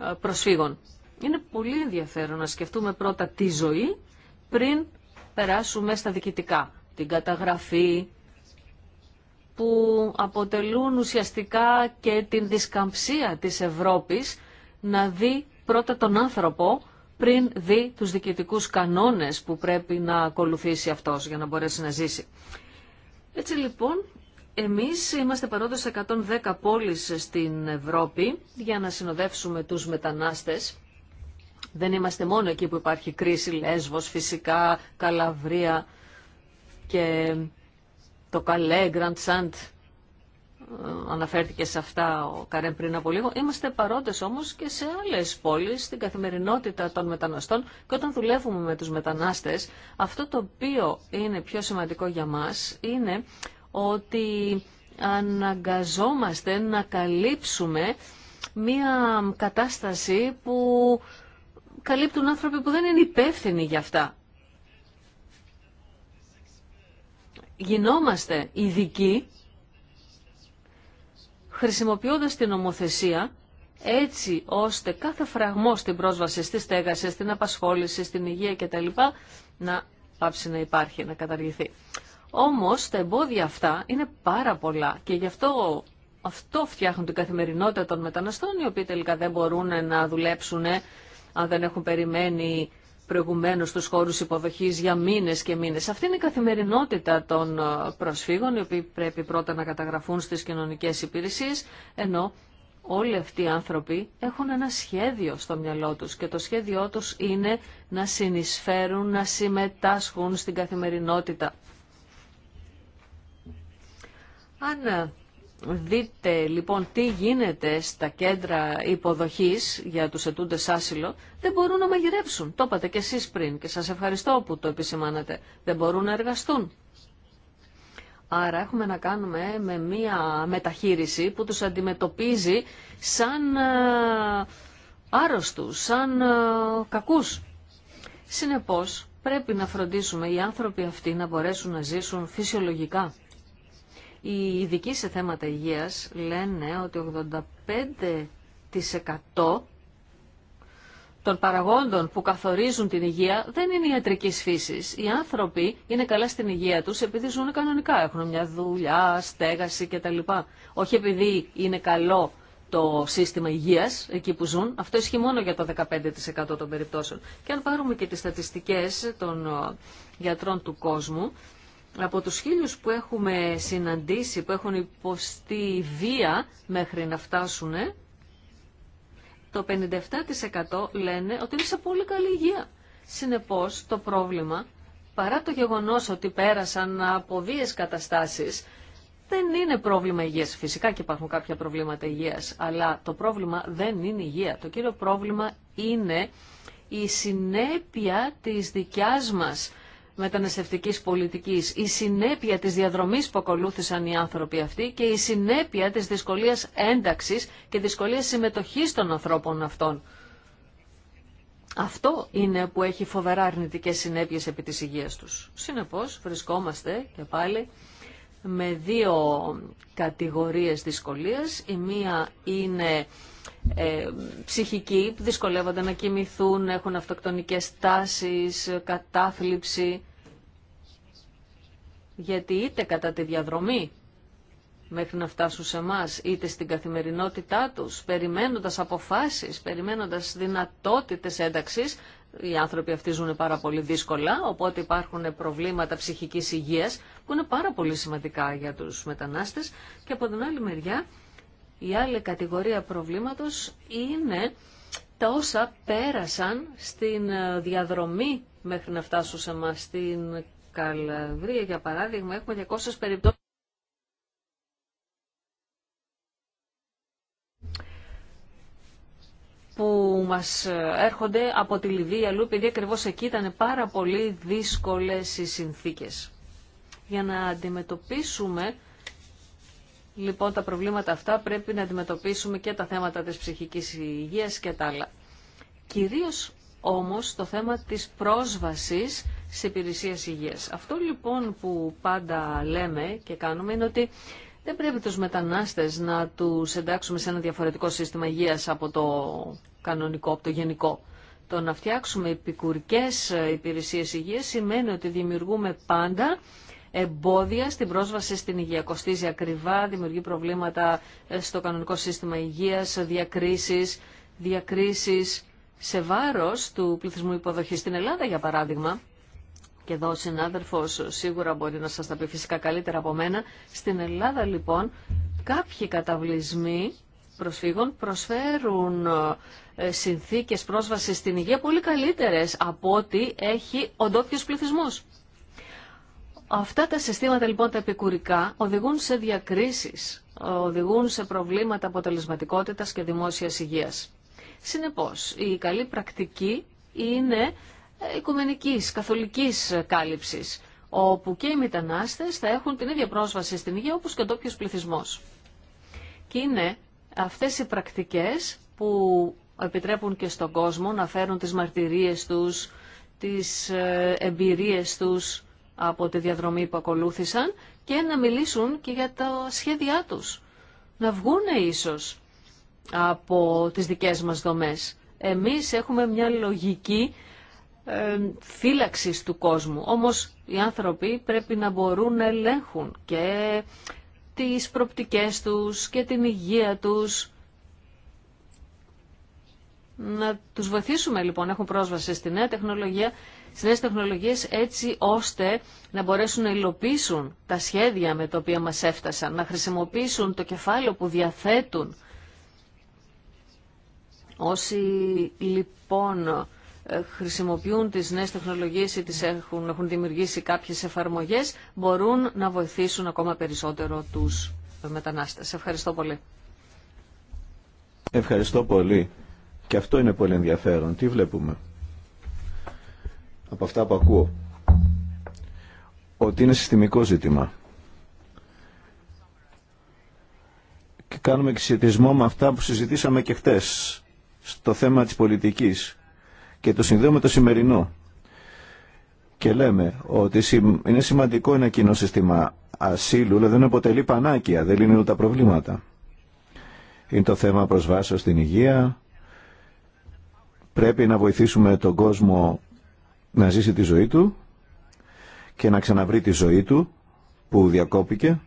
ε, προσφύγων. Είναι πολύ ενδιαφέρον να σκεφτούμε πρώτα τη ζωή πριν περάσουμε στα διοικητικά, την καταγραφή που αποτελούν ουσιαστικά και την δισκαμψία της Ευρώπης να δει πρώτα τον άνθρωπο πριν δει τους διοικητικούς κανόνες που πρέπει να ακολουθήσει αυτός για να μπορέσει να ζήσει. Έτσι λοιπόν, εμείς είμαστε παρόντες 110 πόλεις στην Ευρώπη για να συνοδεύσουμε τους μετανάστες δεν είμαστε μόνο εκεί που υπάρχει κρίση, Λέσβος φυσικά, Καλαβρία και το Καλέ, Grand Σαντ, ε, αναφέρθηκε σε αυτά ο Καρέν πριν από λίγο. Είμαστε παρόντες όμως και σε άλλες πόλεις, στην καθημερινότητα των μεταναστών και όταν δουλεύουμε με τους μετανάστες, αυτό το οποίο είναι πιο σημαντικό για μας είναι ότι αναγκαζόμαστε να καλύψουμε μία κατάσταση που καλύπτουν άνθρωποι που δεν είναι υπεύθυνοι για αυτά. Γινόμαστε ειδικοί χρησιμοποιώντας την νομοθεσία έτσι ώστε κάθε φραγμό στην πρόσβαση, στη στέγαση, στην απασχόληση, στην υγεία κτλ. να πάψει να υπάρχει, να καταργηθεί. Όμως τα εμπόδια αυτά είναι πάρα πολλά και γι' αυτό αυτό φτιάχνουν την καθημερινότητα των μεταναστών οι οποίοι τελικά δεν μπορούν να δουλέψουν αν δεν έχουν περιμένει προηγουμένω του χώρου υποδοχή για μήνε και μήνε. Αυτή είναι η καθημερινότητα των ε, προσφύγων, οι οποίοι πρέπει πρώτα να καταγραφούν στι κοινωνικέ υπηρεσίε, ενώ όλοι αυτοί οι άνθρωποι έχουν ένα σχέδιο στο μυαλό τους και το σχέδιό τους είναι να συνεισφέρουν, να συμμετάσχουν στην καθημερινότητα. Αν ε, δείτε λοιπόν τι γίνεται στα κέντρα υποδοχής για τους ετούντες άσυλο, δεν μπορούν να μαγειρέψουν. Το είπατε και εσείς πριν και σας ευχαριστώ που το επισημάνατε. Δεν μπορούν να εργαστούν. Άρα έχουμε να κάνουμε με μία μεταχείριση που τους αντιμετωπίζει σαν ε, άρρωστους, σαν ε, κακούς. Συνεπώς πρέπει να φροντίσουμε οι άνθρωποι αυτοί να μπορέσουν να ζήσουν φυσιολογικά οι ειδικοί σε θέματα υγείας λένε ότι 85% των παραγόντων που καθορίζουν την υγεία δεν είναι ιατρικής φύση. Οι άνθρωποι είναι καλά στην υγεία του επειδή ζουν κανονικά. Έχουν μια δουλειά, στέγαση κτλ. Όχι επειδή είναι καλό το σύστημα υγείας εκεί που ζουν. Αυτό ισχύει μόνο για το 15% των περιπτώσεων. Και αν πάρουμε και τι στατιστικέ των ε, γιατρών του κόσμου, από τους χίλιους που έχουμε συναντήσει, που έχουν υποστεί βία μέχρι να φτάσουν, το 57% λένε ότι είναι σε πολύ καλή υγεία. Συνεπώς το πρόβλημα, παρά το γεγονός ότι πέρασαν από βίες καταστάσεις, δεν είναι πρόβλημα υγείας. Φυσικά και υπάρχουν κάποια προβλήματα υγείας, αλλά το πρόβλημα δεν είναι υγεία. Το κύριο πρόβλημα είναι η συνέπεια της δικιάς μας μεταναστευτικής πολιτικής, η συνέπεια της διαδρομής που ακολούθησαν οι άνθρωποι αυτοί και η συνέπεια της δυσκολίας ένταξης και δυσκολίας συμμετοχής των ανθρώπων αυτών. Αυτό είναι που έχει φοβερά αρνητικέ συνέπειες επί της υγείας τους. Συνεπώς βρισκόμαστε και πάλι με δύο κατηγορίες δυσκολίας. Η μία είναι ε, ψυχικοί που δυσκολεύονται να κοιμηθούν, έχουν αυτοκτονικές τάσεις, κατάθλιψη. Γιατί είτε κατά τη διαδρομή μέχρι να φτάσουν σε εμά, είτε στην καθημερινότητά τους, περιμένοντας αποφάσεις, περιμένοντας δυνατότητες ένταξης, οι άνθρωποι αυτοί ζουν πάρα πολύ δύσκολα, οπότε υπάρχουν προβλήματα ψυχικής υγείας που είναι πάρα πολύ σημαντικά για τους μετανάστες και από την άλλη μεριά η άλλη κατηγορία προβλήματος είναι τα όσα πέρασαν στην ε, διαδρομή μέχρι να φτάσουν σε μας στην Καλαβρία. Για παράδειγμα, έχουμε 200 περιπτώσεις. που μας ε, έρχονται από τη Λιβύη αλλού, επειδή ακριβώ εκεί ήταν πάρα πολύ δύσκολες οι συνθήκες. Για να αντιμετωπίσουμε λοιπόν τα προβλήματα αυτά πρέπει να αντιμετωπίσουμε και τα θέματα της ψυχικής υγείας και τα άλλα. Κυρίως όμως το θέμα της πρόσβασης σε υπηρεσίες υγείας. Αυτό λοιπόν που πάντα λέμε και κάνουμε είναι ότι δεν πρέπει τους μετανάστες να τους εντάξουμε σε ένα διαφορετικό σύστημα υγείας από το κανονικό, από το γενικό. Το να φτιάξουμε επικουρικές ε, υπηρεσίες υγείας σημαίνει ότι δημιουργούμε πάντα εμπόδια στην πρόσβαση στην υγεία. Κοστίζει ακριβά, δημιουργεί προβλήματα ε, στο κανονικό σύστημα υγείας, διακρίσεις, διακρίσεις σε βάρος του πληθυσμού υποδοχής στην Ελλάδα, για παράδειγμα. Και εδώ ο συνάδελφος σίγουρα μπορεί να σας τα πει φυσικά καλύτερα από μένα. Στην Ελλάδα λοιπόν κάποιοι καταβλισμοί προσφύγων προσφέρουν ε, συνθήκες πρόσβασης στην υγεία πολύ καλύτερες από ό,τι έχει ο ντόπιος πληθυσμός. Αυτά τα συστήματα λοιπόν τα επικουρικά οδηγούν σε διακρίσεις, οδηγούν σε προβλήματα αποτελεσματικότητας και δημόσιας υγείας. Συνεπώς, η καλή πρακτική είναι οικουμενικής, καθολικής κάλυψης, όπου και οι μετανάστες θα έχουν την ίδια πρόσβαση στην υγεία όπως και ο ντόπιος πληθυσμός. Και είναι αυτές οι πρακτικές που επιτρέπουν και στον κόσμο να φέρουν τις μαρτυρίες τους, τις ε, εμπειρίες τους από τη διαδρομή που ακολούθησαν και να μιλήσουν και για τα σχέδιά τους. Να βγούνε ίσως από τις δικές μας δομές. Εμείς έχουμε μια λογική φύλαξης του κόσμου. Όμως οι άνθρωποι πρέπει να μπορούν να ελέγχουν και τις προπτικές τους και την υγεία τους. Να τους βοηθήσουμε λοιπόν, έχουν πρόσβαση στη νέα τεχνολογία τις νέες τεχνολογίες έτσι ώστε να μπορέσουν να υλοποιήσουν τα σχέδια με τα οποία μας έφτασαν, να χρησιμοποιήσουν το κεφάλαιο που διαθέτουν. Όσοι λοιπόν ε, χρησιμοποιούν τις νέες τεχνολογίες ή τις έχουν, έχουν δημιουργήσει κάποιες εφαρμογές μπορούν να βοηθήσουν ακόμα περισσότερο τους μετανάστες. Ευχαριστώ πολύ. Ευχαριστώ πολύ. Και αυτό είναι πολύ ενδιαφέρον. Τι βλέπουμε από αυτά που ακούω ότι είναι συστημικό ζήτημα. Και κάνουμε εξαιρετισμό με αυτά που συζητήσαμε και χτες στο θέμα της πολιτικής και το συνδέουμε με το σημερινό. Και λέμε ότι είναι σημαντικό ένα κοινό σύστημα ασύλου, αλλά δεν αποτελεί πανάκια, δεν λύνει τα προβλήματα. Είναι το θέμα προσβάσεως στην υγεία, πρέπει να βοηθήσουμε τον κόσμο να ζήσει τη ζωή του και να ξαναβρει τη ζωή του που διακόπηκε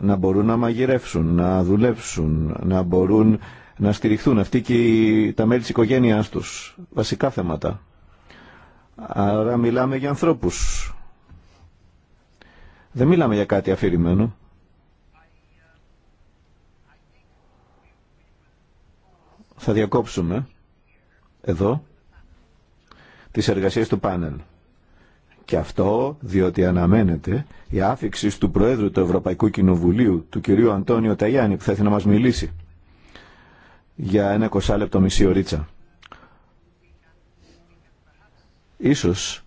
να μπορούν να μαγειρεύσουν, να δουλέψουν, να μπορούν να στηριχθούν αυτοί και τα μέλη της οικογένειάς τους. Βασικά θέματα. Άρα μιλάμε για ανθρώπους. Δεν μιλάμε για κάτι αφηρημένο. Θα διακόψουμε εδώ τις εργασίες του πάνελ. Και αυτό διότι αναμένεται η άφηξη του Προέδρου του Ευρωπαϊκού Κοινοβουλίου, του κυρίου Αντώνιο Ταγιάννη, που θα ήθελε να μας μιλήσει για ένα κοσάλεπτο μισή ωρίτσα. Ίσως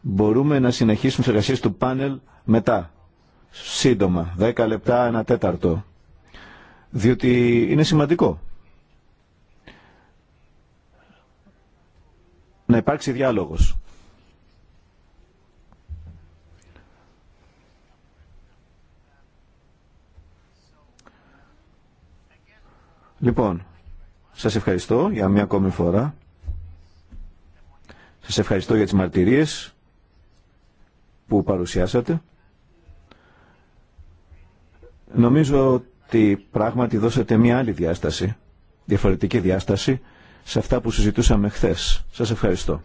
μπορούμε να συνεχίσουμε τις εργασίες του πάνελ μετά, σύντομα, 10 λεπτά, ένα τέταρτο, διότι είναι σημαντικό να υπάρξει διάλογος. Λοιπόν, σας ευχαριστώ για μια ακόμη φορά. Σας ευχαριστώ για τις μαρτυρίες που παρουσιάσατε. Νομίζω ότι πράγματι δώσατε μια άλλη διάσταση, διαφορετική διάσταση, σε αυτά που συζητούσαμε χθες. Σας ευχαριστώ.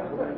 Υπότιτλοι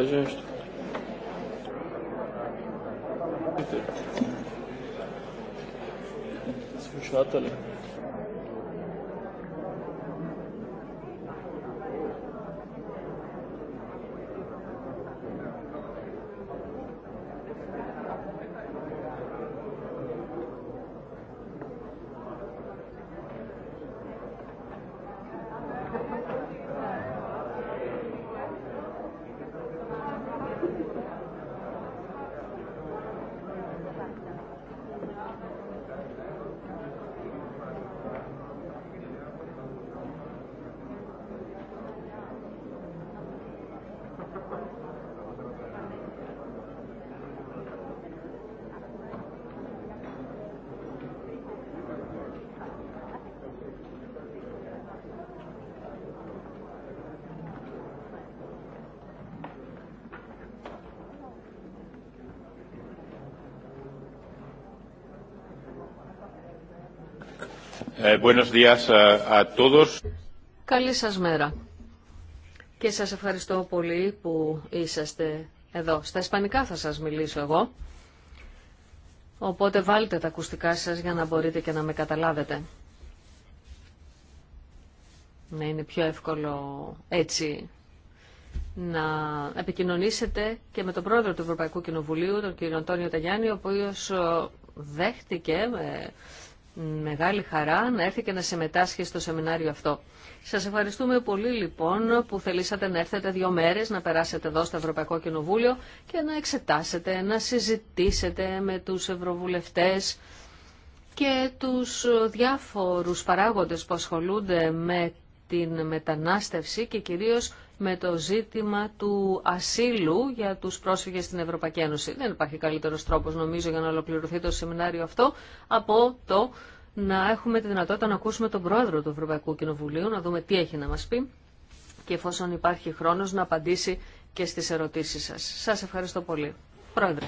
Ευχαριστώ. Ε, buenos Καλή σας μέρα. Και σας ευχαριστώ πολύ που είσαστε εδώ. Στα ισπανικά θα σας μιλήσω εγώ. Οπότε βάλτε τα ακουστικά σας για να μπορείτε και να με καταλάβετε. Να είναι πιο εύκολο έτσι να επικοινωνήσετε και με τον πρόεδρο του Ευρωπαϊκού Κοινοβουλίου, τον κύριο Αντώνιο Ταγιάννη, ο οποίος ε, δέχτηκε ε, μεγάλη χαρά να έρθει και να συμμετάσχει στο σεμινάριο αυτό. Σας ευχαριστούμε πολύ λοιπόν που θελήσατε να έρθετε δύο μέρες, να περάσετε εδώ στο Ευρωπαϊκό Κοινοβούλιο και να εξετάσετε, να συζητήσετε με τους ευρωβουλευτές και τους διάφορους παράγοντες που ασχολούνται με την μετανάστευση και κυρίως με το ζήτημα του ασύλου για τους πρόσφυγες στην Ευρωπαϊκή Ένωση. Δεν υπάρχει καλύτερος τρόπος νομίζω για να ολοκληρωθεί το σεμινάριο αυτό από το να έχουμε τη δυνατότητα να ακούσουμε τον πρόεδρο του Ευρωπαϊκού Κοινοβουλίου, να δούμε τι έχει να μας πει και εφόσον υπάρχει χρόνος να απαντήσει και στις ερωτήσεις σας. Σας ευχαριστώ πολύ. Πρόεδρε.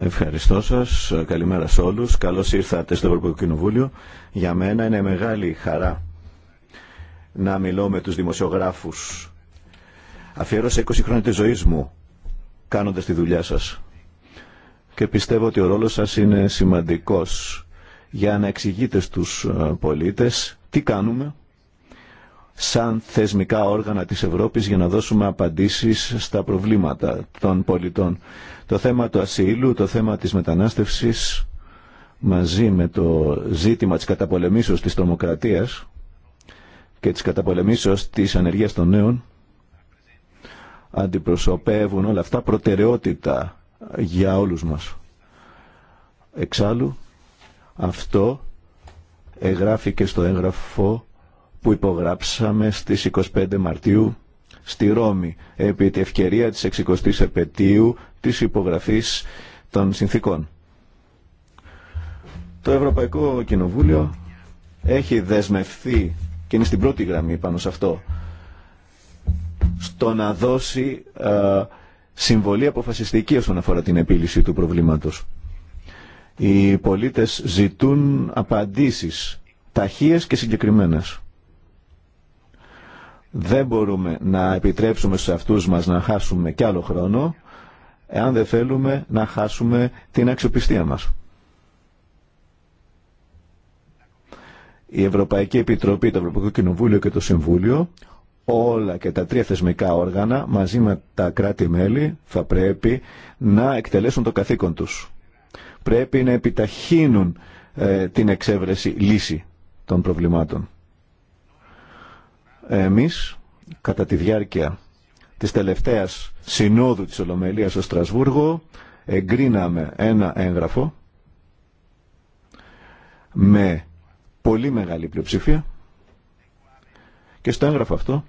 Ευχαριστώ σας. Καλημέρα σε όλους. Καλώς ήρθατε στο Ευρωπαϊκό Κοινοβούλιο. Για μένα είναι μεγάλη χαρά να μιλώ με τους δημοσιογράφους. Αφιέρωσα 20 χρόνια τη ζωής μου κάνοντας τη δουλειά σας. Και πιστεύω ότι ο ρόλος σας είναι σημαντικός για να εξηγείτε στους ε, πολίτες τι κάνουμε, σαν θεσμικά όργανα της Ευρώπης για να δώσουμε απαντήσεις στα προβλήματα των πολιτών. Το θέμα του ασύλου, το θέμα της μετανάστευσης μαζί με το ζήτημα της καταπολεμήσεως της τρομοκρατίας και της καταπολεμήσεως της ανεργίας των νέων αντιπροσωπεύουν όλα αυτά προτεραιότητα για όλους μας. Εξάλλου, αυτό εγγράφηκε στο έγγραφο που υπογράψαμε στις 25 Μαρτίου στη Ρώμη επί τη ευκαιρία της 60ης επαιτίου της υπογραφής των συνθήκων. Το Ευρωπαϊκό Κοινοβούλιο έχει δεσμευθεί και είναι στην πρώτη γραμμή πάνω σε αυτό στο να δώσει συμβολή αποφασιστική όσον αφορά την επίλυση του προβλήματος. Οι πολίτες ζητούν απαντήσεις ταχείες και συγκεκριμένες. Δεν μπορούμε να επιτρέψουμε στους αυτούς μας να χάσουμε κι άλλο χρόνο, εάν δεν θέλουμε να χάσουμε την αξιοπιστία μας. Η Ευρωπαϊκή Επιτροπή, το Ευρωπαϊκό Κοινοβούλιο και το Συμβούλιο, όλα και τα τρία θεσμικά όργανα μαζί με τα κράτη-μέλη θα πρέπει να εκτελέσουν το καθήκον τους. Πρέπει να επιταχύνουν ε, την εξέβρεση λύση των προβλημάτων. Εμείς, κατά τη διάρκεια της τελευταίας συνόδου της Ολομελίας στο Στρασβούργο, εγκρίναμε ένα έγγραφο με πολύ μεγάλη πλειοψηφία και στο έγγραφο αυτό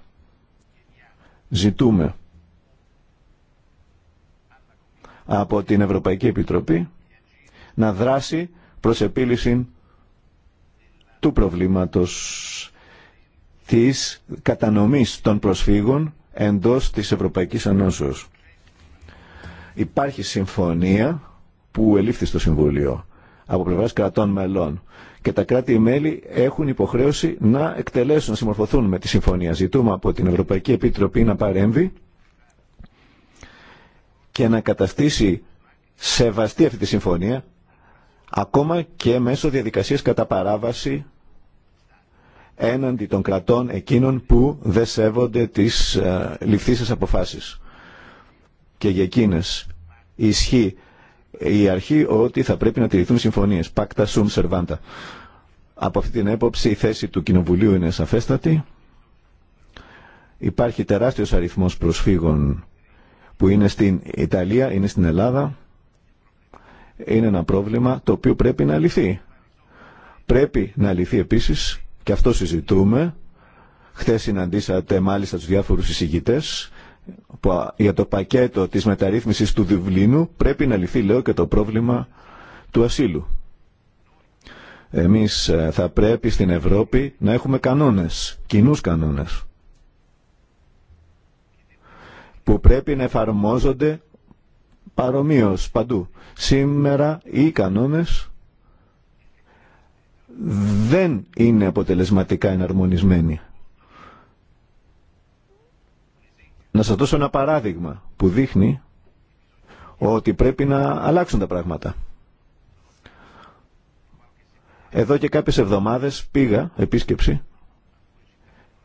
ζητούμε από την Ευρωπαϊκή Επιτροπή να δράσει προς επίλυση του προβλήματος της κατανομής των προσφύγων εντός της Ευρωπαϊκής Ενώσεως. Υπάρχει συμφωνία που ελήφθη στο Συμβούλιο από πλευράς κρατών μελών και τα κράτη-μέλη έχουν υποχρέωση να εκτελέσουν, να συμμορφωθούν με τη συμφωνία. Ζητούμε από την Ευρωπαϊκή Επιτροπή να παρέμβει και να καταστήσει σεβαστή αυτή τη συμφωνία ακόμα και μέσω διαδικασίας κατά παράβαση έναντι των κρατών εκείνων που δεν σέβονται τις ε, ληφθείσες αποφάσεις. Και για εκείνες ισχύει η αρχή ότι θα πρέπει να τηρηθούν συμφωνίες. Pacta sum servanta. Από αυτή την έποψη η θέση του Κοινοβουλίου είναι σαφέστατη. Υπάρχει τεράστιος αριθμός προσφύγων που είναι στην Ιταλία, είναι στην Ελλάδα. Είναι ένα πρόβλημα το οποίο πρέπει να λυθεί. Πρέπει να λυθεί επίσης και αυτό συζητούμε. Χθε συναντήσατε μάλιστα τους διάφορους εισηγητές που για το πακέτο της μεταρρύθμισης του Διβλίνου πρέπει να λυθεί, λέω, και το πρόβλημα του ασύλου. Εμείς ε, θα πρέπει στην Ευρώπη να έχουμε κανόνες, κοινού κανόνες, που πρέπει να εφαρμόζονται παρομοίως παντού. Σήμερα οι κανόνες δεν είναι αποτελεσματικά εναρμονισμένη. Να σας δώσω ένα παράδειγμα που δείχνει ότι πρέπει να αλλάξουν τα πράγματα. Εδώ και κάποιες εβδομάδες πήγα επίσκεψη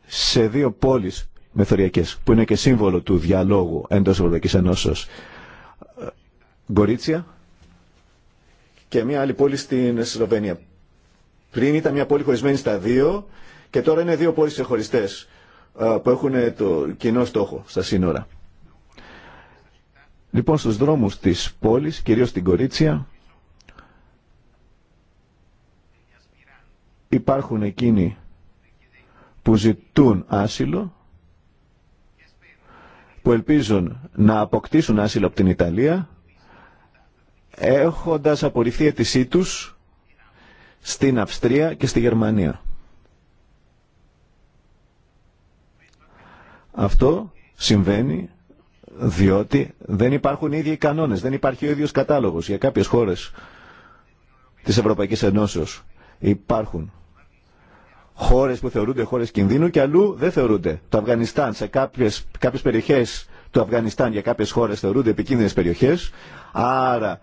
σε δύο πόλεις μεθοριακές που είναι και σύμβολο του διαλόγου εντός Ευρωπαϊκής Ενώσεως. Γκορίτσια και μια άλλη πόλη στην Σλοβενία πριν ήταν μια πόλη χωρισμένη στα δύο και τώρα είναι δύο πόλεις ξεχωριστές ε, που έχουν το κοινό στόχο στα σύνορα. Λοιπόν, στους δρόμους της πόλης, κυρίως στην Κορίτσια, υπάρχουν εκείνοι που ζητούν άσυλο, που ελπίζουν να αποκτήσουν άσυλο από την Ιταλία, έχοντας απορριφθεί αίτησή τους στην Αυστρία και στη Γερμανία. Αυτό συμβαίνει διότι δεν υπάρχουν οι ίδιοι κανόνες, δεν υπάρχει ο ίδιος κατάλογος για κάποιες χώρες της Ευρωπαϊκής Ενώσεως. Υπάρχουν χώρες που θεωρούνται χώρες κινδύνου και αλλού δεν θεωρούνται. Το Αφγανιστάν σε κάποιες, κάποιες περιοχές του Αφγανιστάν για κάποιες χώρες θεωρούνται επικίνδυνες περιοχές, άρα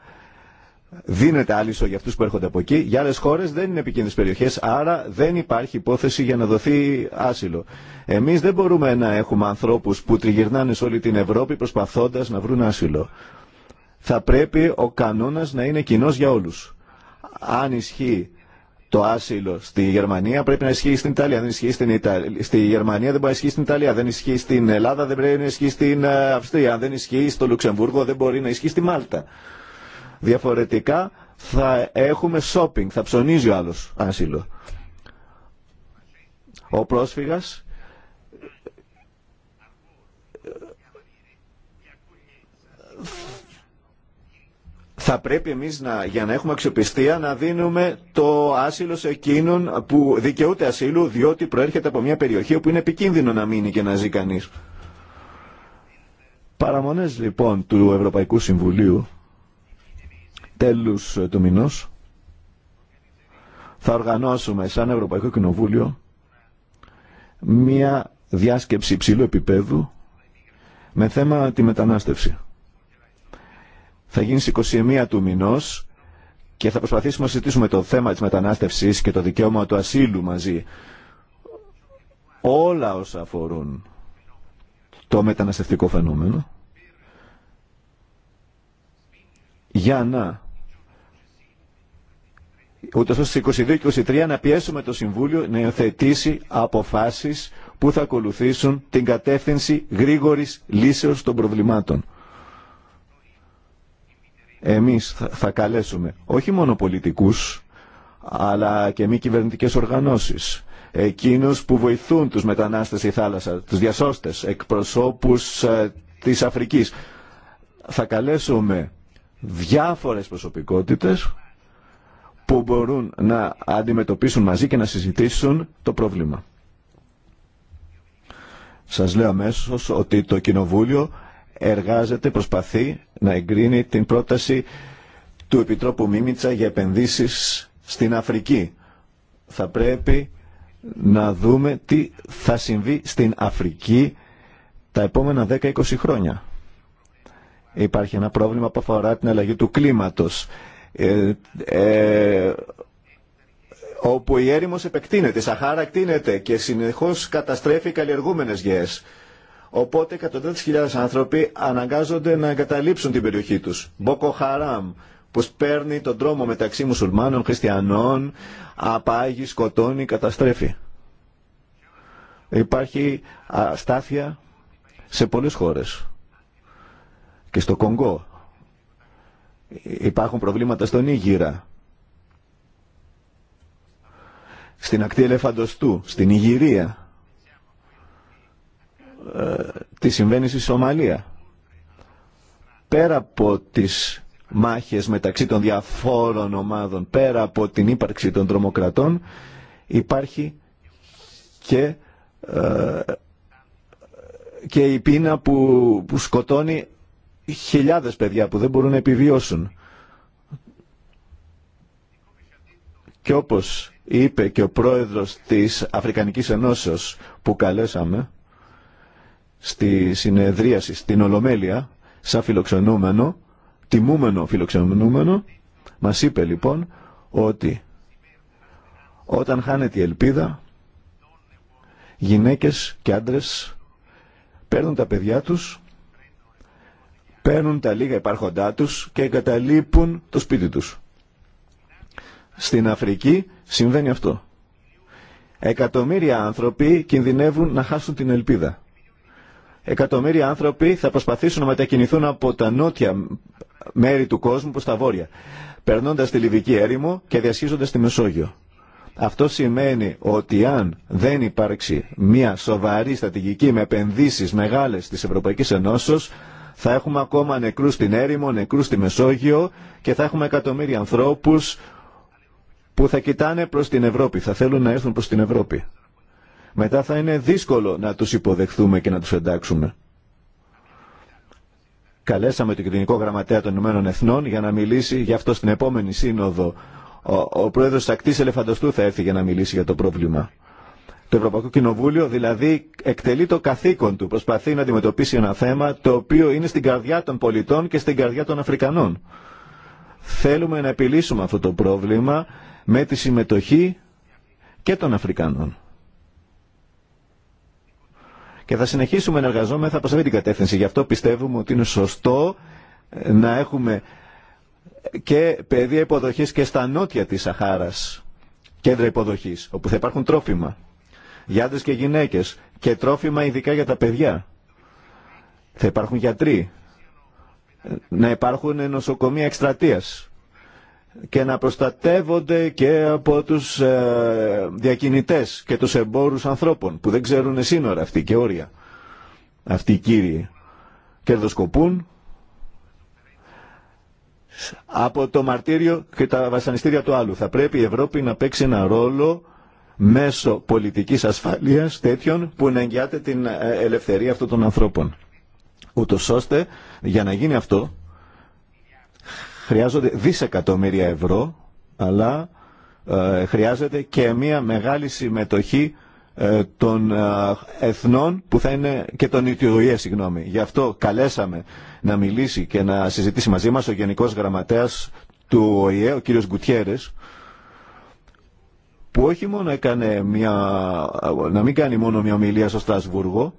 δίνεται άλυσο για αυτούς που έρχονται από εκεί. Για άλλες χώρες δεν είναι επικίνδυνες περιοχές, άρα δεν υπάρχει υπόθεση για να δοθεί άσυλο. Εμείς δεν μπορούμε να έχουμε ανθρώπους που τριγυρνάνε σε όλη την Ευρώπη προσπαθώντας να βρουν άσυλο. Θα πρέπει ο κανόνας να είναι κοινό για όλους. Αν ισχύει το άσυλο στη Γερμανία πρέπει να ισχύει στην Ιταλία. Δεν ισχύει στην Ιταλία. Στη Γερμανία δεν μπορεί να ισχύει στην Ιταλία. Δεν ισχύει στην Ελλάδα, δεν πρέπει να ισχύει στην ε, Αυστρία. Αν δεν ισχύει στο Λουξεμβούργο, δεν μπορεί να ισχύει στη Μάλτα. Διαφορετικά θα έχουμε shopping, θα ψωνίζει ο άλλος άσυλο. Ο πρόσφυγας θα πρέπει εμείς να, για να έχουμε αξιοπιστία να δίνουμε το άσυλο σε εκείνον που δικαιούται ασύλου διότι προέρχεται από μια περιοχή όπου είναι επικίνδυνο να μείνει και να ζει κανείς. Παραμονές λοιπόν του Ευρωπαϊκού Συμβουλίου τέλους του μηνός θα οργανώσουμε σαν Ευρωπαϊκό Κοινοβούλιο μία διάσκεψη υψηλού επίπεδου με θέμα τη μετανάστευση. Θα γίνει στις 21 του μηνός και θα προσπαθήσουμε να συζητήσουμε το θέμα της μετανάστευσης και το δικαίωμα του ασύλου μαζί. Όλα όσα αφορούν το μεταναστευτικό φαινόμενο για να ούτως ώστε στις 22 και 23 να πιέσουμε το Συμβούλιο να υιοθετήσει αποφάσεις που θα ακολουθήσουν την κατεύθυνση γρήγορης λύσεως των προβλημάτων. Εμείς θα καλέσουμε όχι μόνο πολιτικούς, αλλά και μη κυβερνητικές οργανώσεις, εκείνους που βοηθούν τους μετανάστες στη θάλασσα, τους διασώστες, εκπροσώπους ε, της Αφρικής. Θα καλέσουμε διάφορες προσωπικότητες που μπορούν να αντιμετωπίσουν μαζί και να συζητήσουν το πρόβλημα. Σας λέω αμέσως ότι το Κοινοβούλιο εργάζεται, προσπαθεί να εγκρίνει την πρόταση του Επιτρόπου Μίμητσα για επενδύσεις στην Αφρική. Θα πρέπει να δούμε τι θα συμβεί στην Αφρική τα επόμενα 10-20 χρόνια. Υπάρχει ένα πρόβλημα που αφορά την αλλαγή του κλίματος. Ε, ε, όπου η έρημος επεκτείνεται, η Σαχάρα εκτείνεται και συνεχώς καταστρέφει καλλιεργούμενες γεές. Οπότε εκατοντάδες χιλιάδες άνθρωποι αναγκάζονται να εγκαταλείψουν την περιοχή τους. Μπόκο Χαράμ που σπέρνει τον τρόμο μεταξύ μουσουλμάνων, χριστιανών, απάγει, σκοτώνει, καταστρέφει. Υπάρχει αστάθεια σε πολλές χώρες. Και στο Κονγκό Υπάρχουν προβλήματα στον Ήγυρα. Στην ακτή Ελεφαντοστού, στην Ιγυρία. Ε, τι συμβαίνει στη Σομαλία. Πέρα από τις μάχες μεταξύ των διαφόρων ομάδων, πέρα από την ύπαρξη των τρομοκρατών, υπάρχει και, ε, και η πείνα που, που σκοτώνει χιλιάδες παιδιά που δεν μπορούν να επιβιώσουν. Και όπως είπε και ο πρόεδρος της Αφρικανικής Ενώσεως που καλέσαμε στη συνεδρίαση, στην Ολομέλεια, σαν φιλοξενούμενο, τιμούμενο φιλοξενούμενο, μας είπε λοιπόν ότι όταν χάνεται η ελπίδα, γυναίκες και άντρες παίρνουν τα παιδιά τους παίρνουν τα λίγα υπάρχοντά τους και εγκαταλείπουν το σπίτι τους. Στην Αφρική συμβαίνει αυτό. Εκατομμύρια άνθρωποι κινδυνεύουν να χάσουν την ελπίδα. Εκατομμύρια άνθρωποι θα προσπαθήσουν να μετακινηθούν από τα νότια μέρη του κόσμου προς τα βόρεια, περνώντας τη Λιβική έρημο και διασχίζοντας τη Μεσόγειο. Αυτό σημαίνει ότι αν δεν υπάρξει μια σοβαρή στρατηγική με επενδύσεις μεγάλες της Ευρωπαϊκής Ενώσεως, θα έχουμε ακόμα νεκρούς στην έρημο, νεκρούς στη Μεσόγειο και θα έχουμε εκατομμύρια ανθρώπους που θα κοιτάνε προς την Ευρώπη, θα θέλουν να έρθουν προς την Ευρώπη. Μετά θα είναι δύσκολο να τους υποδεχθούμε και να τους εντάξουμε. Καλέσαμε τον Κοινωνικό Γραμματέα των Ηνωμένων Εθνών για να μιλήσει για αυτό στην επόμενη σύνοδο. Ο, ο πρόεδρος Ακτής Ελεφαντοστού θα έρθει για να μιλήσει για το πρόβλημα. Το Ευρωπαϊκό Κοινοβούλιο δηλαδή εκτελεί το καθήκον του, προσπαθεί να αντιμετωπίσει ένα θέμα το οποίο είναι στην καρδιά των πολιτών και στην καρδιά των Αφρικανών. Θέλουμε να επιλύσουμε αυτό το πρόβλημα με τη συμμετοχή και των Αφρικανών. Και θα συνεχίσουμε να εργαζόμεθα προς αυτή την κατεύθυνση. Γι' αυτό πιστεύουμε ότι είναι σωστό ε, να έχουμε και πεδία υποδοχής και στα νότια της Σαχάρας, κέντρα υποδοχής, όπου θα υπάρχουν τρόφιμα για άντρες και γυναίκες και τρόφιμα ειδικά για τα παιδιά. Θα υπάρχουν γιατροί, να υπάρχουν νοσοκομεία εκστρατείας και να προστατεύονται και από τους ε, διακινητές και τους εμπόρους ανθρώπων που δεν ξέρουν σύνορα αυτοί και όρια. Αυτοί οι κύριοι κερδοσκοπούν από το μαρτύριο και τα βασανιστήρια του άλλου. Θα πρέπει η Ευρώπη να παίξει ένα ρόλο μέσω πολιτικής ασφαλείας τέτοιων που να εγγυάται την ε, ελευθερία αυτών των ανθρώπων. Ούτω ώστε για να γίνει αυτό χρειάζονται δισεκατομμύρια ευρώ αλλά ε, χρειάζεται και μια μεγάλη συμμετοχή ε, των εθνών που θα είναι και των Ιτιουργία, συγγνώμη. Γι' αυτό καλέσαμε να μιλήσει και να συζητήσει μαζί μας ο Γενικός Γραμματέας του ΟΗΕ, ο κύριος Γκουτιέρες, που όχι μόνο έκανε μια, να μην κάνει μόνο μια ομιλία στο Στρασβούργο,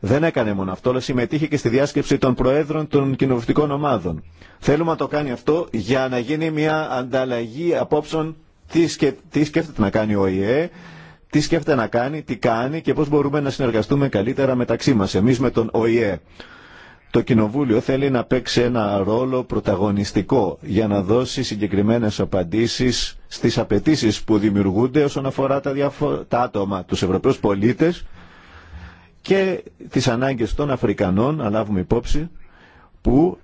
δεν έκανε μόνο αυτό, αλλά συμμετείχε και στη διάσκεψη των Προέδρων των Κοινοβουλευτικών Ομάδων. Θέλουμε να το κάνει αυτό για να γίνει μια ανταλλαγή απόψεων τι, σκε, τι σκέφτεται να κάνει ο ΙΕ, τι σκέφτεται να κάνει, τι κάνει και πώς μπορούμε να συνεργαστούμε καλύτερα μεταξύ μας, εμείς με τον ΟΗΕ. Το Κοινοβούλιο θέλει να παίξει ένα ρόλο πρωταγωνιστικό για να δώσει συγκεκριμένες απαντήσεις στις απαιτήσεις που δημιουργούνται όσον αφορά τα, άτομα, τους Ευρωπαίους πολίτες και τις ανάγκες των Αφρικανών, να λάβουμε υπόψη, που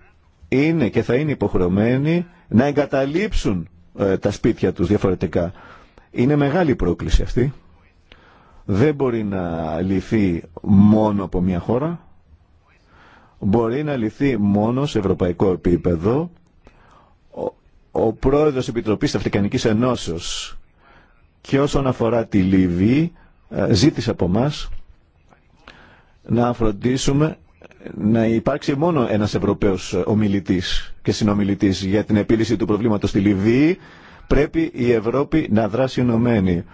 είναι και θα είναι υποχρεωμένοι να εγκαταλείψουν ε, τα σπίτια τους διαφορετικά. Είναι μεγάλη πρόκληση αυτή. Δεν μπορεί να λυθεί μόνο από μια χώρα μπορεί να λυθεί μόνο σε ευρωπαϊκό επίπεδο. Ο, ο πρόεδρος Επιτροπής της Αφρικανικής Ενώσεως και όσον αφορά τη Λιβύη ε, ζήτησε από μας να φροντίσουμε να υπάρξει μόνο ένας Ευρωπαίος ομιλητής και συνομιλητής για την επίλυση του προβλήματος στη Λιβύη πρέπει η Ευρώπη να δράσει ενωμένη.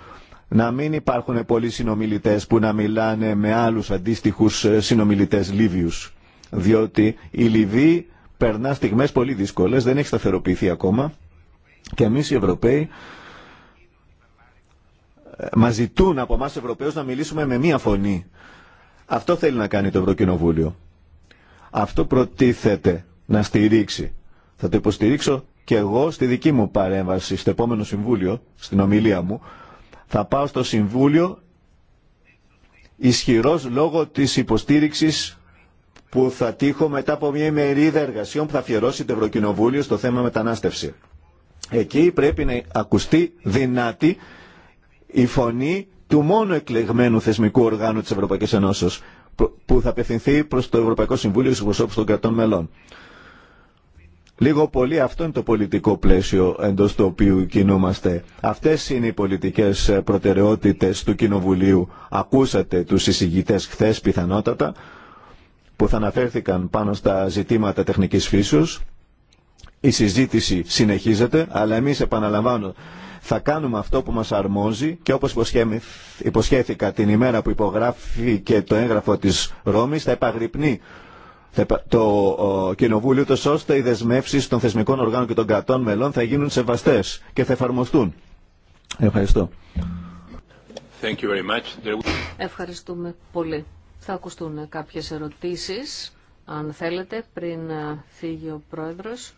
Να μην υπάρχουν πολλοί συνομιλητές που να μιλάνε με άλλους αντίστοιχους ε, συνομιλητές Λίβιους διότι η Λιβύη περνά στιγμές πολύ δύσκολες, δεν έχει σταθεροποιηθεί ακόμα και εμείς οι Ευρωπαίοι ε, μας ζητούν από εμάς Ευρωπαίους να μιλήσουμε με μία φωνή. Αυτό θέλει να κάνει το Ευρωκοινοβούλιο. Αυτό προτίθεται να στηρίξει. Θα το υποστηρίξω και εγώ στη δική μου παρέμβαση, στο επόμενο Συμβούλιο, στην ομιλία μου. Θα πάω στο Συμβούλιο ισχυρός λόγω της υποστήριξης που θα τύχω μετά από μια ημερίδα εργασιών που θα αφιερώσει το Ευρωκοινοβούλιο στο θέμα μετανάστευση. Εκεί πρέπει να ακουστεί δυνάτη η φωνή του μόνο εκλεγμένου θεσμικού οργάνου της Ευρωπαϊκής Ενώσεως που θα απευθυνθεί προς το Ευρωπαϊκό Συμβούλιο στους προσώπους των κρατών μελών. Λίγο πολύ αυτό είναι το πολιτικό πλαίσιο εντός του οποίου κινούμαστε. Αυτές είναι οι πολιτικές προτεραιότητες του Κοινοβουλίου. Ακούσατε τους εισηγητές χθες πιθανότατα που θα αναφέρθηκαν πάνω στα ζητήματα τεχνικής φύσεως. Η συζήτηση συνεχίζεται, αλλά εμείς επαναλαμβάνω, θα κάνουμε αυτό που μας αρμόζει και όπως υποσχέθηκα την ημέρα που υπογράφηκε το έγγραφο της Ρώμης, θα επαγρυπνεί το Κοινοβούλιο το ώστε οι δεσμεύσεις των θεσμικών οργάνων και των κρατών μελών θα γίνουν σεβαστές και θα εφαρμοστούν. Ευχαριστώ. Ευχαριστούμε πολύ. Θα ακουστούν κάποιες ερωτήσεις, αν θέλετε, πριν ε, φύγει ο Πρόεδρος.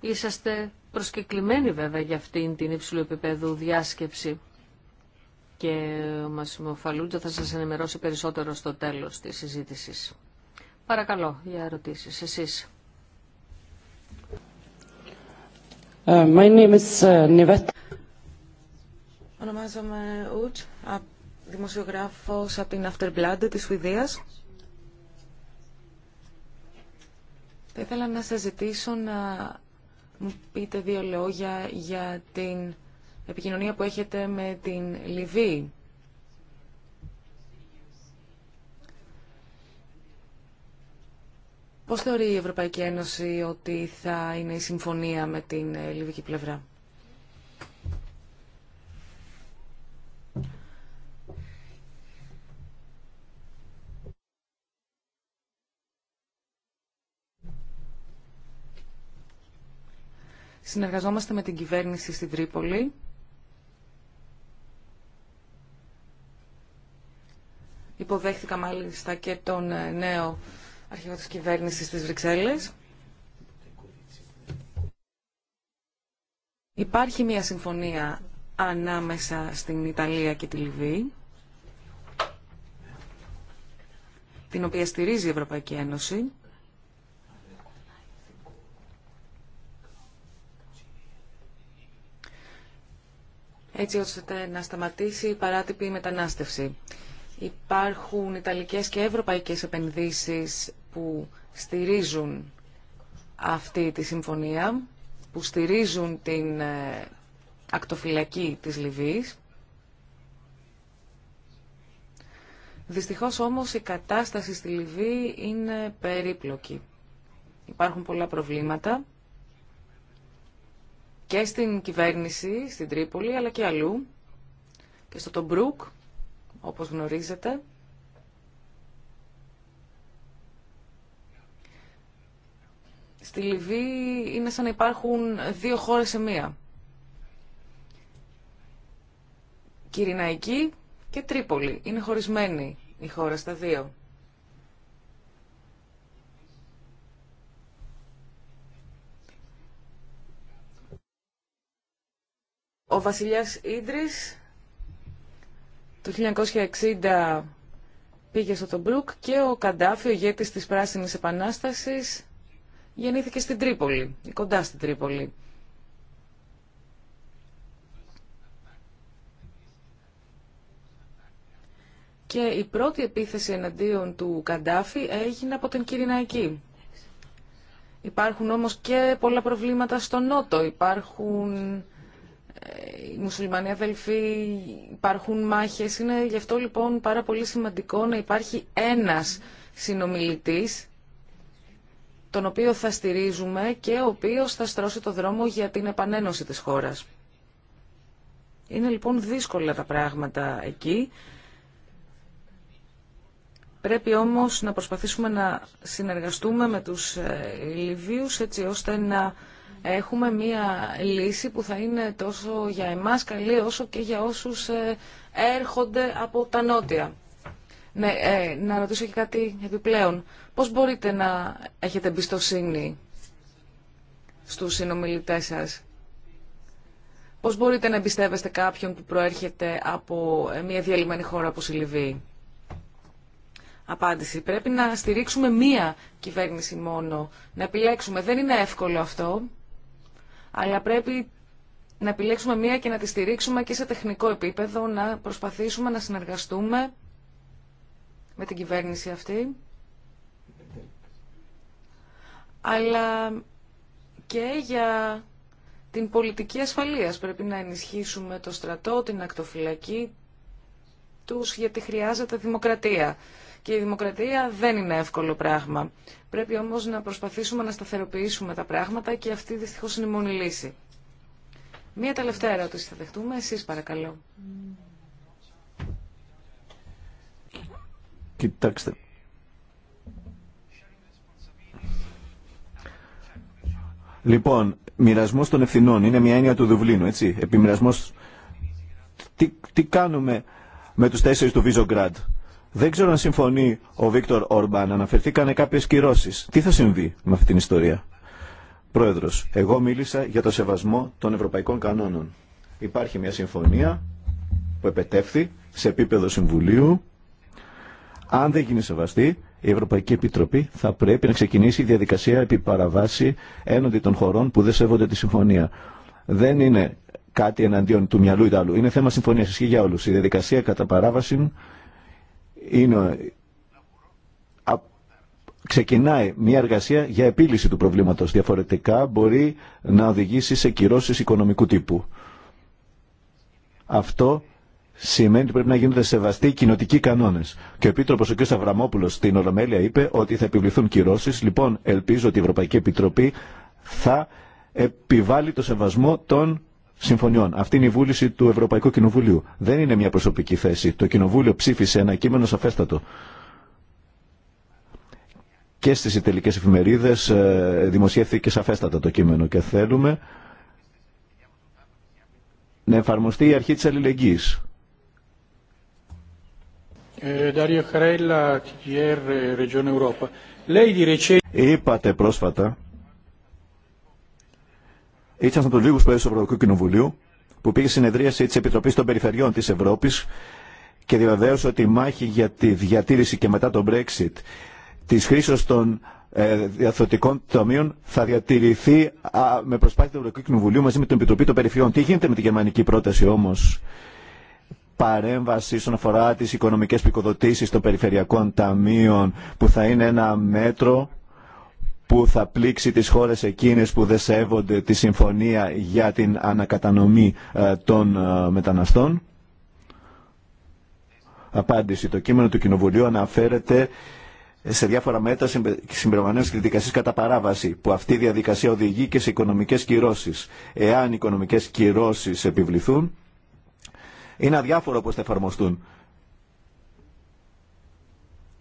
Είσαστε προσκεκλημένοι βέβαια για αυτήν την υψηλού επίπεδου διάσκεψη και ε, ο Μασιμό θα σας ενημερώσει περισσότερο στο τέλος της συζήτησης. Παρακαλώ για ερωτήσεις. Εσείς. Uh, my name is uh, Ονομάζομαι Ούτ, δημοσιογράφος από την Blood της Σουηδίας. Θα ήθελα να σας ζητήσω να μου πείτε δύο λόγια για την επικοινωνία που έχετε με την Λιβύη. Πώς θεωρεί η Ευρωπαϊκή Ένωση ότι θα είναι η συμφωνία με την Λιβυκή πλευρά. Συνεργαζόμαστε με την κυβέρνηση στην Τρίπολη. Υποδέχθηκα μάλιστα και τον ε, νέο αρχηγό της κυβέρνησης της Βρυξέλλες. Υπάρχει μια συμφωνία ανάμεσα στην Ιταλία και τη Λιβύη, την οποία στηρίζει η Ευρωπαϊκή Ένωση. έτσι ώστε να σταματήσει η παράτυπη μετανάστευση. Υπάρχουν Ιταλικές και Ευρωπαϊκές επενδύσεις που στηρίζουν αυτή τη συμφωνία, που στηρίζουν την ε, ακτοφυλακή της Λιβύης. Δυστυχώς όμως η κατάσταση στη Λιβύη είναι περίπλοκη. Υπάρχουν πολλά προβλήματα και στην κυβέρνηση, στην Τρίπολη, αλλά και αλλού, και στο Τομπρούκ, όπως γνωρίζετε. Στη Λιβύη είναι σαν να υπάρχουν δύο χώρες σε μία. Κυριναϊκή και Τρίπολη. Είναι χωρισμένη η χώρα στα δύο. Ο βασιλιάς Ίντρης το 1960 πήγε στο Τομπρούκ και ο Καντάφη, ο ηγέτης της Πράσινης Επανάστασης, γεννήθηκε στην Τρίπολη, κοντά στην Τρίπολη. Και η πρώτη επίθεση εναντίον του Καντάφη έγινε από την Κυριναϊκή. Υπάρχουν όμως και πολλά προβλήματα στο Νότο. Υπάρχουν ε, οι μουσουλμανοί αδελφοί υπάρχουν μάχες. Είναι γι' αυτό λοιπόν πάρα πολύ σημαντικό να υπάρχει ένας συνομιλητής τον οποίο θα στηρίζουμε και ο οποίος θα στρώσει το δρόμο για την επανένωση της χώρας. Είναι λοιπόν δύσκολα τα πράγματα εκεί. Πρέπει όμως να προσπαθήσουμε να συνεργαστούμε με τους ε, Λιβύους έτσι ώστε να έχουμε μία λύση που θα είναι τόσο για εμάς καλή όσο και για όσους ε, έρχονται από τα νότια. Ναι, ε, να ρωτήσω και κάτι επιπλέον. Πώς μπορείτε να έχετε εμπιστοσύνη στους συνομιλητές σας. Πώς μπορείτε να εμπιστεύεστε κάποιον που προέρχεται από ε, μια διαλυμένη χώρα όπως η Λιβύη. Απάντηση. Πρέπει να στηρίξουμε μία κυβέρνηση μόνο. Να επιλέξουμε. Δεν είναι εύκολο αυτό αλλά πρέπει να επιλέξουμε μία και να τη στηρίξουμε και σε τεχνικό επίπεδο, να προσπαθήσουμε να συνεργαστούμε με την κυβέρνηση αυτή. Αλλά και για την πολιτική ασφαλείας πρέπει να ενισχύσουμε το στρατό, την ακτοφυλακή τους, γιατί χρειάζεται δημοκρατία και η δημοκρατία δεν είναι εύκολο πράγμα. Πρέπει όμως να προσπαθήσουμε να σταθεροποιήσουμε τα πράγματα και αυτή Μία τελευταία ότι θα είναι η μόνη λύση. Μία τελευταία ερώτηση θα δεχτούμε. Εσείς παρακαλώ. Κοιτάξτε. Λοιπόν, μοιρασμό των ευθυνών είναι μια τελευταια ερωτηση θα δεχτουμε εσει παρακαλω κοιταξτε λοιπον μοιρασμο των ευθυνων ειναι μια εννοια του Δουβλίνου, έτσι. Επιμοιρασμό. Τι, τι κάνουμε με του τέσσερι του Βίζογκραντ. Δεν ξέρω αν συμφωνεί ο Βίκτορ Ορμπάν. Αναφερθήκανε κάποιε κυρώσει. Τι θα συμβεί με αυτή την ιστορία. Πρόεδρο, εγώ μίλησα για το σεβασμό των ευρωπαϊκών κανόνων. Υπάρχει μια συμφωνία που επετεύθη σε επίπεδο Συμβουλίου. Αν δεν γίνει σεβαστή, η Ευρωπαϊκή Επιτροπή θα πρέπει να ξεκινήσει η διαδικασία επί παραβάση έναντι των χωρών που δεν σέβονται τη συμφωνία. Δεν είναι κάτι εναντίον του μυαλού ή του άλλου. Είναι θέμα συμφωνία. Ισχύει για όλου. Η διαδικασία κατά παράβαση είναι, ξεκινάει μια εργασία για επίλυση του προβλήματος. Διαφορετικά μπορεί να οδηγήσει σε κυρώσεις οικονομικού τύπου. Αυτό σημαίνει ότι πρέπει να γίνονται σεβαστοί κοινοτικοί κανόνε. Και ο Επίτροπο ο κ. Σαβραμόπουλος στην Ολομέλεια είπε ότι θα επιβληθούν κυρώσει. Λοιπόν, ελπίζω ότι η Ευρωπαϊκή Επιτροπή θα επιβάλλει το σεβασμό των συμφωνιών. Αυτή είναι η βούληση του Ευρωπαϊκού Κοινοβουλίου. Δεν είναι μια προσωπική θέση. Το Κοινοβούλιο ψήφισε ένα κείμενο σαφέστατο. Και στις ιτελικές εφημερίδες ε, δημοσιεύθηκε σαφέστατα το κείμενο και θέλουμε να εφαρμοστεί η αρχή της αλληλεγγύης. Ε, Είπατε πρόσφατα ήταν από του λίγου πρόεδρου του Ευρωπαϊκού Κοινοβουλίου που πήγε συνεδρίαση τη Επιτροπή των Περιφερειών τη Ευρώπη και διαβεβαίωσε ότι η μάχη για τη διατήρηση και μετά τον Brexit τη χρήση των ε, διαθωτικών τομείων θα διατηρηθεί με προσπάθεια του Ευρωπαϊκού Κοινοβουλίου μαζί με την Επιτροπή των Περιφερειών. Τι γίνεται με τη γερμανική πρόταση όμω, παρέμβαση όσον αφορά τι οικονομικέ πικοδοτήσει των περιφερειακών ταμείων, που θα είναι ένα μέτρο που θα πλήξει τις χώρες εκείνες που δεν σέβονται τη συμφωνία για την ανακατανομή ε, των ε, μεταναστών. Απάντηση. Το κείμενο του Κοινοβουλίου αναφέρεται σε διάφορα μέτρα συμπεριλαμβανομένε κριτικασίας διαδικασία κατά παράβαση, που αυτή η διαδικασία οδηγεί και σε οικονομικέ κυρώσει. Εάν οι οικονομικέ κυρώσει επιβληθούν, είναι αδιάφορο πώ θα εφαρμοστούν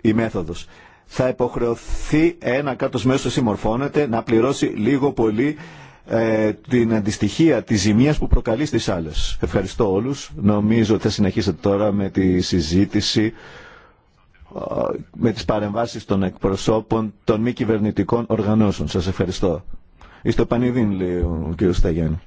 η μέθοδος θα υποχρεωθεί ένα κάτω μέσο που συμμορφώνεται να πληρώσει λίγο πολύ ε, την αντιστοιχεία της ζημίας που προκαλεί στις άλλες. Ευχαριστώ όλους. Νομίζω ότι θα συνεχίσετε τώρα με τη συζήτηση ε, με τις παρεμβάσεις των εκπροσώπων των μη κυβερνητικών οργανώσεων. Σας ευχαριστώ. Είστε πανίδιν, λέει ο κ. Σταγιάννη.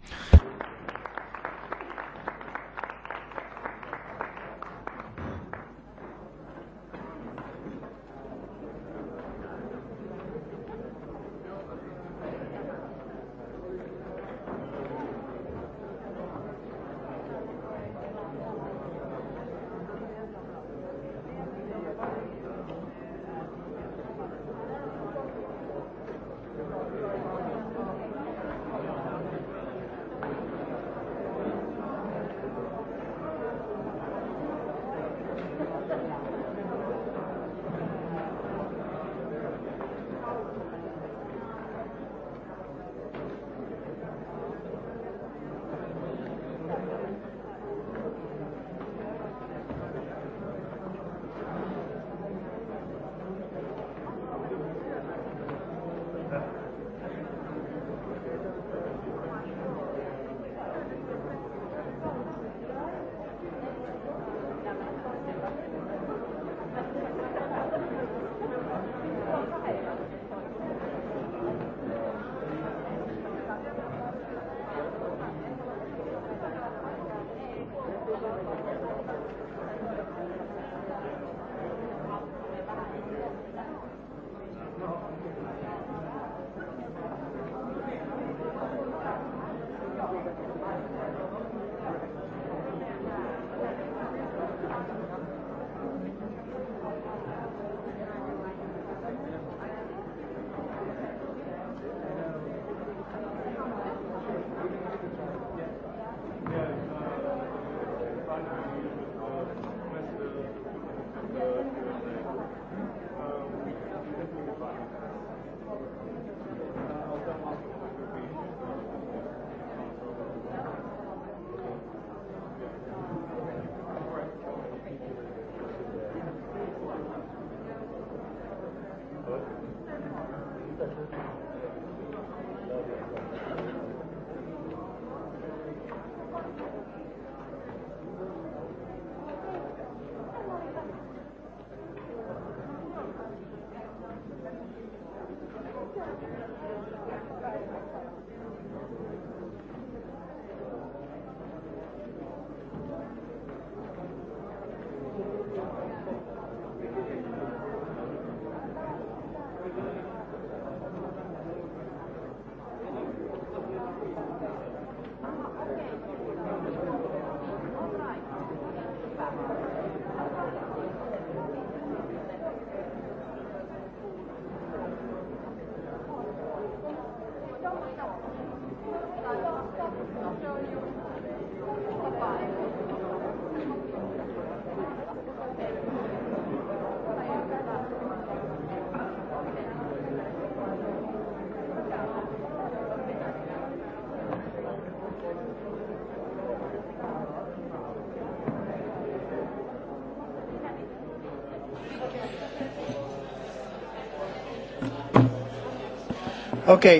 Okay.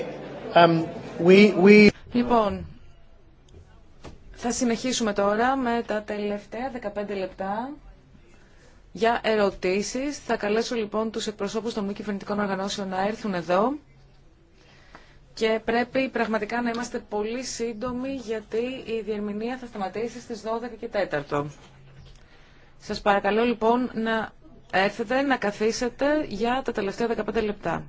Um, we, we... Λοιπόν, θα συνεχίσουμε τώρα με τα τελευταία 15 λεπτά για ερωτήσεις. Θα καλέσω λοιπόν τους εκπροσώπους των μη κυβερνητικών οργανώσεων να έρθουν εδώ και πρέπει πραγματικά να είμαστε πολύ σύντομοι γιατί η διερμηνία θα σταματήσει στις 12 και 4. Σας παρακαλώ λοιπόν να έρθετε, να καθίσετε για τα τελευταία 15 λεπτά.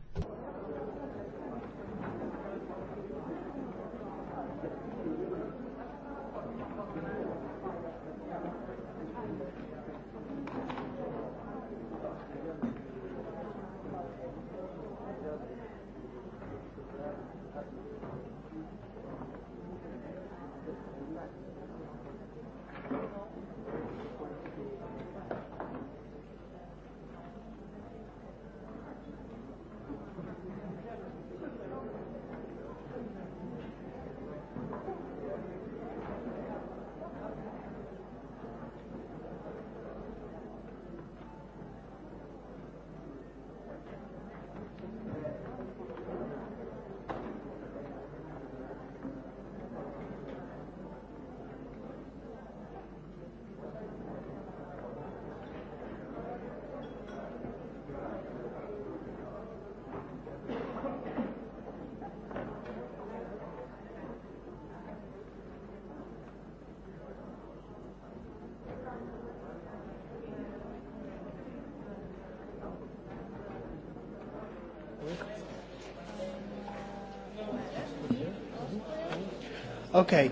Okay.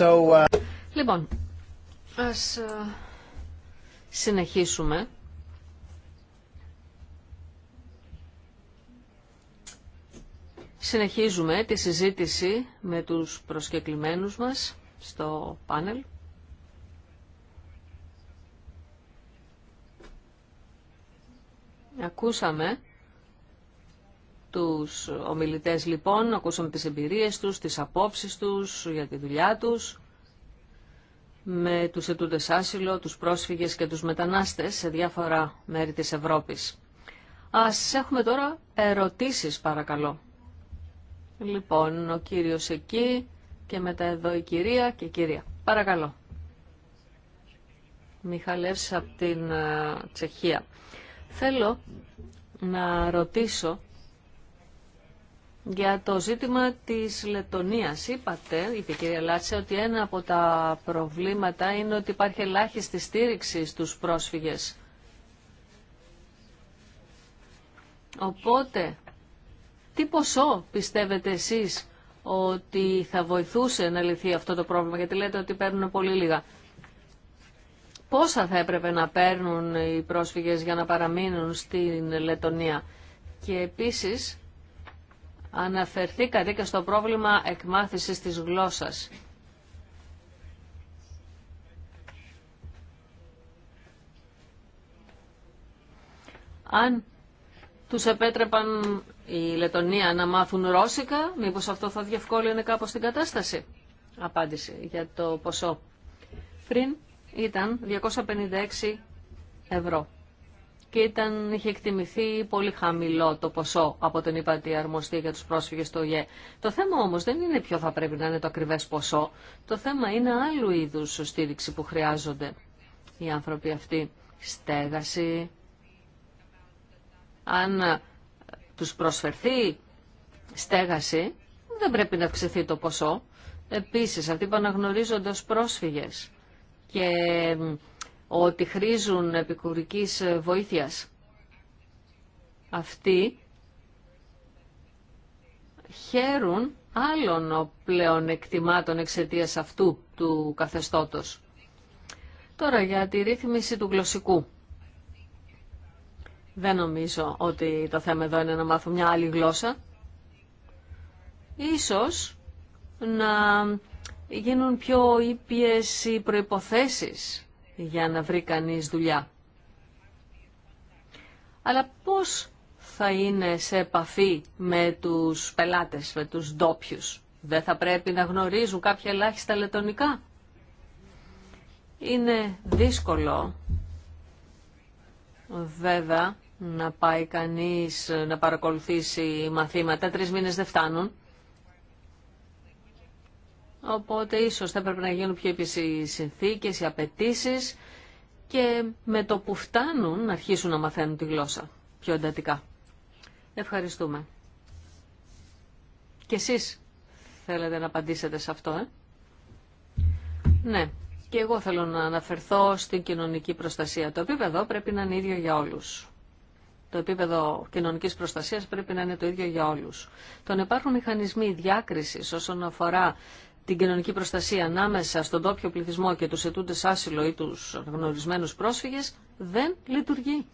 Uh, λοιπόν, ας ε, συνεχίσουμε. Συνεχίζουμε τη συζήτηση με τους προσκεκλημένους μας στο πάνελ. Ακούσαμε τους ομιλητές λοιπόν, ακούσαμε τις εμπειρίες τους, τις απόψεις τους για τη δουλειά τους, με τους ετούντες άσυλο, τους πρόσφυγες και τους μετανάστες σε διάφορα μέρη της Ευρώπης. Ας έχουμε τώρα ερωτήσεις παρακαλώ. Λοιπόν, ο κύριος εκεί και μετά εδώ η κυρία και η κυρία. Παρακαλώ. Μιχαλεύς από την ε, Τσεχία. Θέλω να ρωτήσω για το ζήτημα της Λετωνίας είπατε, είπε η κυρία Λάτσε, ότι ένα από τα προβλήματα είναι ότι υπάρχει ελάχιστη στήριξη στους πρόσφυγες. Οπότε, τι ποσό πιστεύετε εσείς ότι θα βοηθούσε να λυθεί αυτό το πρόβλημα, γιατί λέτε ότι παίρνουν πολύ λίγα. Πόσα θα έπρεπε να παίρνουν οι πρόσφυγες για να παραμείνουν στην Λετωνία. Και επίσης, Αναφερθήκατε και στο πρόβλημα εκμάθησης της γλώσσας. Αν τους επέτρεπαν η Λετωνία να μάθουν Ρώσικα, μήπως αυτό θα διευκόλυνε κάπως την κατάσταση. Απάντηση για το ποσό. Πριν ήταν 256 ευρώ και ήταν, είχε εκτιμηθεί πολύ χαμηλό το ποσό από την ΥΠΑΤΗ αρμοστή για τους πρόσφυγες στο ΙΕ. Το θέμα όμως δεν είναι ποιο θα πρέπει να είναι το ακριβές ποσό. Το θέμα είναι άλλου είδους στήριξη που χρειάζονται οι άνθρωποι αυτοί. Στέγαση, αν ε, τους προσφερθεί στέγαση, δεν πρέπει να αυξηθεί το ποσό. Επίσης, αυτοί που αναγνωρίζονται ως πρόσφυγες και ότι χρήζουν επικουρικής βοήθειας. Αυτοί χαίρουν άλλων πλέον εκτιμάτων εξαιτίας αυτού του καθεστώτος. Τώρα για τη ρύθμιση του γλωσσικού. Δεν νομίζω ότι το θέμα εδώ είναι να μάθω μια άλλη γλώσσα. Ίσως να γίνουν πιο ήπιες οι προϋποθέσεις για να βρει κανείς δουλειά. Αλλά πώς θα είναι σε επαφή με τους πελάτες, με τους ντόπιου. Δεν θα πρέπει να γνωρίζουν κάποια ελάχιστα λετονικά. Είναι δύσκολο βέβαια να πάει κανείς να παρακολουθήσει μαθήματα. Τρεις μήνες δεν φτάνουν. Οπότε ίσως θα πρέπει να γίνουν πιο επίσης συνθήκες, οι απαιτήσει και με το που φτάνουν να αρχίσουν να μαθαίνουν τη γλώσσα πιο εντατικά. Ευχαριστούμε. Και εσείς θέλετε να απαντήσετε σε αυτό, ε? Ναι. Και εγώ θέλω να αναφερθώ στην κοινωνική προστασία. Το επίπεδο πρέπει να είναι ίδιο για όλους. Το επίπεδο κοινωνικής προστασίας πρέπει να είναι το ίδιο για όλους. Τον υπάρχουν μηχανισμοί διάκρισης όσον αφορά την κοινωνική προστασία ανάμεσα στον τόπιο πληθυσμό και τους ετούντες άσυλο ή τους γνωρισμένους πρόσφυγες δεν λειτουργεί.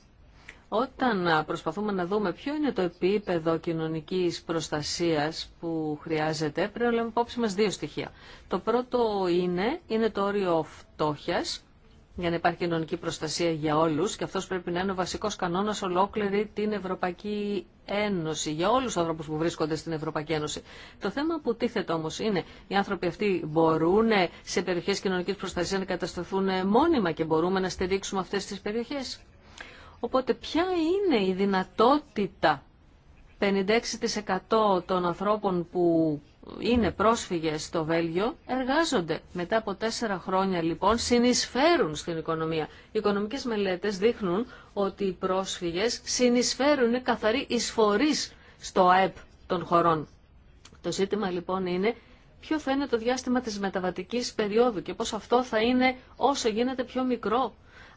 Όταν προσπαθούμε να δούμε ποιο είναι το επίπεδο κοινωνικής προστασίας που χρειάζεται, πρέπει να λέμε υπόψη μας δύο στοιχεία. Το πρώτο είναι, είναι το όριο φτώχειας, για να υπάρχει κοινωνική προστασία για όλους και αυτός πρέπει να είναι ο βασικός κανόνας ολόκληρη την Ευρωπαϊκή Ένωση, για όλους τους ανθρώπους που βρίσκονται στην Ευρωπαϊκή Ένωση. Το θέμα που τίθεται όμω είναι οι άνθρωποι αυτοί μπορούν σε περιοχές κοινωνικής προστασίας να κατασταθούν μόνιμα και μπορούμε να στηρίξουμε αυτέ τι περιοχέ. Οπότε ποια είναι η δυνατότητα 56% των ανθρώπων που είναι πρόσφυγες στο Βέλγιο εργάζονται. Μετά από τέσσερα χρόνια λοιπόν συνεισφέρουν στην οικονομία. Οι οικονομικές μελέτες δείχνουν ότι οι πρόσφυγες συνεισφέρουν, καθαρή καθαροί στο ΑΕΠ των χωρών. Το ζήτημα λοιπόν είναι ποιο θα είναι το διάστημα της μεταβατικής περίοδου και πώς αυτό θα είναι όσο γίνεται πιο μικρό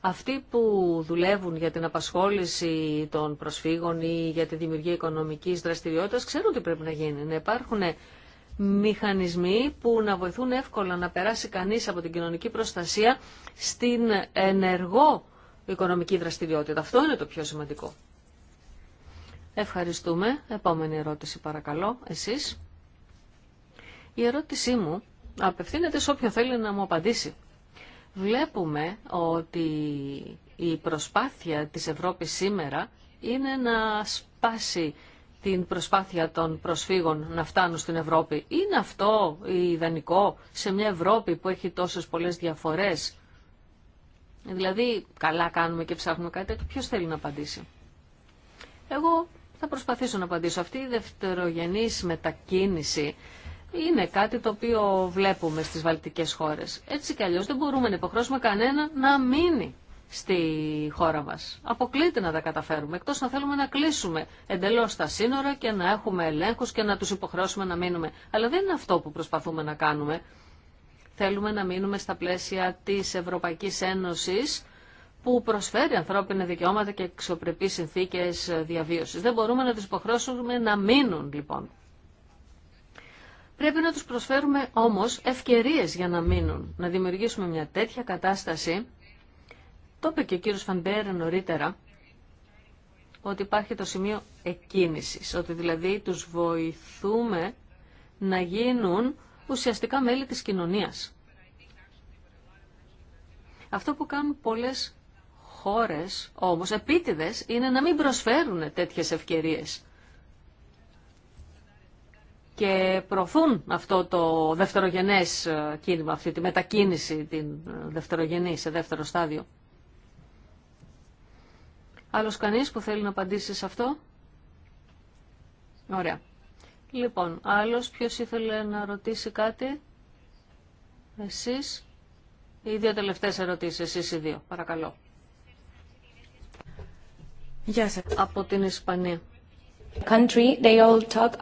αυτοί που δουλεύουν για την απασχόληση των προσφύγων ή για τη δημιουργία οικονομικής δραστηριότητας ξέρουν τι πρέπει να γίνει. Να υπάρχουν μηχανισμοί που να βοηθούν εύκολα να περάσει κανείς από την κοινωνική προστασία στην ενεργό οικονομική δραστηριότητα. Αυτό είναι το πιο σημαντικό. Ευχαριστούμε. Επόμενη ερώτηση παρακαλώ. Εσείς. Η ερώτησή μου απευθύνεται σε όποιον θέλει να μου απαντήσει βλέπουμε ότι η προσπάθεια της Ευρώπης σήμερα είναι να σπάσει την προσπάθεια των προσφύγων να φτάνουν στην Ευρώπη. Είναι αυτό ιδανικό σε μια Ευρώπη που έχει τόσες πολλές διαφορές. Δηλαδή, καλά κάνουμε και ψάχνουμε κάτι τέτοιο. Ποιος θέλει να απαντήσει. Εγώ θα προσπαθήσω να απαντήσω. Αυτή η δευτερογενής μετακίνηση είναι κάτι το οποίο βλέπουμε στις βαλτικές χώρες. Έτσι κι αλλιώς δεν μπορούμε να υποχρώσουμε κανένα να μείνει στη χώρα μας. Αποκλείται να τα καταφέρουμε, εκτός να θέλουμε να κλείσουμε εντελώς τα σύνορα και να έχουμε ελέγχους και να τους υποχρώσουμε να μείνουμε. Αλλά δεν είναι αυτό που προσπαθούμε να κάνουμε. Θέλουμε να μείνουμε στα πλαίσια της Ευρωπαϊκής Ένωσης που προσφέρει ανθρώπινα δικαιώματα και εξωπρεπείς συνθήκες διαβίωσης. Δεν μπορούμε να τους υποχρώσουμε να μείνουν λοιπόν. Πρέπει να τους προσφέρουμε όμως ευκαιρίες για να μείνουν, να δημιουργήσουμε μια τέτοια κατάσταση. Το είπε και ο κύριος Φαντέρε νωρίτερα, ότι υπάρχει το σημείο εκκίνησης, ότι δηλαδή τους βοηθούμε να γίνουν ουσιαστικά μέλη της κοινωνίας. Αυτό που κάνουν πολλές χώρες όμως επίτηδες είναι να μην προσφέρουν τέτοιες ευκαιρίες και προωθούν αυτό το δευτερογενές ε, κίνημα, αυτή τη μετακίνηση την ε, δευτερογενή σε δεύτερο στάδιο. Άλλος κανείς που θέλει να απαντήσει σε αυτό. Ωραία. Λοιπόν, άλλος ποιος ήθελε να ρωτήσει κάτι. Εσείς. Οι δύο τελευταίες ερωτήσεις, εσείς οι δύο. Παρακαλώ. Γεια σας. Από την Ισπανία. Country, they all talk...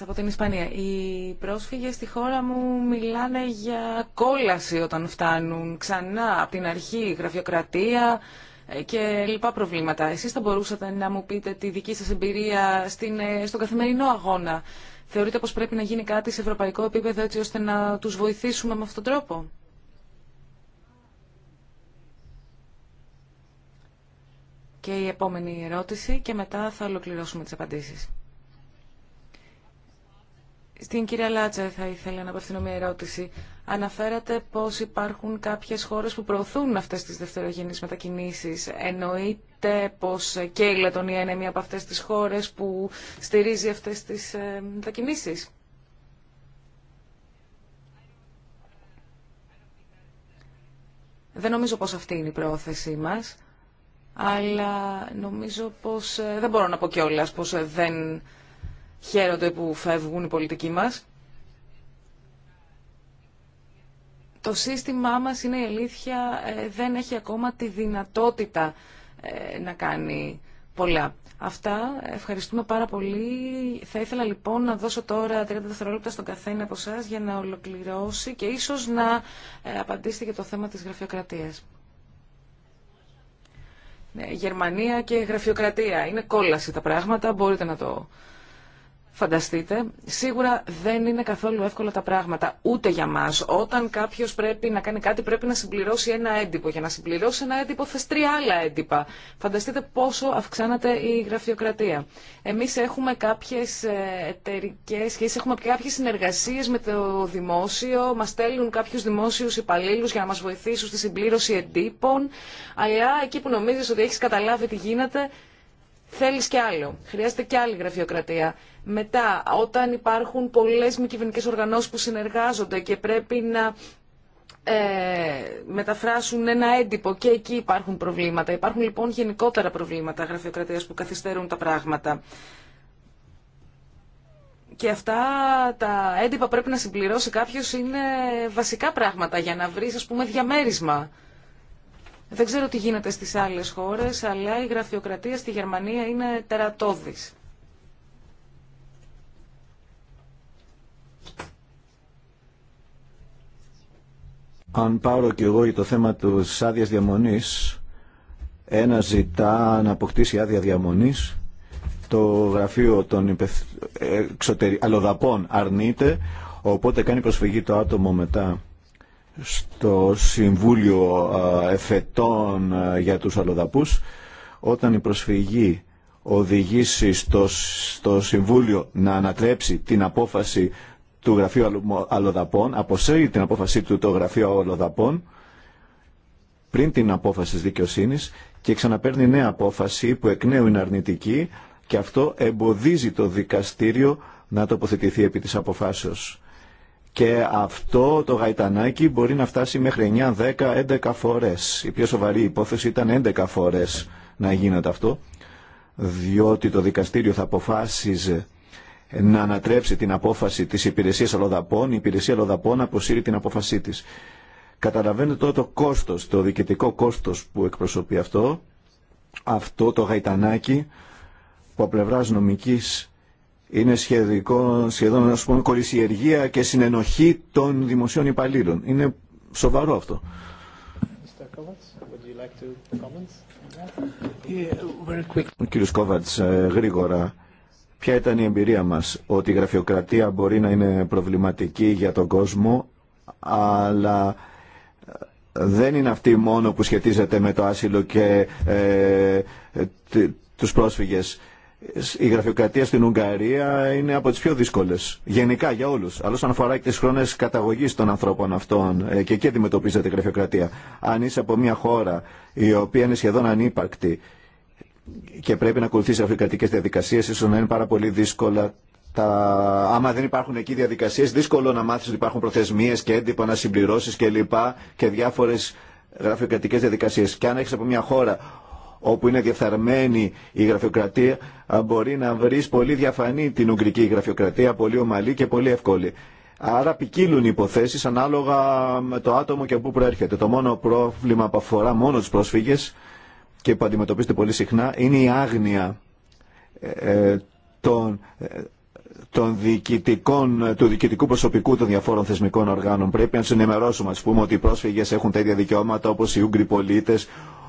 Από την Ισπανία. Οι πρόσφυγες στη χώρα μου μιλάνε για κόλαση όταν φτάνουν ξανά από την αρχή, γραφειοκρατία ε, και λοιπά προβλήματα. Εσείς θα μπορούσατε να μου πείτε τη δική σας εμπειρία στην, ε, στον καθημερινό αγώνα. Θεωρείτε πως πρέπει να γίνει κάτι σε ευρωπαϊκό επίπεδο έτσι ώστε να τους βοηθήσουμε με αυτόν τον τρόπο. και η επόμενη ερώτηση και μετά θα ολοκληρώσουμε τις απαντήσεις. Στην κυρία Λάτσα θα ήθελα να απευθύνω μια ερώτηση. Αναφέρατε πως υπάρχουν κάποιες χώρες που προωθούν αυτές τις δευτερογενείς μετακινήσεις. Εννοείται πως και η Λετωνία είναι μία από αυτές τις χώρες που στηρίζει αυτές τις ε, μετακινήσεις. Δεν νομίζω πως αυτή είναι η πρόθεσή μας αλλά νομίζω πως ε, δεν μπορώ να πω κιόλα πως ε, δεν χαίρονται που φεύγουν οι πολιτικοί μας. Το σύστημά μας, είναι η αλήθεια, ε, δεν έχει ακόμα τη δυνατότητα να κάνει πολλά. Αυτά. Ευχαριστούμε πάρα πολύ. Θα ήθελα λοιπόν να δώσω τώρα 30 δευτερόλεπτα στον καθένα από εσά για να ολοκληρώσει και ίσως να απαντήσει για το θέμα της γραφειοκρατίας. Γερμανία και γραφειοκρατία. Είναι κόλαση τα πράγματα, μπορείτε να το Φανταστείτε, σίγουρα δεν είναι καθόλου εύκολα τα πράγματα, ούτε για μα. Όταν κάποιο πρέπει να κάνει κάτι, πρέπει να συμπληρώσει ένα έντυπο. Για να συμπληρώσει ένα έντυπο, θε τρία άλλα έντυπα. Φανταστείτε πόσο αυξάνεται η γραφειοκρατία. Εμεί έχουμε κάποιε εταιρικέ σχέσει, έχουμε κάποιε συνεργασίε με το δημόσιο, μα στέλνουν κάποιου δημόσιου υπαλλήλου για να μα βοηθήσουν στη συμπλήρωση εντύπων. Αλλά εκεί που νομίζει ότι έχει καταλάβει τι γίνεται, Θέλει και άλλο. Χρειάζεται και άλλη γραφειοκρατία. Μετά, όταν υπάρχουν πολλέ μη κυβερνικέ οργανώσει που συνεργάζονται και πρέπει να ε, μεταφράσουν ένα έντυπο και εκεί υπάρχουν προβλήματα. Υπάρχουν λοιπόν γενικότερα προβλήματα γραφειοκρατίας που καθυστερούν τα πράγματα. Και αυτά τα έντυπα πρέπει να συμπληρώσει κάποιος είναι βασικά πράγματα για να βρει ας πούμε διαμέρισμα. Δεν ξέρω τι γίνεται στις άλλες χώρες, αλλά η γραφειοκρατία στη Γερμανία είναι τερατώδης. Αν πάρω κι εγώ για το θέμα του άδειας διαμονής, ένα ζητά να αποκτήσει άδεια διαμονής, το γραφείο των ε, εξωτερικών αλλοδαπών αρνείται, οπότε κάνει προσφυγή το άτομο μετά στο Συμβούλιο Εφετών για τους Αλοδαπούς όταν η προσφυγή οδηγήσει στο, Συμβούλιο να ανατρέψει την απόφαση του Γραφείου Αλλοδαπών, αποσύρει την απόφαση του το Γραφείο Αλλοδαπών πριν την απόφαση της δικαιοσύνης και ξαναπαίρνει νέα απόφαση που εκ νέου είναι αρνητική και αυτό εμποδίζει το δικαστήριο να τοποθετηθεί επί της αποφάσεως. Και αυτό το γαϊτανάκι μπορεί να φτάσει μέχρι 9, 10, 11 φορές. Η πιο σοβαρή υπόθεση ήταν 11 φορές να γίνεται αυτό, διότι το δικαστήριο θα αποφάσιζε να ανατρέψει την απόφαση της υπηρεσίας αλλοδαπών, η υπηρεσία αλλοδαπών αποσύρει την απόφασή της. Καταλαβαίνετε το κόστος, το διοικητικό κόστος που εκπροσωπεί αυτό, αυτό το γαϊτανάκι που από πλευράς νομικής είναι σχεδικό, σχεδόν να πούμε κολυσιεργία και συνενοχή των δημοσίων υπαλλήλων. Είναι σοβαρό αυτό. Ο κύριος Κόβατς, ε, γρήγορα, ποια ήταν η εμπειρία μας ότι η γραφειοκρατία μπορεί να είναι προβληματική για τον κόσμο, αλλά ε, δεν είναι αυτή μόνο που σχετίζεται με το άσυλο και ε, ε τους πρόσφυγες η γραφειοκρατία στην Ουγγαρία είναι από τι πιο δύσκολε. γενικά για όλου. Αλλά όσον αφορά και τις χρόνες καταγωγή των ανθρώπων αυτών ε, και εκεί αντιμετωπίζεται η γραφειοκρατία. Αν είσαι από μια χώρα η οποία είναι σχεδόν ανύπαρκτη και πρέπει να ακολουθήσει γραφειοκρατικέ διαδικασίε, ίσω να είναι πάρα πολύ δύσκολα τα... Άμα δεν υπάρχουν εκεί διαδικασίε. δύσκολο να μάθει ότι υπάρχουν προθεσμίε και έντυπα να συμπληρώσεις και και διάφορε γραφειοκρατικέ διαδικασίε. Και αν έχει από μια χώρα όπου είναι διεφθαρμένη η γραφειοκρατία, μπορεί να βρει πολύ διαφανή την Ουγγρική γραφειοκρατία, πολύ ομαλή και πολύ εύκολη. Άρα ποικίλουν οι υποθέσει ανάλογα με το άτομο και πού προέρχεται. Το μόνο πρόβλημα που αφορά μόνο τους πρόσφυγες και που αντιμετωπίζεται που αφορα μονο του προσφυγε και που αντιμετωπιζεται είναι η άγνοια ε, ε των, ε, των του διοικητικού προσωπικού των διαφόρων θεσμικών οργάνων. Πρέπει να του ενημερώσουμε, α πούμε, ότι οι πρόσφυγε έχουν τα ίδια δικαιώματα όπω οι Ούγγροι πολίτε,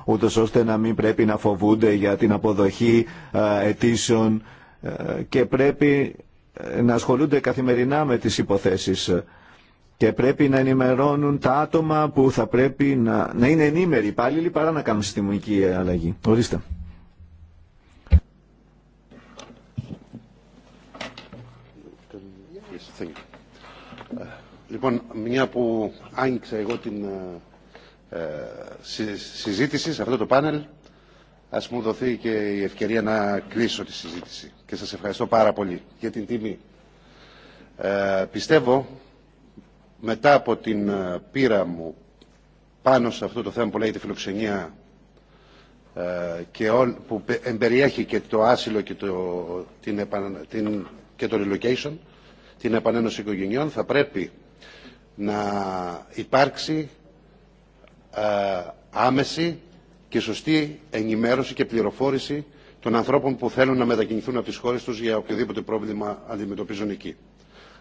ούτως ώστε να μην πρέπει να φοβούνται για την αποδοχή ε, αιτήσεων ε, και πρέπει ε, να ασχολούνται καθημερινά με τις υποθέσεις και πρέπει να ενημερώνουν τα άτομα που θα πρέπει να, είναι ενήμεροι υπάλληλοι παρά να κάνουν συστημική αλλαγή. Ορίστε. Λοιπόν, μια που άνοιξα εγώ την ε, συζήτηση, σε αυτό το πάνελ, ας μου δοθεί και η ευκαιρία να κλείσω τη συζήτηση. Και σας ευχαριστώ πάρα πολύ για την τιμή. Ε, πιστεύω, μετά από την ε, πείρα μου πάνω σε αυτό το θέμα που λέγεται φιλοξενία ε, και ό, που εμπεριέχει και το άσυλο και το, την, την, και το relocation, την επανένωση οικογενειών, θα πρέπει να υπάρξει ε, άμεση και σωστή ενημέρωση και πληροφόρηση των ανθρώπων που θέλουν να μετακινηθούν από τις χώρες τους για οποιοδήποτε πρόβλημα αντιμετωπίζουν εκεί.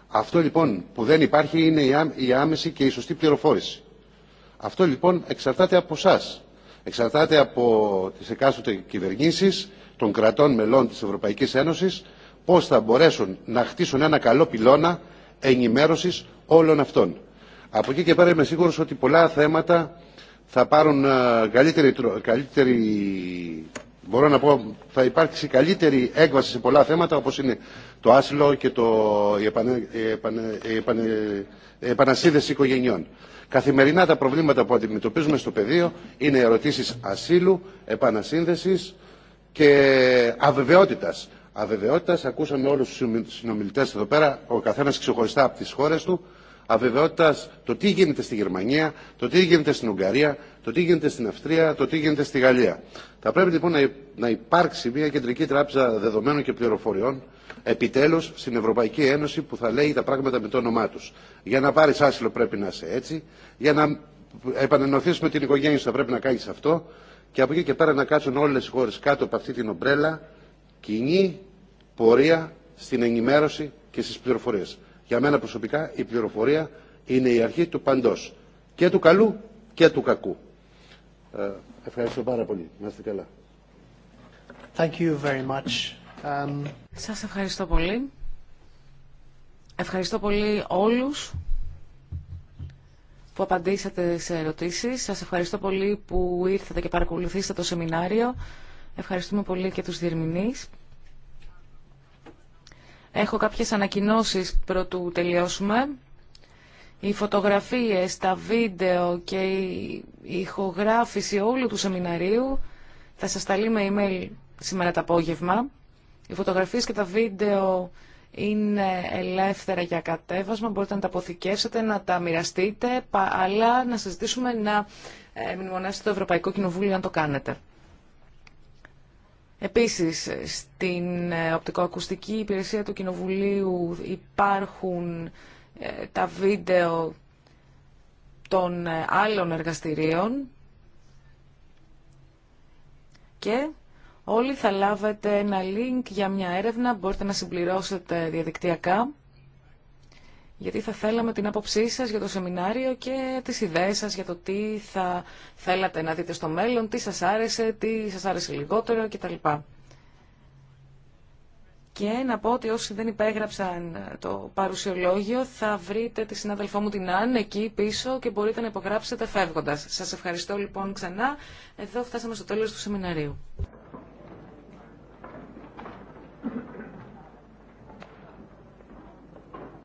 Αυτό λοιπόν που δεν υπάρχει είναι η άμεση και η σωστή πληροφόρηση. Αυτό λοιπόν εξαρτάται από εσά. Εξαρτάται από τις εκάστοτε κυβερνήσεις των κρατών μελών της Ευρωπαϊκής Ένωσης πώς θα μπορέσουν να χτίσουν ένα καλό πυλώνα ενημέρωσης όλων αυτών. Από εκεί και πέρα είμαι σίγουρος ότι πολλά θέματα θα πάρουν ε, καλύτερη, καλύτερη μπορώ να πω θα υπάρξει καλύτερη έκβαση σε πολλά θέματα όπως είναι το άσυλο και το, η, επανασύνδεση οικογενειών. Καθημερινά τα προβλήματα που αντιμετωπίζουμε στο πεδίο είναι ερωτήσεις ασύλου, επανασύνδεσης και αβεβαιότητας. Αβεβαιότητας, ακούσαμε όλους τους συνομιλητές εδώ πέρα, ο καθένας ξεχωριστά από τις χώρες του, αβεβαιότητα το τι γίνεται στη Γερμανία, το τι γίνεται στην Ουγγαρία, το τι γίνεται στην Αυστρία, το τι γίνεται στη Γαλλία. Θα πρέπει λοιπόν να υπάρξει μια κεντρική τράπεζα δεδομένων και πληροφοριών επιτέλου στην Ευρωπαϊκή Ένωση που θα λέει τα πράγματα με το όνομά του. Για να πάρει άσυλο πρέπει να είσαι έτσι, για να επανενωθεί με την οικογένεια σου θα πρέπει να κάνει αυτό και από εκεί και πέρα να κάτσουν όλε οι χώρε κάτω από αυτή την ομπρέλα κοινή πορεία στην ενημέρωση και στι πληροφορίε. Για μένα προσωπικά η πληροφορία είναι η αρχή του παντός. Και του καλού και του κακού. Ε, ευχαριστώ πάρα πολύ. Να είστε καλά. Thank you very much. Um... Σας ευχαριστώ πολύ. Ευχαριστώ πολύ όλους που απαντήσατε σε ερωτήσεις. Σας ευχαριστώ πολύ που ήρθατε και παρακολουθήσατε το σεμινάριο. Ευχαριστούμε πολύ και τους διερμηνείς. Έχω κάποιες ανακοινώσεις πρωτού τελειώσουμε. Οι φωτογραφίες, τα βίντεο και η ηχογράφηση όλου του σεμιναρίου θα σας σταλεί με email σήμερα το απόγευμα. Οι φωτογραφίες και τα βίντεο είναι ελεύθερα για κατέβασμα, μπορείτε να τα αποθηκεύσετε, να τα μοιραστείτε, αλλά να σας ζητήσουμε να ε, μονάσετε το Ευρωπαϊκό Κοινοβούλιο αν το κάνετε. Επίσης, στην ε, οπτικοακουστική υπηρεσία του Κοινοβουλίου υπάρχουν ε, τα βίντεο των ε, άλλων εργαστηρίων και όλοι θα λάβετε ένα link για μια έρευνα, μπορείτε να συμπληρώσετε διαδικτυακά γιατί θα θέλαμε την άποψή σα για το σεμινάριο και τις ιδέες σας για το τι θα θέλατε να δείτε στο μέλλον, τι σας άρεσε, τι σας άρεσε λιγότερο κτλ. Και να πω ότι όσοι δεν υπέγραψαν το παρουσιολόγιο θα βρείτε τη συνάδελφό μου την Άννα εκεί πίσω και μπορείτε να υπογράψετε φεύγοντα. Σα ευχαριστώ λοιπόν ξανά. Εδώ φτάσαμε στο τέλο του σεμιναρίου.